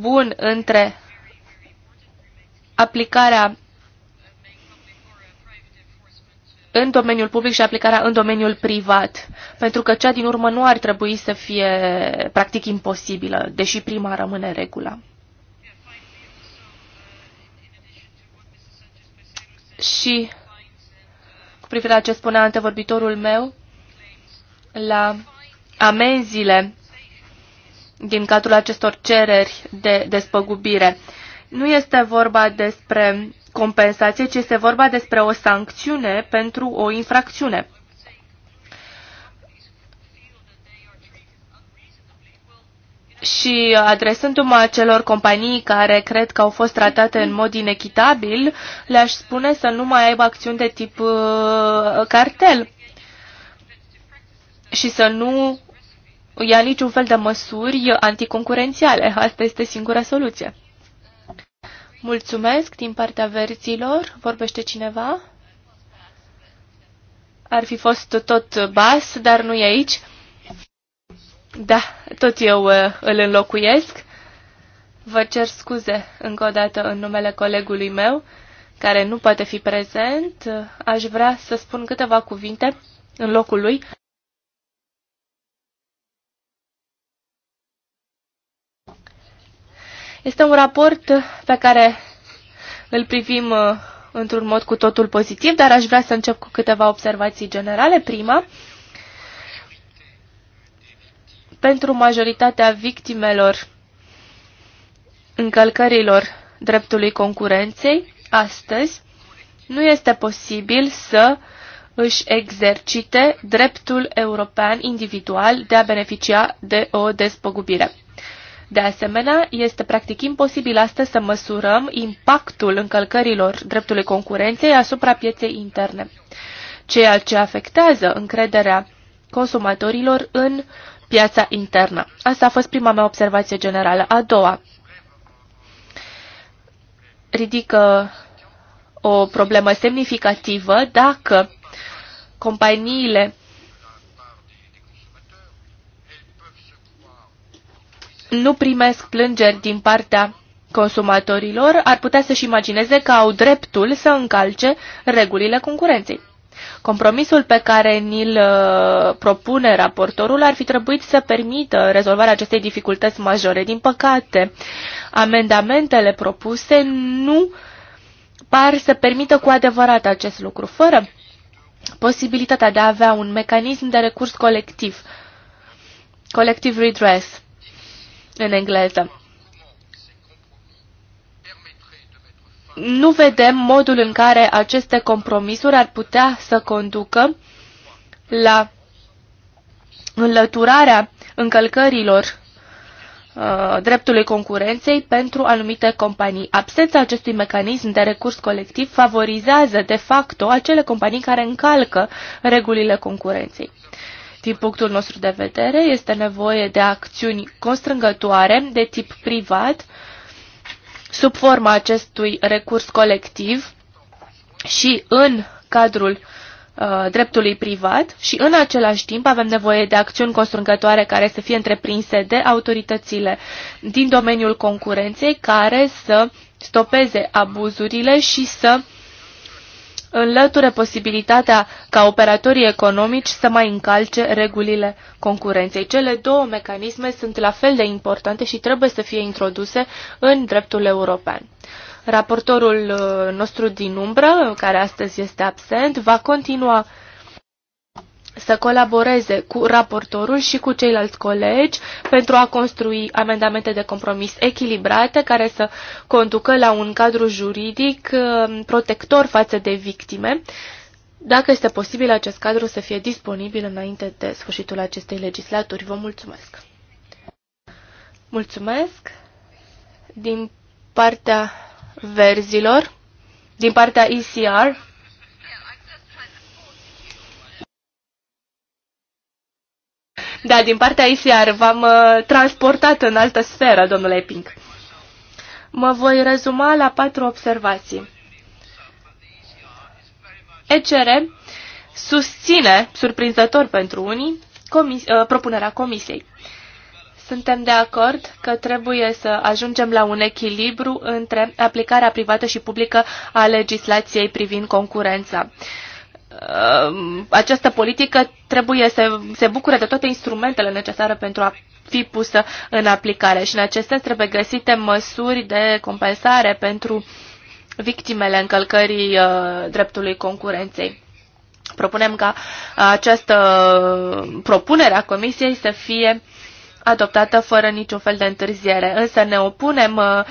bun între aplicarea în domeniul public și aplicarea în domeniul privat, pentru că cea din urmă nu ar trebui să fie practic imposibilă, deși prima rămâne regula. Și cu privire la ce spunea antevorbitorul meu, la amenziile din cadrul acestor cereri de despăgubire. Nu este vorba despre compensație, ci este vorba despre o sancțiune pentru o infracțiune. Și adresându-mă celor companii care cred că au fost tratate în mod inechitabil, le-aș spune să nu mai aibă acțiuni de tip uh, cartel și să nu ia niciun fel de măsuri anticoncurențiale. Asta este singura soluție. Mulțumesc din partea verzilor. Vorbește cineva? Ar fi fost tot Bas, dar nu e aici. Da, tot eu uh, îl înlocuiesc. Vă cer scuze încă o dată în numele colegului meu, care nu poate fi prezent. Aș vrea să spun câteva cuvinte în locul lui. Este un raport uh, pe care îl privim uh, într-un mod cu totul pozitiv, dar aș vrea să încep cu câteva observații generale. Prima, pentru majoritatea victimelor încălcărilor dreptului concurenței, astăzi nu este posibil să își exercite dreptul european individual de a beneficia de o despăgubire. De asemenea, este practic imposibil astăzi să măsurăm impactul încălcărilor dreptului concurenței asupra pieței interne, ceea ce afectează încrederea consumatorilor în piața internă. Asta a fost prima mea observație generală. A doua, ridică o problemă semnificativă dacă companiile nu primesc plângeri din partea consumatorilor, ar putea să-și imagineze că au dreptul să încalce regulile concurenței. Compromisul pe care ni-l uh, propune raportorul ar fi trebuit să permită rezolvarea acestei dificultăți majore. Din păcate, amendamentele propuse nu par să permită cu adevărat acest lucru, fără posibilitatea de a avea un mecanism de recurs colectiv, colectiv redress în engleză. Nu vedem modul în care aceste compromisuri ar putea să conducă la înlăturarea încălcărilor uh, dreptului concurenței pentru anumite companii. Absența acestui mecanism de recurs colectiv favorizează de facto acele companii care încalcă regulile concurenței. Din punctul nostru de vedere, este nevoie de acțiuni constrângătoare de tip privat sub forma acestui recurs colectiv și în cadrul uh, dreptului privat și în același timp avem nevoie de acțiuni constrângătoare care să fie întreprinse de autoritățile din domeniul concurenței care să stopeze abuzurile și să uh, înlăture posibilitatea ca operatorii economici să mai încalce regulile concurenței. Cele două mecanisme sunt la fel de importante și trebuie să fie introduse în dreptul european. Raportorul uh, nostru din umbră, care astăzi este absent, va continua să colaboreze cu raportorul și cu ceilalți colegi pentru a construi amendamente de compromis echilibrate care să conducă la un cadru juridic uh, protector față de victime, dacă este posibil acest cadru să fie disponibil înainte de sfârșitul acestei legislaturi. Vă mulțumesc! Mulțumesc din partea verzilor, din partea ECR, Da, din partea ICR v-am uh, transportat în altă sferă, domnule Pink. Mă voi rezuma la patru observații. ECR susține, surprinzător pentru unii, comis uh, propunerea comisiei. Suntem de acord că trebuie să ajungem la un echilibru între aplicarea privată și publică a legislației privind concurența. Uh, Ehm, această politică trebuie să se bucure de toate instrumentele necesare pentru a fi pusă în aplicare și în acest sens trebuie găsite măsuri de compensare pentru victimele încălcării uh, dreptului concurenței. Propunem ca această propunere a Comisiei să fie adoptată fără niciun fel de întârziere. Însă ne opunem uh,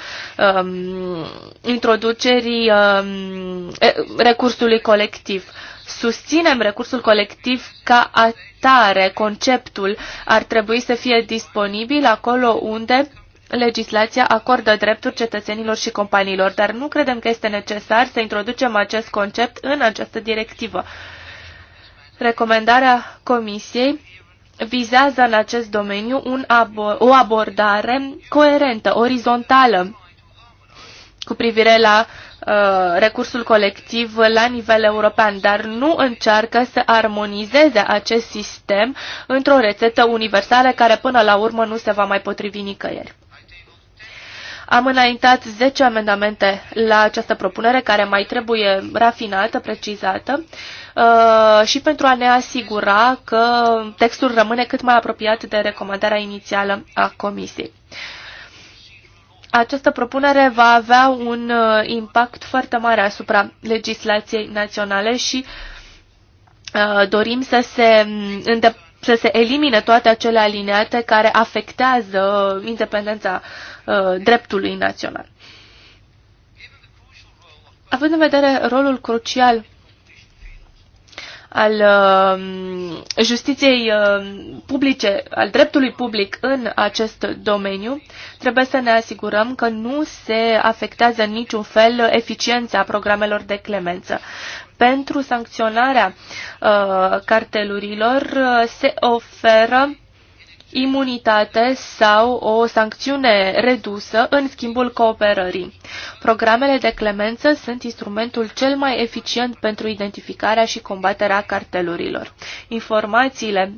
um, introducerii um, recursului colectiv. Uh, susținem recursul colectiv ca atare. Conceptul ar trebui să fie disponibil acolo unde legislația acordă drepturi cetățenilor și companiilor, dar nu credem că este necesar să introducem acest concept în această directivă. Recomandarea Comisiei vizează în acest domeniu un abo o abordare coerentă, orizontală, cu privire la Uh, recursul colectiv la nivel european, dar nu încearcă să armonizeze acest sistem într-o rețetă universală care până la urmă nu se va mai potrivi nicăieri. Am înaintat 10 amendamente la această propunere care mai trebuie rafinată, precizată uh, și pentru a ne asigura că textul rămâne cât mai apropiat de recomandarea inițială a Comisiei această propunere va avea un uh, impact foarte mare asupra legislației naționale și uh, dorim să se mm, să se elimine toate acele alineate care afectează uh, independența dreptului național. Având în vedere rolul crucial al uh, justiției uh, publice, al dreptului public în acest domeniu, trebuie să ne asigurăm că nu se afectează în niciun fel eficiența programelor de clemență. Pentru sancționarea uh, cartelurilor uh, se oferă imunitate sau o sancțiune redusă în schimbul cooperării. Programele de clemență sunt instrumentul cel mai eficient pentru identificarea și combaterea cartelurilor. Informațiile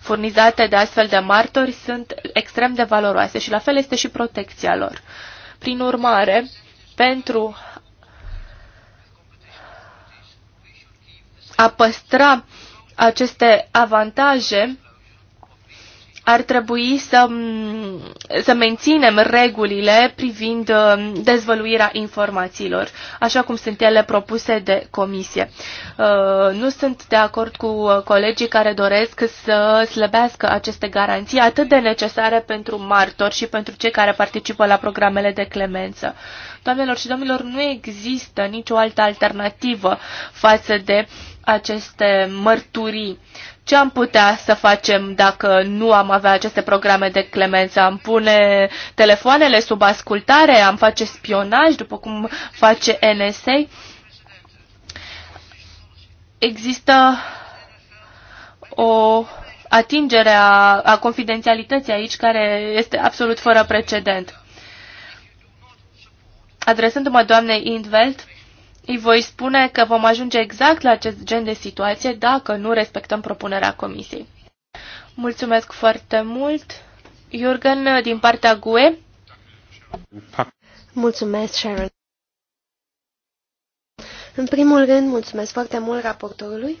furnizate de astfel de martori sunt extrem de valoroase și la fel este și protecția lor. Prin urmare, pentru a păstra aceste avantaje, ar trebui să, să menținem regulile privind um, dezvăluirea informațiilor, așa cum sunt ele propuse de comisie. Uh, nu sunt de acord cu uh, colegii care doresc să slăbească aceste garanții atât de necesare pentru martori și pentru cei care participă la programele de clemență. Doamnelor și domnilor, nu există nicio altă alternativă față de aceste mărturii ce am putea să facem dacă nu am avea aceste programe de clemență? Am pune telefoanele sub ascultare? Am face spionaj, după cum face NSA? Există o atingere a, a confidențialității aici care este absolut fără precedent. Adresându-mă doamnei Indveld, îi voi spune că vom ajunge exact la acest gen de situație dacă nu respectăm propunerea comisiei. Mulțumesc foarte mult. Jurgen, din partea GUE. Mulțumesc, Sharon. În primul rând, mulțumesc foarte mult raportorului.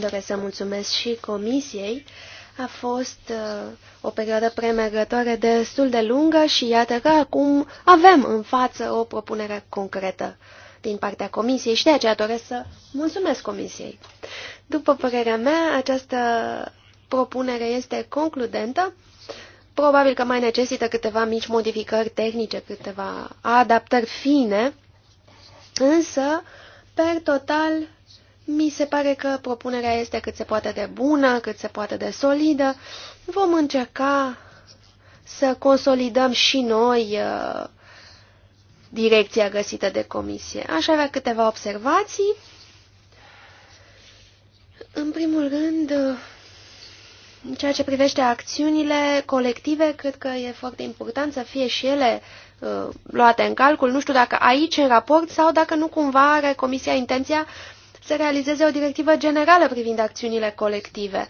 Doresc să mulțumesc și comisiei. A fost uh, o perioadă premergătoare destul de lungă și iată că acum avem în față o propunere concretă din partea Comisiei și de aceea doresc să mulțumesc Comisiei. După părerea mea, această propunere este concludentă. Probabil că mai necesită câteva mici modificări tehnice, câteva adaptări fine, însă, per total, mi se pare că propunerea este cât se poate de bună, cât se poate de solidă. Vom încerca să consolidăm și noi uh, direcția găsită de comisie. Aș avea câteva observații. În primul rând, în ceea ce privește acțiunile colective, cred că e foarte important să fie și ele uh, luate în calcul. Nu știu dacă aici în raport sau dacă nu cumva are Comisia intenția să realizeze o directivă generală privind acțiunile colective.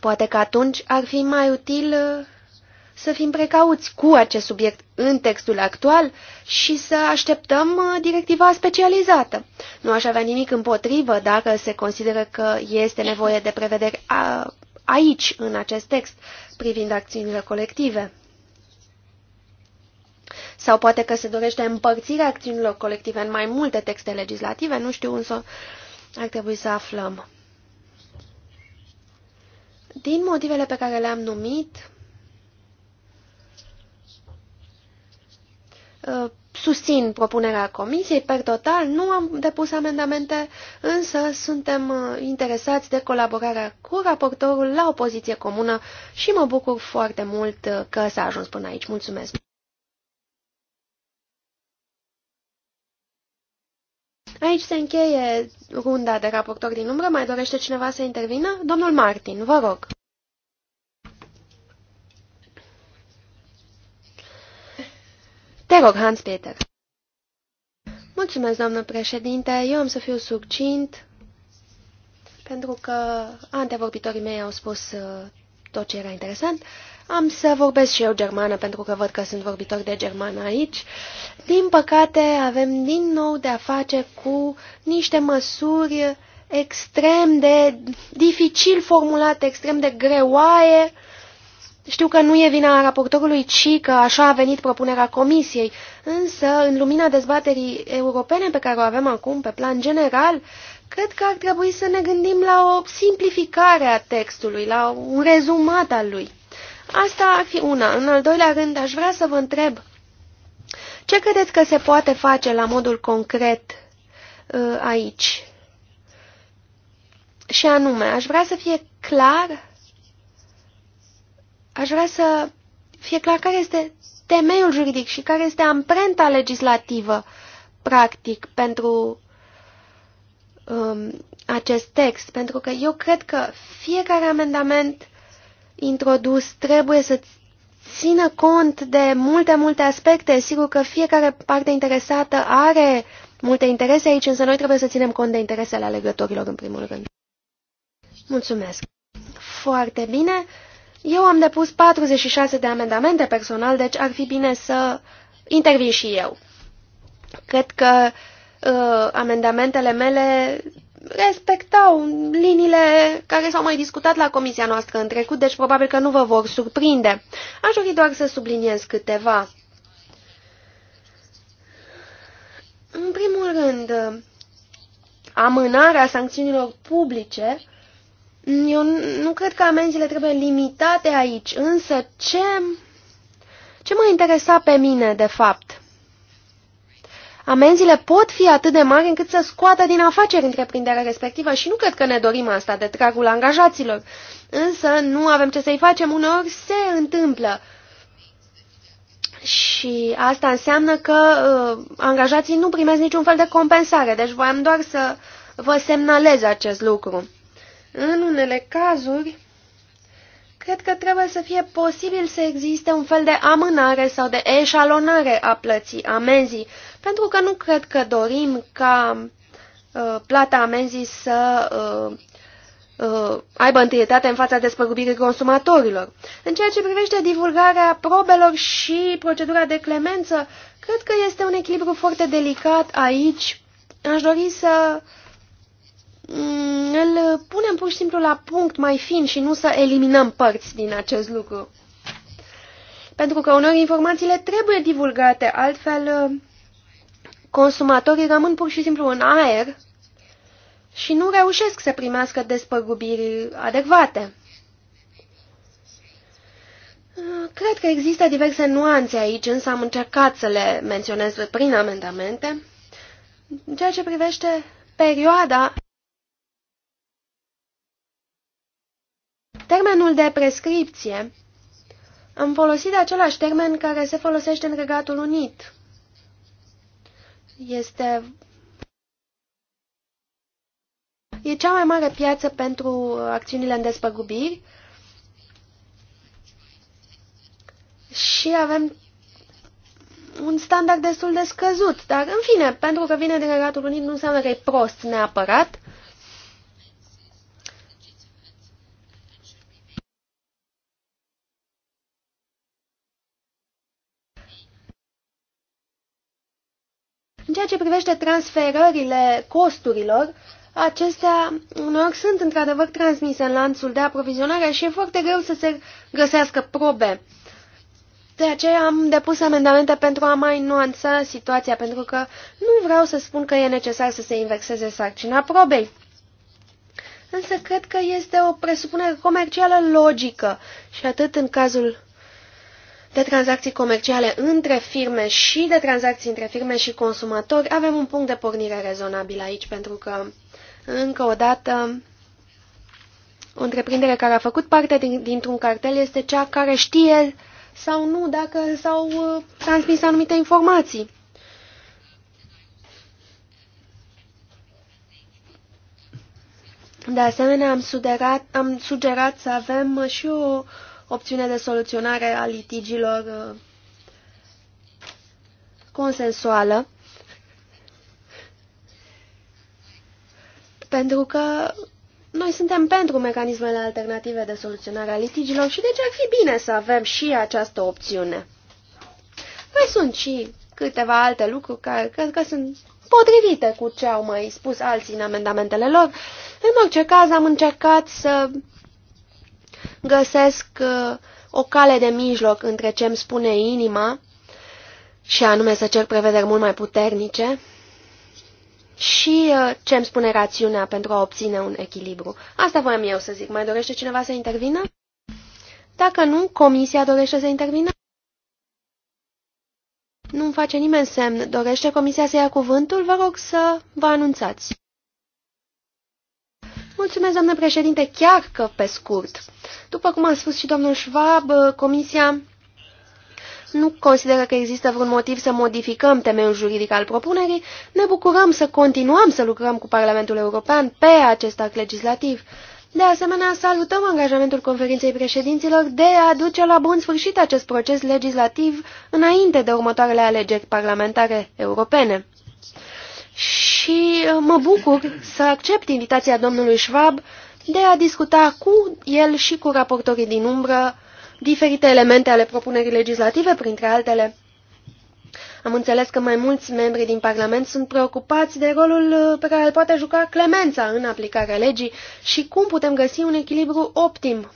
Poate că atunci ar fi mai util uh, să fim precauți cu acest subiect în textul actual și să așteptăm uh, directiva specializată. Nu aș avea nimic împotrivă dacă se consideră că este nevoie de prevederi a, aici, în acest text, privind acțiunile colective. Sau poate că se dorește împărțirea acțiunilor colective în mai multe texte legislative, nu știu, însă ar trebui să aflăm. Din motivele pe care le-am numit, Uh, susțin propunerea comisiei. Per total, nu am depus amendamente, însă suntem uh, interesați de colaborarea cu raportorul la o poziție comună și mă bucur foarte mult uh, că s-a ajuns până aici. Mulțumesc! Aici se încheie runda de raportori din umbră. Mai dorește cineva să intervină? Domnul Martin, vă rog. Te rog, Hans-Peter. Mulțumesc, doamnă președinte. Eu am să fiu succint, pentru că antevorbitorii mei au spus uh, tot ce era interesant. Am să vorbesc și eu germană, pentru că văd că sunt vorbitori de germană aici. Din păcate, avem din nou de-a face cu niște măsuri extrem de dificil formulate, extrem de greoaie, știu că nu e vina raportorului, ci că așa a venit propunerea comisiei, însă, în lumina dezbaterii europene pe care o avem acum, pe plan general, cred că ar trebui să ne gândim la o simplificare a textului, la un rezumat al lui. Asta ar fi una. În al doilea rând, aș vrea să vă întreb ce credeți că se poate face la modul concret uh, aici? Și anume, aș vrea să fie clar Aș vrea să fie clar care este temeiul juridic și care este amprenta legislativă, practic, pentru um, acest text, pentru că eu cred că fiecare amendament introdus trebuie să țină cont de multe, multe aspecte. Sigur că fiecare parte interesată are multe interese aici, însă noi trebuie să ținem cont de interesele alegătorilor, în primul rând. Mulțumesc! Foarte bine! Eu am depus 46 de amendamente personal, deci ar fi bine să intervin și eu. Cred că uh, amendamentele mele respectau liniile care s-au mai discutat la comisia noastră în trecut, deci probabil că nu vă vor surprinde. Aș dori doar să subliniez câteva. În primul rând, amânarea sancțiunilor publice eu nu cred că amenziile trebuie limitate aici, însă ce, ce mă interesa pe mine, de fapt? Amenziile pot fi atât de mari încât să scoată din afaceri întreprinderea respectivă și nu cred că ne dorim asta de tragul angajaților. Însă nu avem ce să-i facem, uneori se întâmplă. Și asta înseamnă că uh, angajații nu primesc niciun fel de compensare, deci voiam doar să vă semnalez acest lucru. În unele cazuri, cred că trebuie să fie posibil să existe un fel de amânare sau de eșalonare a plății amenzii, pentru că nu cred că dorim ca uh, plata amenzii să uh, uh, aibă întâietate în fața despăgubirii consumatorilor. În ceea ce privește divulgarea probelor și procedura de clemență, cred că este un echilibru foarte delicat aici. Aș dori să uh, Mm, îl punem pur și simplu la punct mai fin și nu să eliminăm părți din acest lucru. Pentru că uneori informațiile trebuie divulgate, altfel consumatorii rămân pur și simplu în aer și nu reușesc să primească despăgubiri adecvate. Cred că există diverse nuanțe aici, însă am încercat să le menționez prin amendamente. În ceea ce privește perioada Termenul de prescripție. Am folosit același termen care se folosește în Regatul Unit. Este... E cea mai mare piață pentru acțiunile în despăgubiri și avem un standard destul de scăzut, dar în fine, pentru că vine din Regatul Unit nu înseamnă că e prost neapărat. În ceea ce privește transferările costurilor, acestea uneori sunt într-adevăr transmise în lanțul de aprovizionare și e foarte greu să se găsească probe. De aceea am depus amendamente pentru a mai nuanța situația, pentru că nu vreau să spun că e necesar să se inverseze sarcina probei. Însă cred că este o presupunere comercială logică și atât în cazul de tranzacții comerciale între firme și de tranzacții între firme și consumatori, avem un punct de pornire rezonabil aici, pentru că, încă o dată, o întreprindere care a făcut parte din, dintr-un cartel este cea care știe sau nu dacă s-au uh, transmis anumite informații. De asemenea, am sugerat, am sugerat să avem și o uh, opțiune de soluționare a litigilor uh, consensuală, pentru că noi suntem pentru mecanismele alternative de soluționare a litigilor și deci ar fi bine să avem și această opțiune. Mai sunt și câteva alte lucruri care cred că sunt potrivite cu ce au mai spus alții în amendamentele lor. În orice caz, am încercat să găsesc uh, o cale de mijloc între ce îmi spune inima, și anume să cer prevederi mult mai puternice, și uh, ce îmi spune rațiunea pentru a obține un echilibru. Asta voiam eu să zic. Mai dorește cineva să intervină? Dacă nu, comisia dorește să intervină? Nu-mi face nimeni semn. Dorește comisia să ia cuvântul? Vă rog să vă anunțați. Mulțumesc, doamnă președinte, chiar că pe scurt. După cum a spus și domnul Schwab, uh, Comisia nu consideră că există vreun motiv să modificăm temeiul juridic al propunerii, ne bucurăm să continuăm să lucrăm cu Parlamentul European pe acest act legislativ. De asemenea, salutăm angajamentul conferinței președinților de a duce la bun sfârșit acest proces legislativ înainte de următoarele alegeri parlamentare europene și uh, mă bucur să accept invitația domnului Schwab de a discuta cu el și cu raportorii din umbră diferite elemente ale propunerii legislative, printre altele. Am înțeles că mai mulți membri din Parlament sunt preocupați de rolul uh, pe care îl poate juca clemența în aplicarea legii și cum putem găsi un echilibru optim.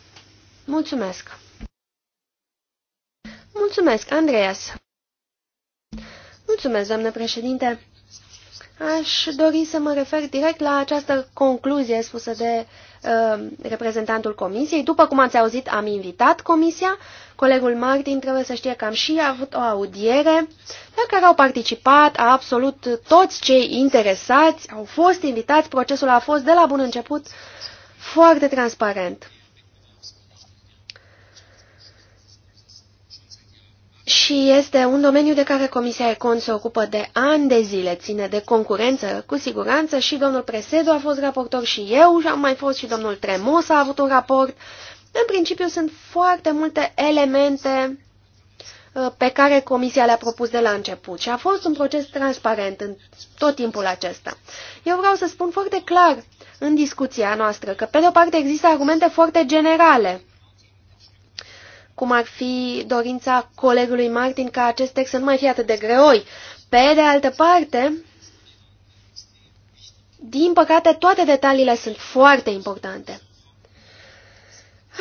Mulțumesc! Mulțumesc, Andreas! Mulțumesc, doamnă președinte! Aș dori să mă refer direct la această concluzie spusă de uh, reprezentantul comisiei. După cum ați auzit, am invitat comisia. Colegul Martin trebuie să știe că am și avut o audiere la care au participat absolut toți cei interesați, au fost invitați, procesul a fost de la bun început foarte transparent. și este un domeniu de care Comisia Econ se ocupă de ani de zile, ține de concurență, cu siguranță, și domnul Presedu a fost raportor și eu, și am mai fost și domnul Tremos a avut un raport. În principiu sunt foarte multe elemente uh, pe care Comisia le-a propus de la început și a fost un proces transparent în tot timpul acesta. Eu vreau să spun foarte clar în discuția noastră că, pe de o parte, există argumente foarte generale cum ar fi dorința colegului Martin ca acest text să nu mai fie atât de greoi. Pe de altă parte, din păcate, toate detaliile sunt foarte importante.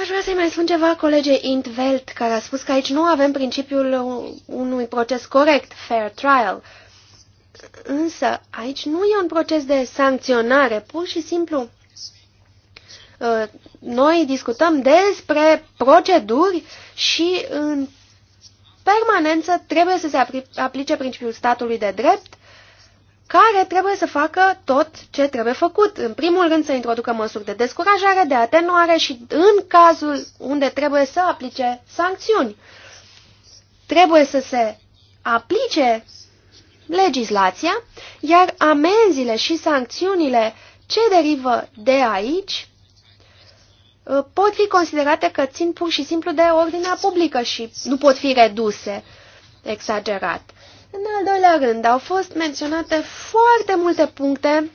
Aș vrea să-i mai spun ceva colegei Intveld, care a spus că aici nu avem principiul unui proces corect, fair trial. Însă, aici nu e un proces de sancționare, pur și simplu Uh, noi discutăm despre proceduri și în permanență trebuie să se aplice principiul statului de drept care trebuie să facă tot ce trebuie făcut. În primul rând să introducă măsuri de descurajare, de atenuare și în cazul unde trebuie să aplice sancțiuni. Trebuie să se aplice legislația, iar amenziile și sancțiunile ce derivă de aici Uh, pot fi considerate că țin pur și simplu de ordinea publică și nu pot fi reduse exagerat. În al doilea rând, au fost menționate foarte multe puncte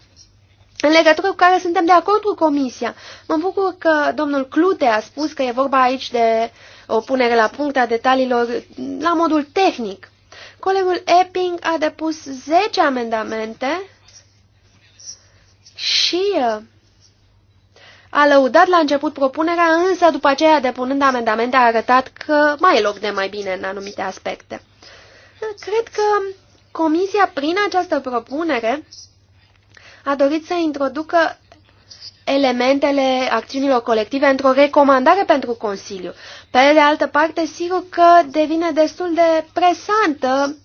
în legătură cu care suntem de acord cu Comisia. Mă bucur că domnul Clute a spus că e vorba aici de o punere la punct a detaliilor la modul tehnic. Colegul Epping a depus 10 amendamente și uh, a lăudat la început propunerea, însă după aceea, depunând amendamente, a arătat că mai e loc de mai bine în anumite aspecte. Cred că Comisia, prin această propunere, a dorit să introducă elementele acțiunilor colective într-o recomandare pentru Consiliu. Pe de altă parte, sigur că devine destul de presantă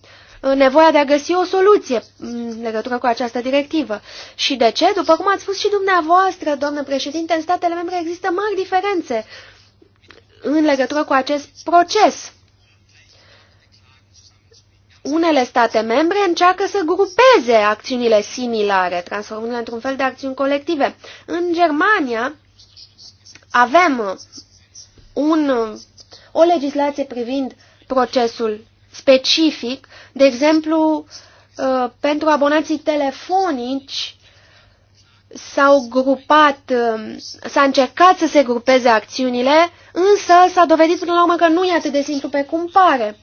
nevoia de a găsi o soluție în legătură cu această directivă. Și de ce? După cum ați spus și dumneavoastră, domnule președinte, în statele membre există mari diferențe în legătură cu acest proces. Unele state membre încearcă să grupeze acțiunile similare, transformându-le într-un fel de acțiuni colective. În Germania avem un, o legislație privind procesul specific de exemplu, uh, pentru abonații telefonici s-au grupat, um, s-a încercat să se grupeze acțiunile, însă s-a dovedit până la urmă că nu e atât de simplu pe cum pare.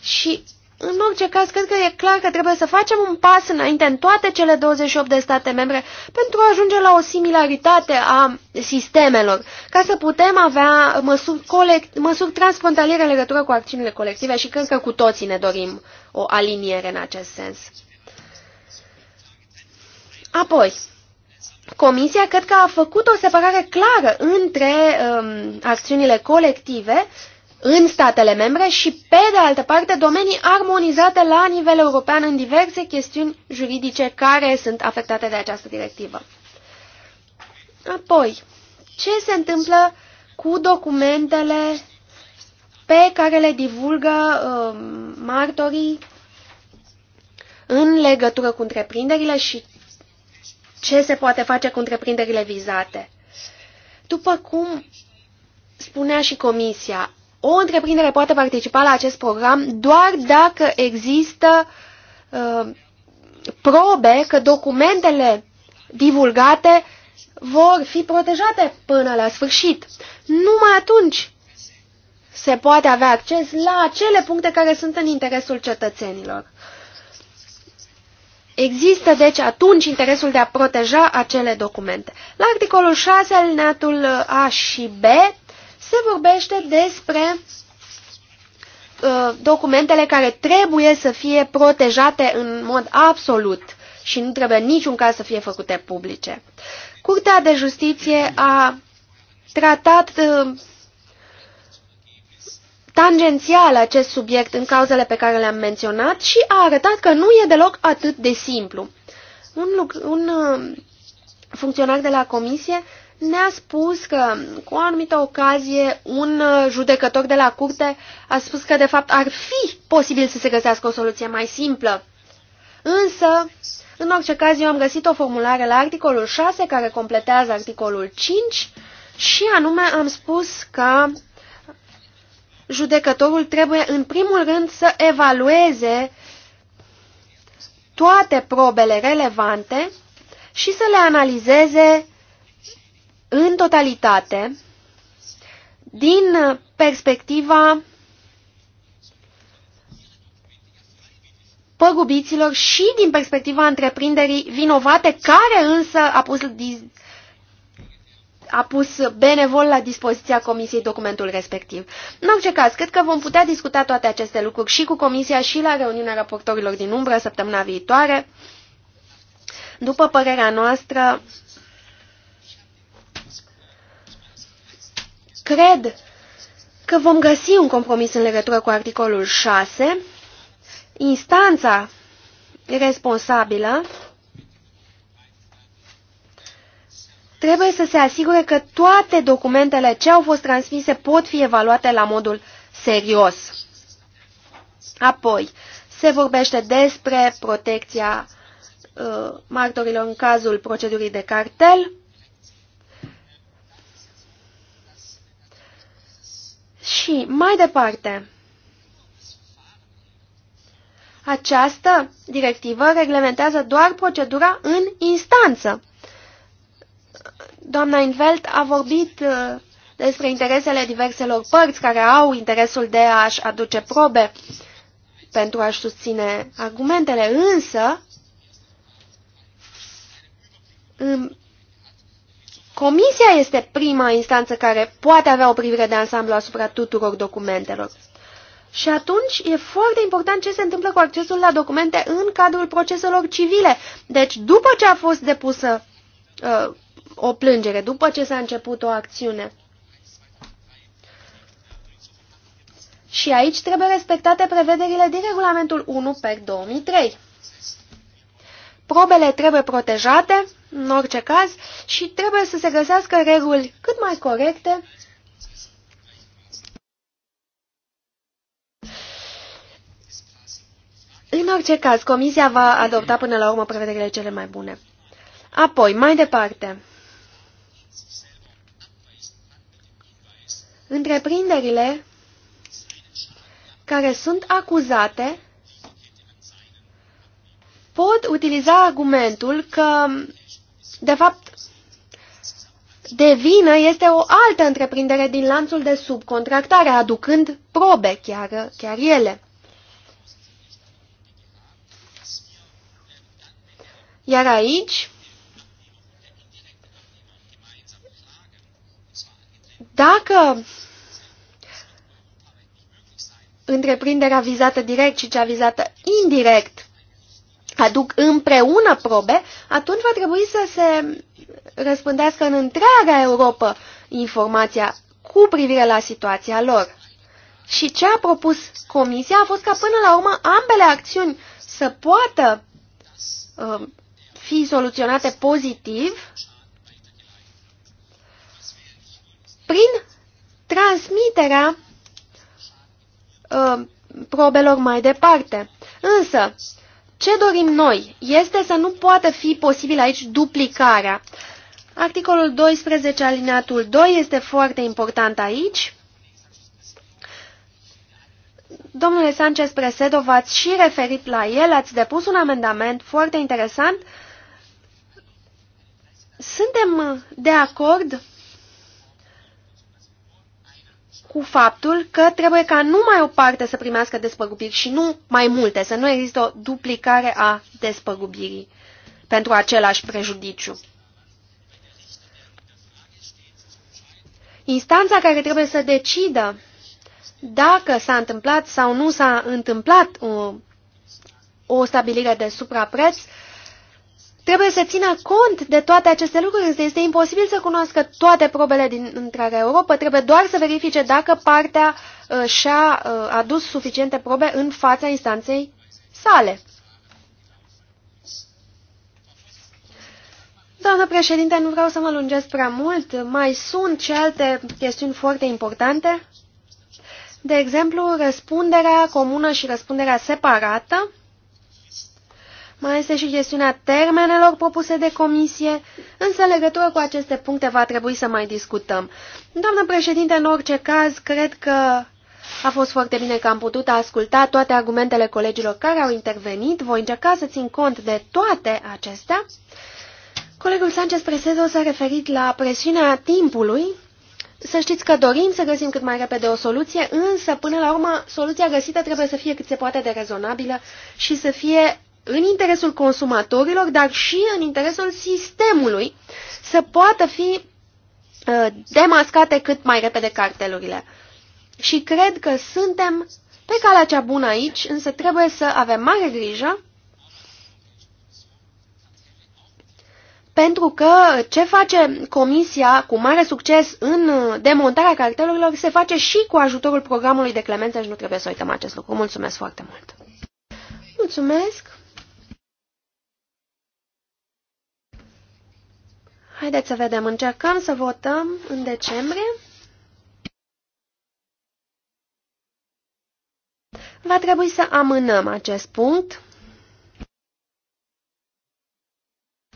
Și în orice caz, cred că e clar că trebuie să facem un pas înainte în toate cele 28 de state membre pentru a ajunge la o similaritate a sistemelor, ca să putem avea măsuri, colect măsuri transfrontaliere în legătură cu acțiunile colective și cred că cu toții ne dorim o aliniere în acest sens. Apoi, Comisia cred că a făcut o separare clară între um, acțiunile colective în statele membre și, pe de altă parte, domenii armonizate la nivel european în diverse chestiuni juridice care sunt afectate de această directivă. Apoi, ce se întâmplă cu documentele pe care le divulgă uh, martorii în legătură cu întreprinderile și ce se poate face cu întreprinderile vizate. După cum spunea și Comisia, o întreprindere poate participa la acest program doar dacă există uh, probe că documentele divulgate vor fi protejate până la sfârșit. Numai atunci se poate avea acces la acele puncte care sunt în interesul cetățenilor. Există, deci, atunci interesul de a proteja acele documente. La articolul 6, alineatul A și B, se vorbește despre uh, documentele care trebuie să fie protejate în mod absolut și nu trebuie niciun caz să fie făcute publice. Curtea de Justiție a tratat uh, tangențial acest subiect în cauzele pe care le-am menționat și a arătat că nu e deloc atât de simplu. Un, lucru, un uh, funcționar de la comisie ne-a spus că, cu o anumită ocazie, un uh, judecător de la curte a spus că, de fapt, ar fi posibil să se găsească o soluție mai simplă. Însă, în orice caz, eu am găsit o formulare la articolul 6 care completează articolul 5 și anume am spus că judecătorul trebuie în primul rând să evalueze toate probele relevante și să le analizeze în totalitate din perspectiva păgubiților și din perspectiva întreprinderii vinovate, care însă a pus, a pus benevol la dispoziția Comisiei documentul respectiv. În orice caz, cred că vom putea discuta toate aceste lucruri și cu Comisia și la reuniunea raportorilor din umbră săptămâna viitoare. După părerea noastră, cred că vom găsi un compromis în legătură cu articolul 6. Instanța responsabilă trebuie să se asigure că toate documentele ce au fost transmise pot fi evaluate la modul serios. Apoi, se vorbește despre protecția uh, martorilor în cazul procedurii de cartel Și mai departe, această directivă reglementează doar procedura în instanță. Doamna Invelt a vorbit uh, despre interesele diverselor părți care au interesul de a-și aduce probe pentru a-și susține argumentele, însă, în Comisia este prima instanță care poate avea o privire de ansamblu asupra tuturor documentelor. Și atunci e foarte important ce se întâmplă cu accesul la documente în cadrul proceselor civile. Deci, după ce a fost depusă uh, o plângere, după ce s-a început o acțiune. Și aici trebuie respectate prevederile din regulamentul 1 pe 2003. Probele trebuie protejate în orice caz și trebuie să se găsească reguli cât mai corecte În orice caz, Comisia va adopta până la urmă prevederile cele mai bune. Apoi, mai departe, întreprinderile care sunt acuzate pot utiliza argumentul că de fapt, de vină este o altă întreprindere din lanțul de subcontractare, aducând probe chiar, chiar ele. Iar aici, dacă întreprinderea vizată direct și cea vizată indirect aduc împreună probe, atunci va trebui să se răspândească în întreaga Europa informația cu privire la situația lor. Și ce a propus Comisia a fost ca până la urmă ambele acțiuni să poată uh, fi soluționate pozitiv prin transmiterea uh, probelor mai departe. Însă, ce dorim noi este să nu poată fi posibil aici duplicarea. Articolul 12, alineatul 2, este foarte important aici. Domnule Sanchez Presedo, v-ați și referit la el, ați depus un amendament foarte interesant. Suntem de acord cu faptul că trebuie ca numai o parte să primească despăgubiri și nu mai multe, să nu există o duplicare a despăgubirii pentru același prejudiciu. Instanța care trebuie să decidă dacă s-a întâmplat sau nu s-a întâmplat o, uh, o stabilire de suprapreț trebuie să țină cont de toate aceste lucruri. Este imposibil să cunoască toate probele din întreaga Europa, trebuie doar să verifice dacă partea uh, și-a uh, adus suficiente probe în fața instanței sale. Doamnă președinte, nu vreau să mă lungesc prea mult. Mai sunt și alte chestiuni foarte importante. De exemplu, răspunderea comună și răspunderea separată. Mai este și chestiunea termenelor propuse de comisie, însă legătură cu aceste puncte va trebui să mai discutăm. Doamnă președinte, în orice caz, cred că a fost foarte bine că am putut asculta toate argumentele colegilor care au intervenit. Voi încerca să țin cont de toate acestea. Colegul Sanchez Presedo s-a referit la presiunea timpului. Să știți că dorim să găsim cât mai repede o soluție, însă, până la urmă, soluția găsită trebuie să fie cât se poate de rezonabilă și să fie în interesul consumatorilor, dar și în interesul sistemului, să poată fi ă, demascate cât mai repede cartelurile. Și cred că suntem pe calea cea bună aici, însă trebuie să avem mare grijă pentru că ce face Comisia cu mare succes în demontarea cartelurilor se face și cu ajutorul programului de clemență și nu trebuie să uităm acest lucru. Mulțumesc foarte mult! Mulțumesc! Haideți să vedem. Încercăm să votăm în decembrie. Va trebui să amânăm acest punct.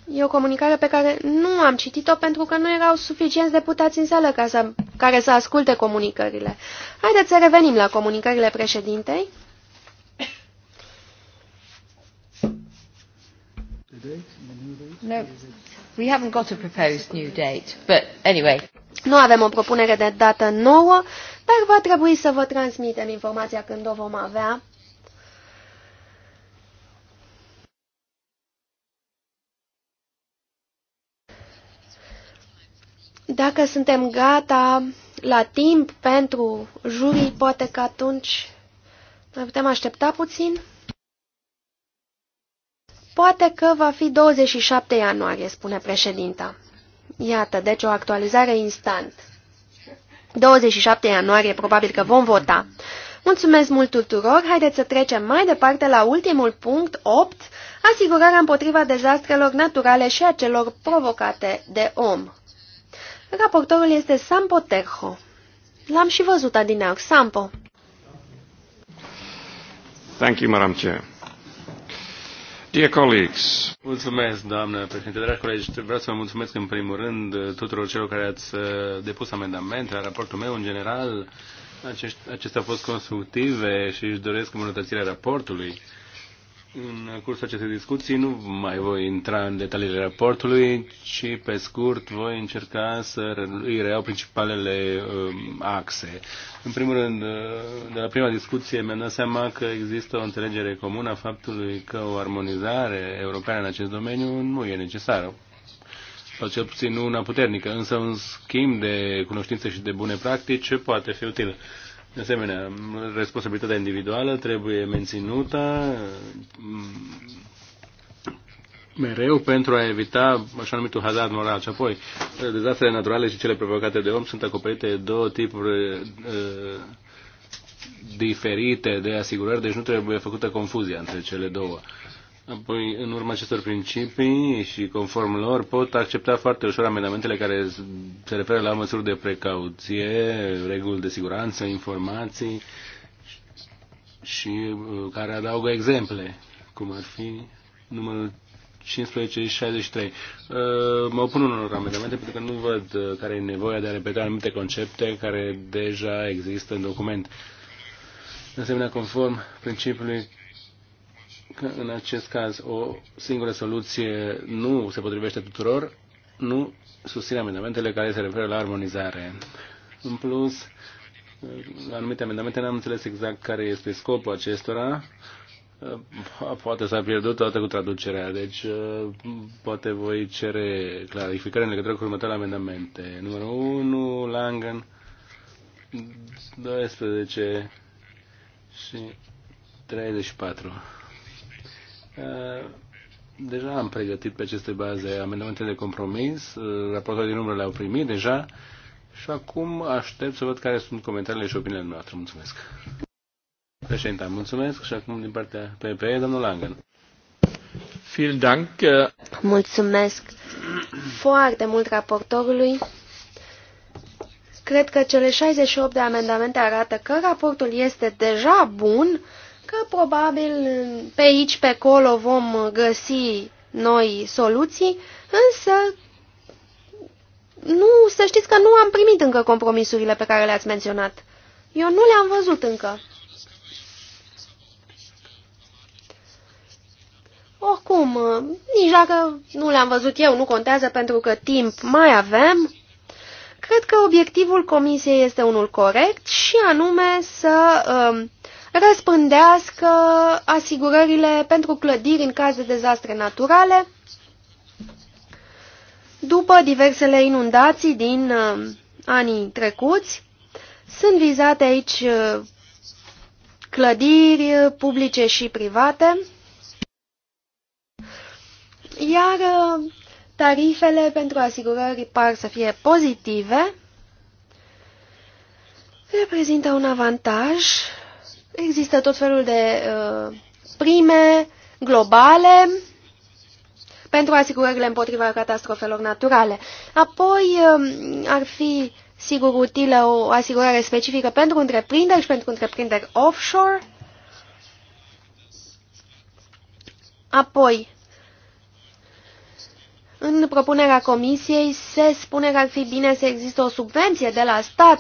E o comunicare pe care nu am citit-o pentru că nu erau suficienți deputați în sală ca să, care să asculte comunicările. Haideți să revenim la comunicările președintei. No. We haven't got a proposed new date, but anyway. Nu avem o propunere de dată nouă, dar va trebui să vă transmitem informația când o vom avea. Dacă suntem gata la timp pentru jurii, poate că atunci mai putem aștepta puțin. Poate că va fi 27 ianuarie, spune președinta. Iată, deci o actualizare instant. 27 ianuarie probabil că vom vota. Mulțumesc mult tuturor, haideți să trecem mai departe la ultimul punct, 8, asigurarea împotriva dezastrelor naturale și a celor provocate de om. Raportorul este Sampo Terho. L-am și văzut adineaur. Sampo. Thank you, Madam Chair. Dear colleagues. Mulțumesc, doamnă președinte. Dragi colegi, vreau să vă mulțumesc în primul rând tuturor celor care ați uh, depus amendamente la raportul meu în general. acestea au fost constructive și își doresc îmbunătățirea raportului. În cursul acestei discuții nu mai voi intra în detaliile raportului, ci pe scurt voi încerca să îi reiau principalele uh, axe. În primul rând, uh, de la prima discuție mi-am dat seama că există o înțelegere comună a faptului că o armonizare europeană în acest domeniu nu e necesară sau cel puțin nu una puternică, însă un schimb de cunoștințe și de bune practici poate fi util. De asemenea, responsabilitatea individuală trebuie menținută mm, mereu pentru a evita așa numitul hazard moral. Și apoi, dezastrele naturale și cele provocate de om sunt acoperite de două tipuri uh, diferite de asigurări, deci nu trebuie făcută confuzia între cele două. Uh, Apoi, în urma acestor principii și conform lor, pot accepta foarte ușor amendamentele care se referă la măsuri de precauție, reguli de siguranță, informații și uh, care adaugă exemple, cum ar fi numărul 1563. Uh, mă opun unor amendamente pentru că nu văd uh, care e nevoia de a repeta anumite concepte care deja există în document. De asemenea, conform principiului că în acest caz o singură soluție nu se potrivește tuturor, nu susțin amendamentele care se referă la armonizare. În plus, la anumite amendamente n-am înțeles exact care este scopul acestora. Poate s-a pierdut toată cu traducerea, deci poate voi cere clarificare în legătură cu următoarele amendamente. Numărul 1, Langen, 12 și 34. Uh, deja am pregătit pe aceste baze amendamente de compromis, uh, raportul din umbră le-au primit deja și acum aștept să văd care sunt comentariile și opiniile noastre. Mulțumesc. Președinte, mulțumesc și acum din partea PPE, domnul Langen. Vielen Dank. Uh, mulțumesc foarte mult raportorului. Cred că cele 68 de amendamente arată că raportul este deja bun, că probabil pe aici, pe acolo vom găsi noi soluții, însă nu, să știți că nu am primit încă compromisurile pe care le-ați menționat. Eu nu le-am văzut încă. Oricum, nici dacă nu le-am văzut eu, nu contează pentru că timp mai avem. Cred că obiectivul comisiei este unul corect și anume să uh, răspândească asigurările pentru clădiri în caz de dezastre naturale după diversele inundații din uh, anii trecuți. Sunt vizate aici uh, clădiri uh, publice și private, iar uh, tarifele pentru asigurări par să fie pozitive, reprezintă un avantaj Există tot felul de uh, prime globale pentru asigurările împotriva catastrofelor naturale. Apoi uh, ar fi sigur utilă o asigurare specifică pentru întreprinderi și pentru întreprinderi offshore. Apoi, în propunerea comisiei se spune că ar fi bine să existe o subvenție de la stat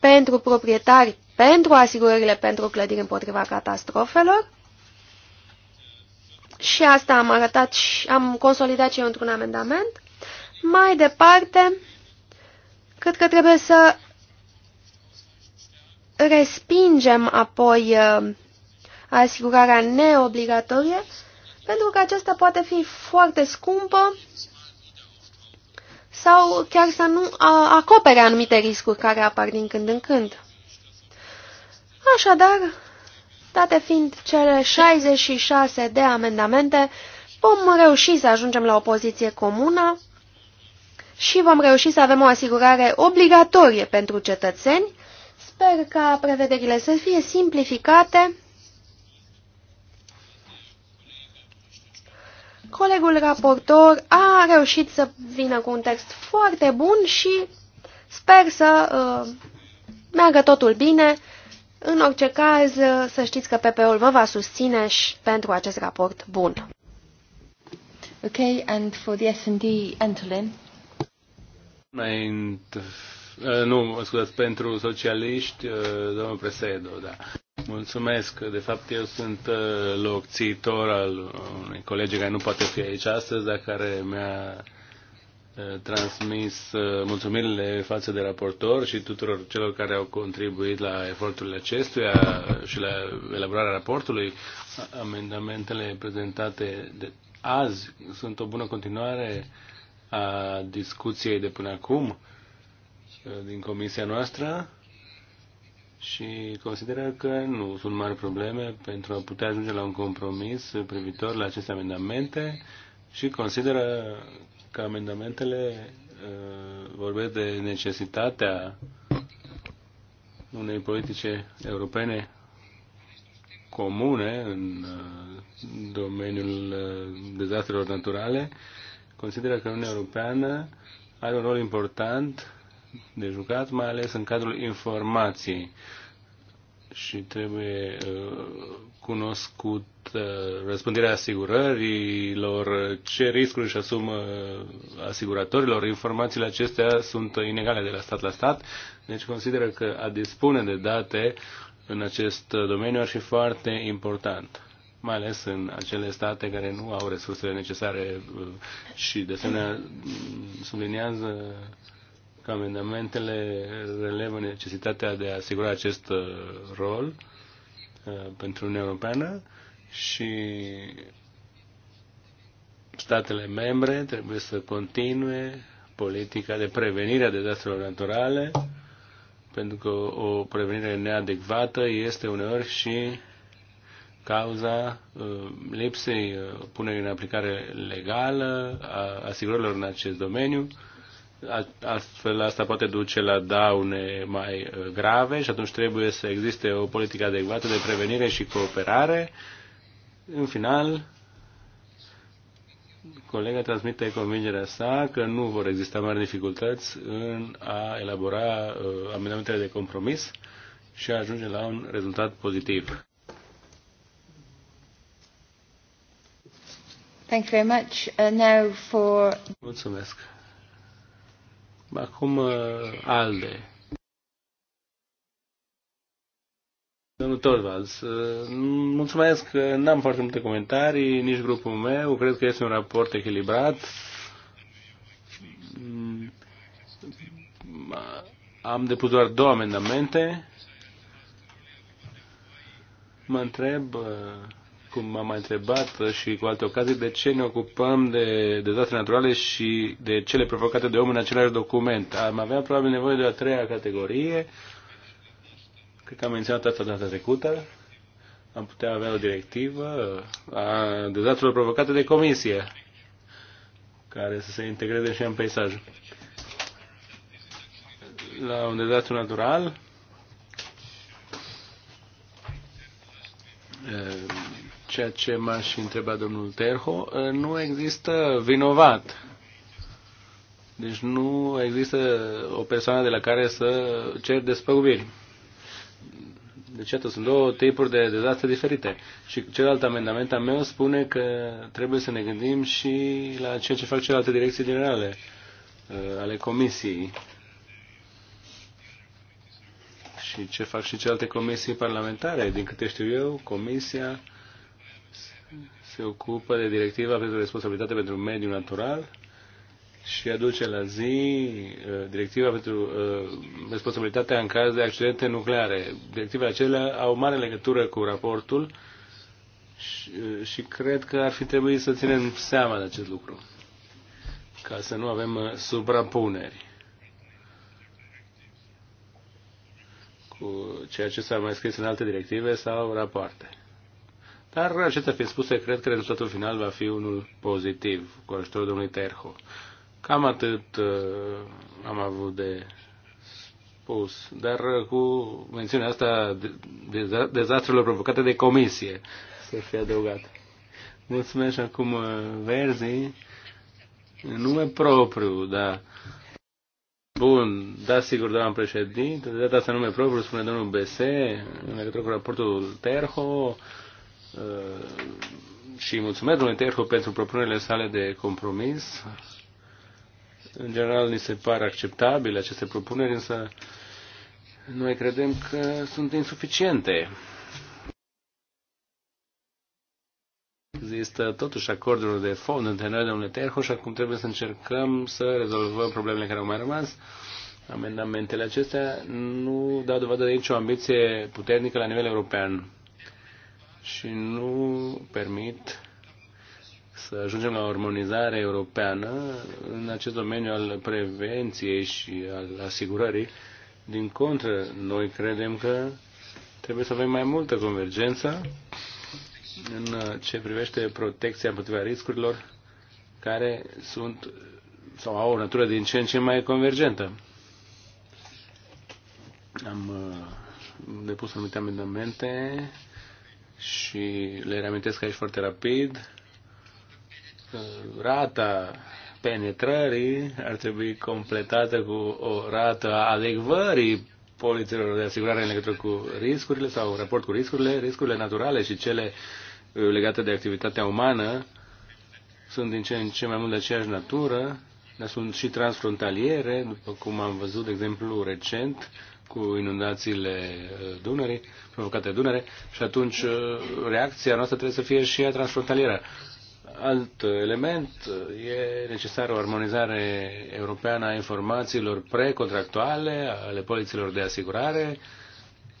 pentru proprietari pentru asigurările pentru clădiri împotriva catastrofelor. Și asta am arătat și am consolidat și eu într-un amendament. Mai departe, cred că trebuie să respingem apoi uh, asigurarea neobligatorie, pentru că aceasta poate fi foarte scumpă sau chiar să nu acopere anumite riscuri care apar din când în când. Așadar, date fiind cele 66 de amendamente, vom reuși să ajungem la o poziție comună și vom reuși să avem o asigurare obligatorie pentru cetățeni. Sper ca prevederile să fie simplificate. Colegul raportor a reușit să vină cu un text foarte bun și sper să uh, meargă totul bine în orice caz, să știți că ppo ul vă va susține și pentru acest raport bun. Okay, and for the S&D, Antolin. Eh, nu, scuzați, pentru socialiști, eh, domnul Presedo, da. Mulțumesc. De fapt, eu sunt eh, locțitor al unui colegi care nu poate fi aici astăzi, dar care mi-a Uh, transmis uh, mulțumirile față de raportor și tuturor celor care au contribuit la eforturile acestuia uh, și la elaborarea raportului. Amendamentele prezentate de azi sunt o bună continuare a discuției de până acum din comisia noastră și consideră că nu sunt mari probleme pentru a putea ajunge la un compromis privitor la aceste amendamente și consideră că amendamentele uh, vorbesc de necesitatea unei politice europene comune în uh, domeniul uh, dezastrelor naturale, consideră că Uniunea Europeană are un rol important de jucat, mai ales în cadrul informației. Uh, și trebuie uh, cunoscut răspândirea asigurărilor, ce riscuri își asumă asiguratorilor. Informațiile acestea sunt inegale de la stat la stat, deci consideră că a dispune de date în acest domeniu ar fi foarte important mai ales în acele state care nu au resursele necesare uh, și de asemenea mm, sublinează că amendamentele relevă necesitatea de a asigura acest uh, rol uh, pentru Uniunea Europeană și statele membre trebuie să continue politica de prevenire a dezastrelor naturale, pentru că o prevenire neadecvată este uneori și cauza uh, lipsei punerii în aplicare legală a asigurărilor în acest domeniu Astfel, asta poate duce la daune mai uh, grave și atunci trebuie să existe o politică adecvată de prevenire și cooperare. În final, colega transmite convingerea sa că nu vor exista mari dificultăți în a elabora uh, amendamentele de compromis și a ajunge la un rezultat pozitiv. Thank you very much. Uh, now for... Mulțumesc. Acum uh, ALDE. Domnul Torvalds, uh, mulțumesc, n-am foarte multe comentarii, nici grupul meu, cred că este un raport echilibrat. Mm, am depus doar două amendamente. Mă întreb uh, cum m-am mai întrebat și cu alte ocazii, de ce ne ocupăm de dezastre naturale și de cele provocate de om în același document. Am avea probabil nevoie de o a treia categorie, cred că am menționat asta data trecută, am putea avea o directivă a dezastrelor provocate de comisie, care să se integreze și în peisaj. La un dezastru natural, ceea ce m-a și întrebat domnul Terho, nu există vinovat. Deci nu există o persoană de la care să cer despăgubiri. Deci atât, sunt două tipuri de dezastre diferite. Și celălalt amendament al meu spune că trebuie să ne gândim și la ceea ce fac celelalte direcții generale ale comisiei și ce fac și celelalte comisii parlamentare. Din câte știu eu, comisia se ocupă de directiva pentru responsabilitate pentru mediul natural și aduce la zi uh, directiva pentru uh, responsabilitatea în caz de accidente nucleare. Directivele acelea au mare legătură cu raportul și, uh, și cred că ar fi trebuit să ținem seama de acest lucru ca să nu avem suprapuneri cu ceea ce s-a mai scris în alte directive sau rapoarte. Dar acestea fiind spuse, cred că rezultatul final va fi unul pozitiv cu ajutorul domnului Terho. Cam atât uh, am avut de spus, dar uh, cu mențiunea asta deza- dezastrelor provocate de comisie să fie adăugat. Mulțumesc și acum uh, Verzi. în nume propriu, da. Bun, da, sigur, doamna președinte, de data asta nume propriu, spune domnul BC, în legătură cu raportul Terho, Uh, și mulțumesc domnului Terho pentru propunerile sale de compromis. În general, ni se par acceptabile aceste propuneri, însă noi credem că sunt insuficiente. Există totuși acorduri de fond între noi, domnule Terho, și acum trebuie să încercăm să rezolvăm problemele care au mai rămas. Amendamentele acestea nu dau dovadă de nicio ambiție puternică la nivel european și nu permit să ajungem la o armonizare europeană în acest domeniu al prevenției și al asigurării. Din contră, noi credem că trebuie să avem mai multă convergență în ce privește protecția împotriva riscurilor care sunt sau au o natură din ce în ce mai convergentă. Am uh, depus anumite amendamente și le reamintesc aici foarte rapid, rata penetrării ar trebui completată cu o rată a adecvării polițelor de asigurare în legătură cu riscurile sau raport cu riscurile, riscurile naturale și cele uh, legate de activitatea umană sunt din ce în ce mai mult de aceeași natură, dar sunt și transfrontaliere, după cum am văzut, de exemplu, recent, cu inundațiile uh, Dunării, provocate Dunăre, și atunci uh, reacția noastră trebuie să fie și a transfrontalieră. Alt element uh, e necesară o armonizare europeană a informațiilor precontractuale, ale polițiilor de asigurare,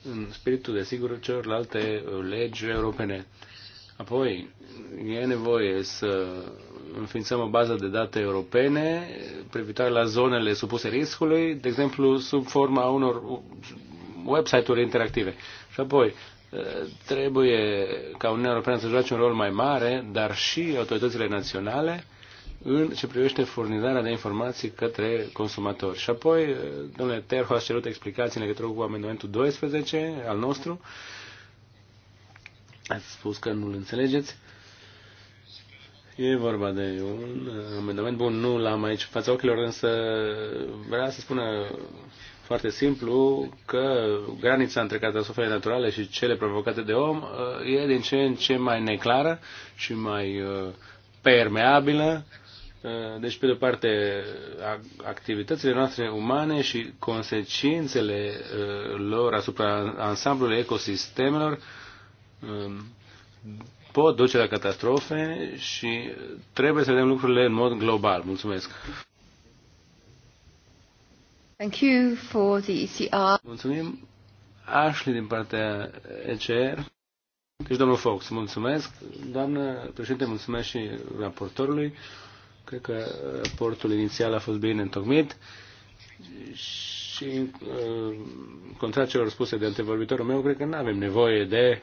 în spiritul, desigur, celorlalte legi europene. Apoi, e nevoie să înființăm o bază de date europene privitoare la zonele supuse riscului, de exemplu, sub forma unor website-uri interactive. Și apoi, trebuie ca Uniunea Europeană să joace un rol mai mare, dar și autoritățile naționale în ce privește furnizarea de informații către consumatori. Și apoi, domnule Terho a cerut explicații în legătură cu amendamentul 12 al nostru, uh, Ați spus că nu-l înțelegeți. E vorba de un uh, amendament bun, nu l-am aici în fața ochilor, însă vrea să spună foarte simplu că granița între catastrofele naturale și cele provocate de om uh, e din ce în ce mai neclară și mai uh, permeabilă. Deci, pe de-o parte, activitățile noastre umane și consecințele lor asupra ansamblului ecosistemelor Um, pot duce la catastrofe și trebuie să vedem lucrurile în mod global. Mulțumesc! Thank you for the ECR. Mulțumim, Ashley, din partea ECR. Deci, domnul Fox, mulțumesc. Doamnă președinte, mulțumesc și raportorului. Cred că raportul inițial a fost bine întocmit și, în uh, contrar celor spuse de antevorbitorul meu, cred că nu avem nevoie de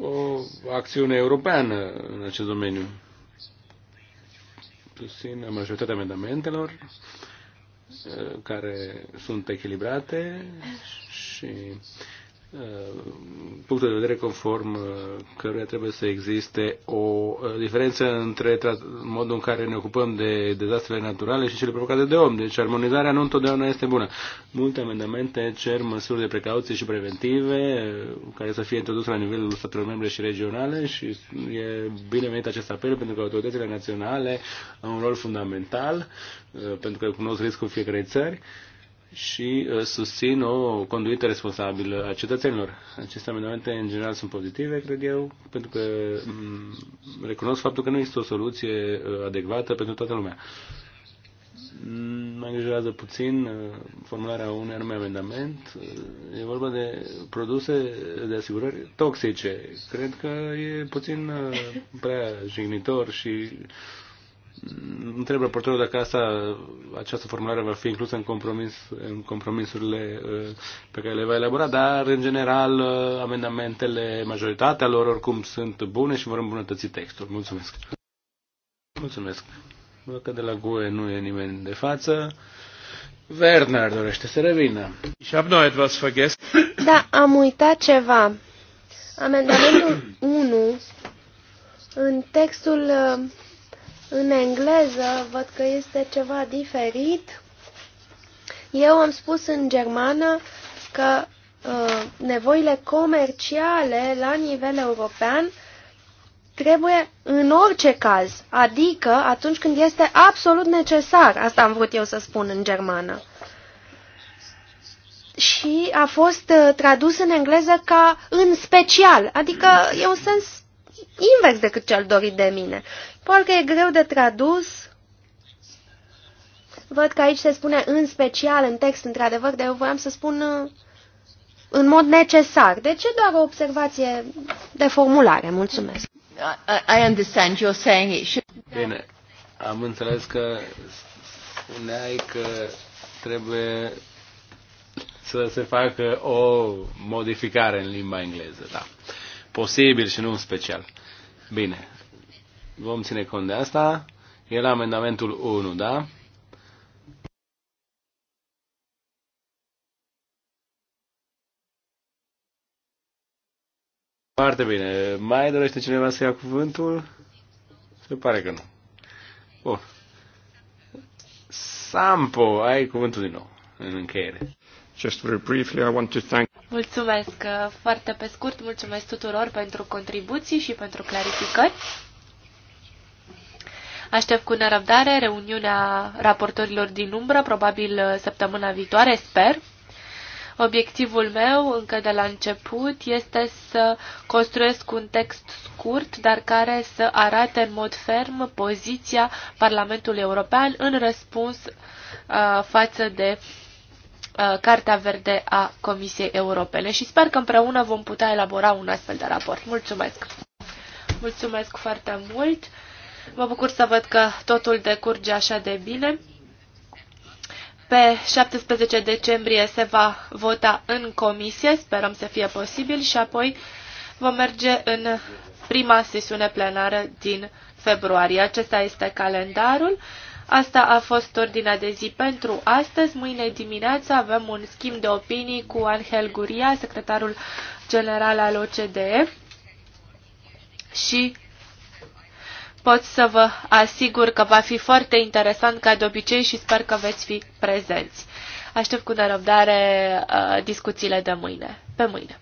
o acțiune europeană în acest domeniu. Susțin majoritatea amendamentelor eh, care sunt echilibrate și Uh, punctul de vedere conform uh, căruia trebuie să existe o uh, diferență între modul în care ne ocupăm de dezastrele naturale și cele provocate de om. Deci armonizarea nu întotdeauna este bună. Multe amendamente cer măsuri de precauție și preventive care să fie introduse la nivelul statelor membre și regionale și e bine venit acest apel pentru că autoritățile naționale au un rol fundamental pentru că cunosc riscul fiecarei țări și uh, susțin o conduită responsabilă a cetățenilor. Aceste amendamente, în general, sunt pozitive, cred eu, pentru că mm, recunosc faptul că nu există o soluție uh, adecvată pentru toată lumea. Mă îngrijorează puțin uh, formularea unui anume amendament. E vorba de produse de asigurări toxice. Cred că e puțin prea jignitor și uh, întreb raportorul dacă asta, această formulare va fi inclusă în, compromis, în compromisurile uh, pe care le va elabora, dar, în general, uh, amendamentele, majoritatea lor, oricum, sunt bune și vor îmbunătăți textul. Mulțumesc! Mulțumesc! Văd că de la GUE nu e nimeni de față. Werner dorește să revină. Ich habe noch etwas vergessen. Da, am uitat ceva. Amendamentul 1 în textul uh, în engleză văd că este ceva diferit. Eu am spus în germană că uh, nevoile comerciale la nivel european trebuie în orice caz, adică atunci când este absolut necesar. Asta am vrut eu să spun în germană. Și a fost uh, tradus în engleză ca în special, adică e un sens invers decât cel dorit de mine. Probabil că e greu de tradus. Văd că aici se spune în special în text, într-adevăr, dar eu voiam să spun uh, în mod necesar. De ce doar o observație de formulare. Mulțumesc. I, I understand you're saying it should... Bine, am înțeles că spuneai că trebuie să se facă o modificare în limba engleză, da. Posibil și nu în special. Bine, Vom ține cont de asta. E la amendamentul 1, da? Foarte bine. Mai dorește cineva să ia cuvântul? Se pare că nu. Bun. Sampo, ai cuvântul din nou, în încheiere. Just very briefly, I want to thank... Mulțumesc uh, foarte pe scurt, mulțumesc tuturor pentru contribuții și pentru clarificări. Aștept cu nerăbdare reuniunea raportorilor din umbră, probabil uh, săptămâna viitoare, sper. Obiectivul meu, încă de la început, este să construiesc un text scurt, dar care să arate în mod ferm poziția Parlamentului European în răspuns uh, față de uh, Cartea Verde a Comisiei Europene și sper că împreună vom putea elabora un astfel de raport. Mulțumesc! Mulțumesc foarte mult! Mă bucur să văd că totul decurge așa de bine. Pe 17 decembrie se va vota în comisie, sperăm să fie posibil, și apoi vom merge în prima sesiune plenară din februarie. Acesta este calendarul. Asta a fost ordinea de zi pentru astăzi. Mâine dimineață avem un schimb de opinii cu Angel Guria, secretarul general al OCDE și pot să vă asigur că va fi foarte interesant ca de obicei și sper că veți fi prezenți. Aștept cu nerăbdare uh, discuțiile de mâine. Pe mâine.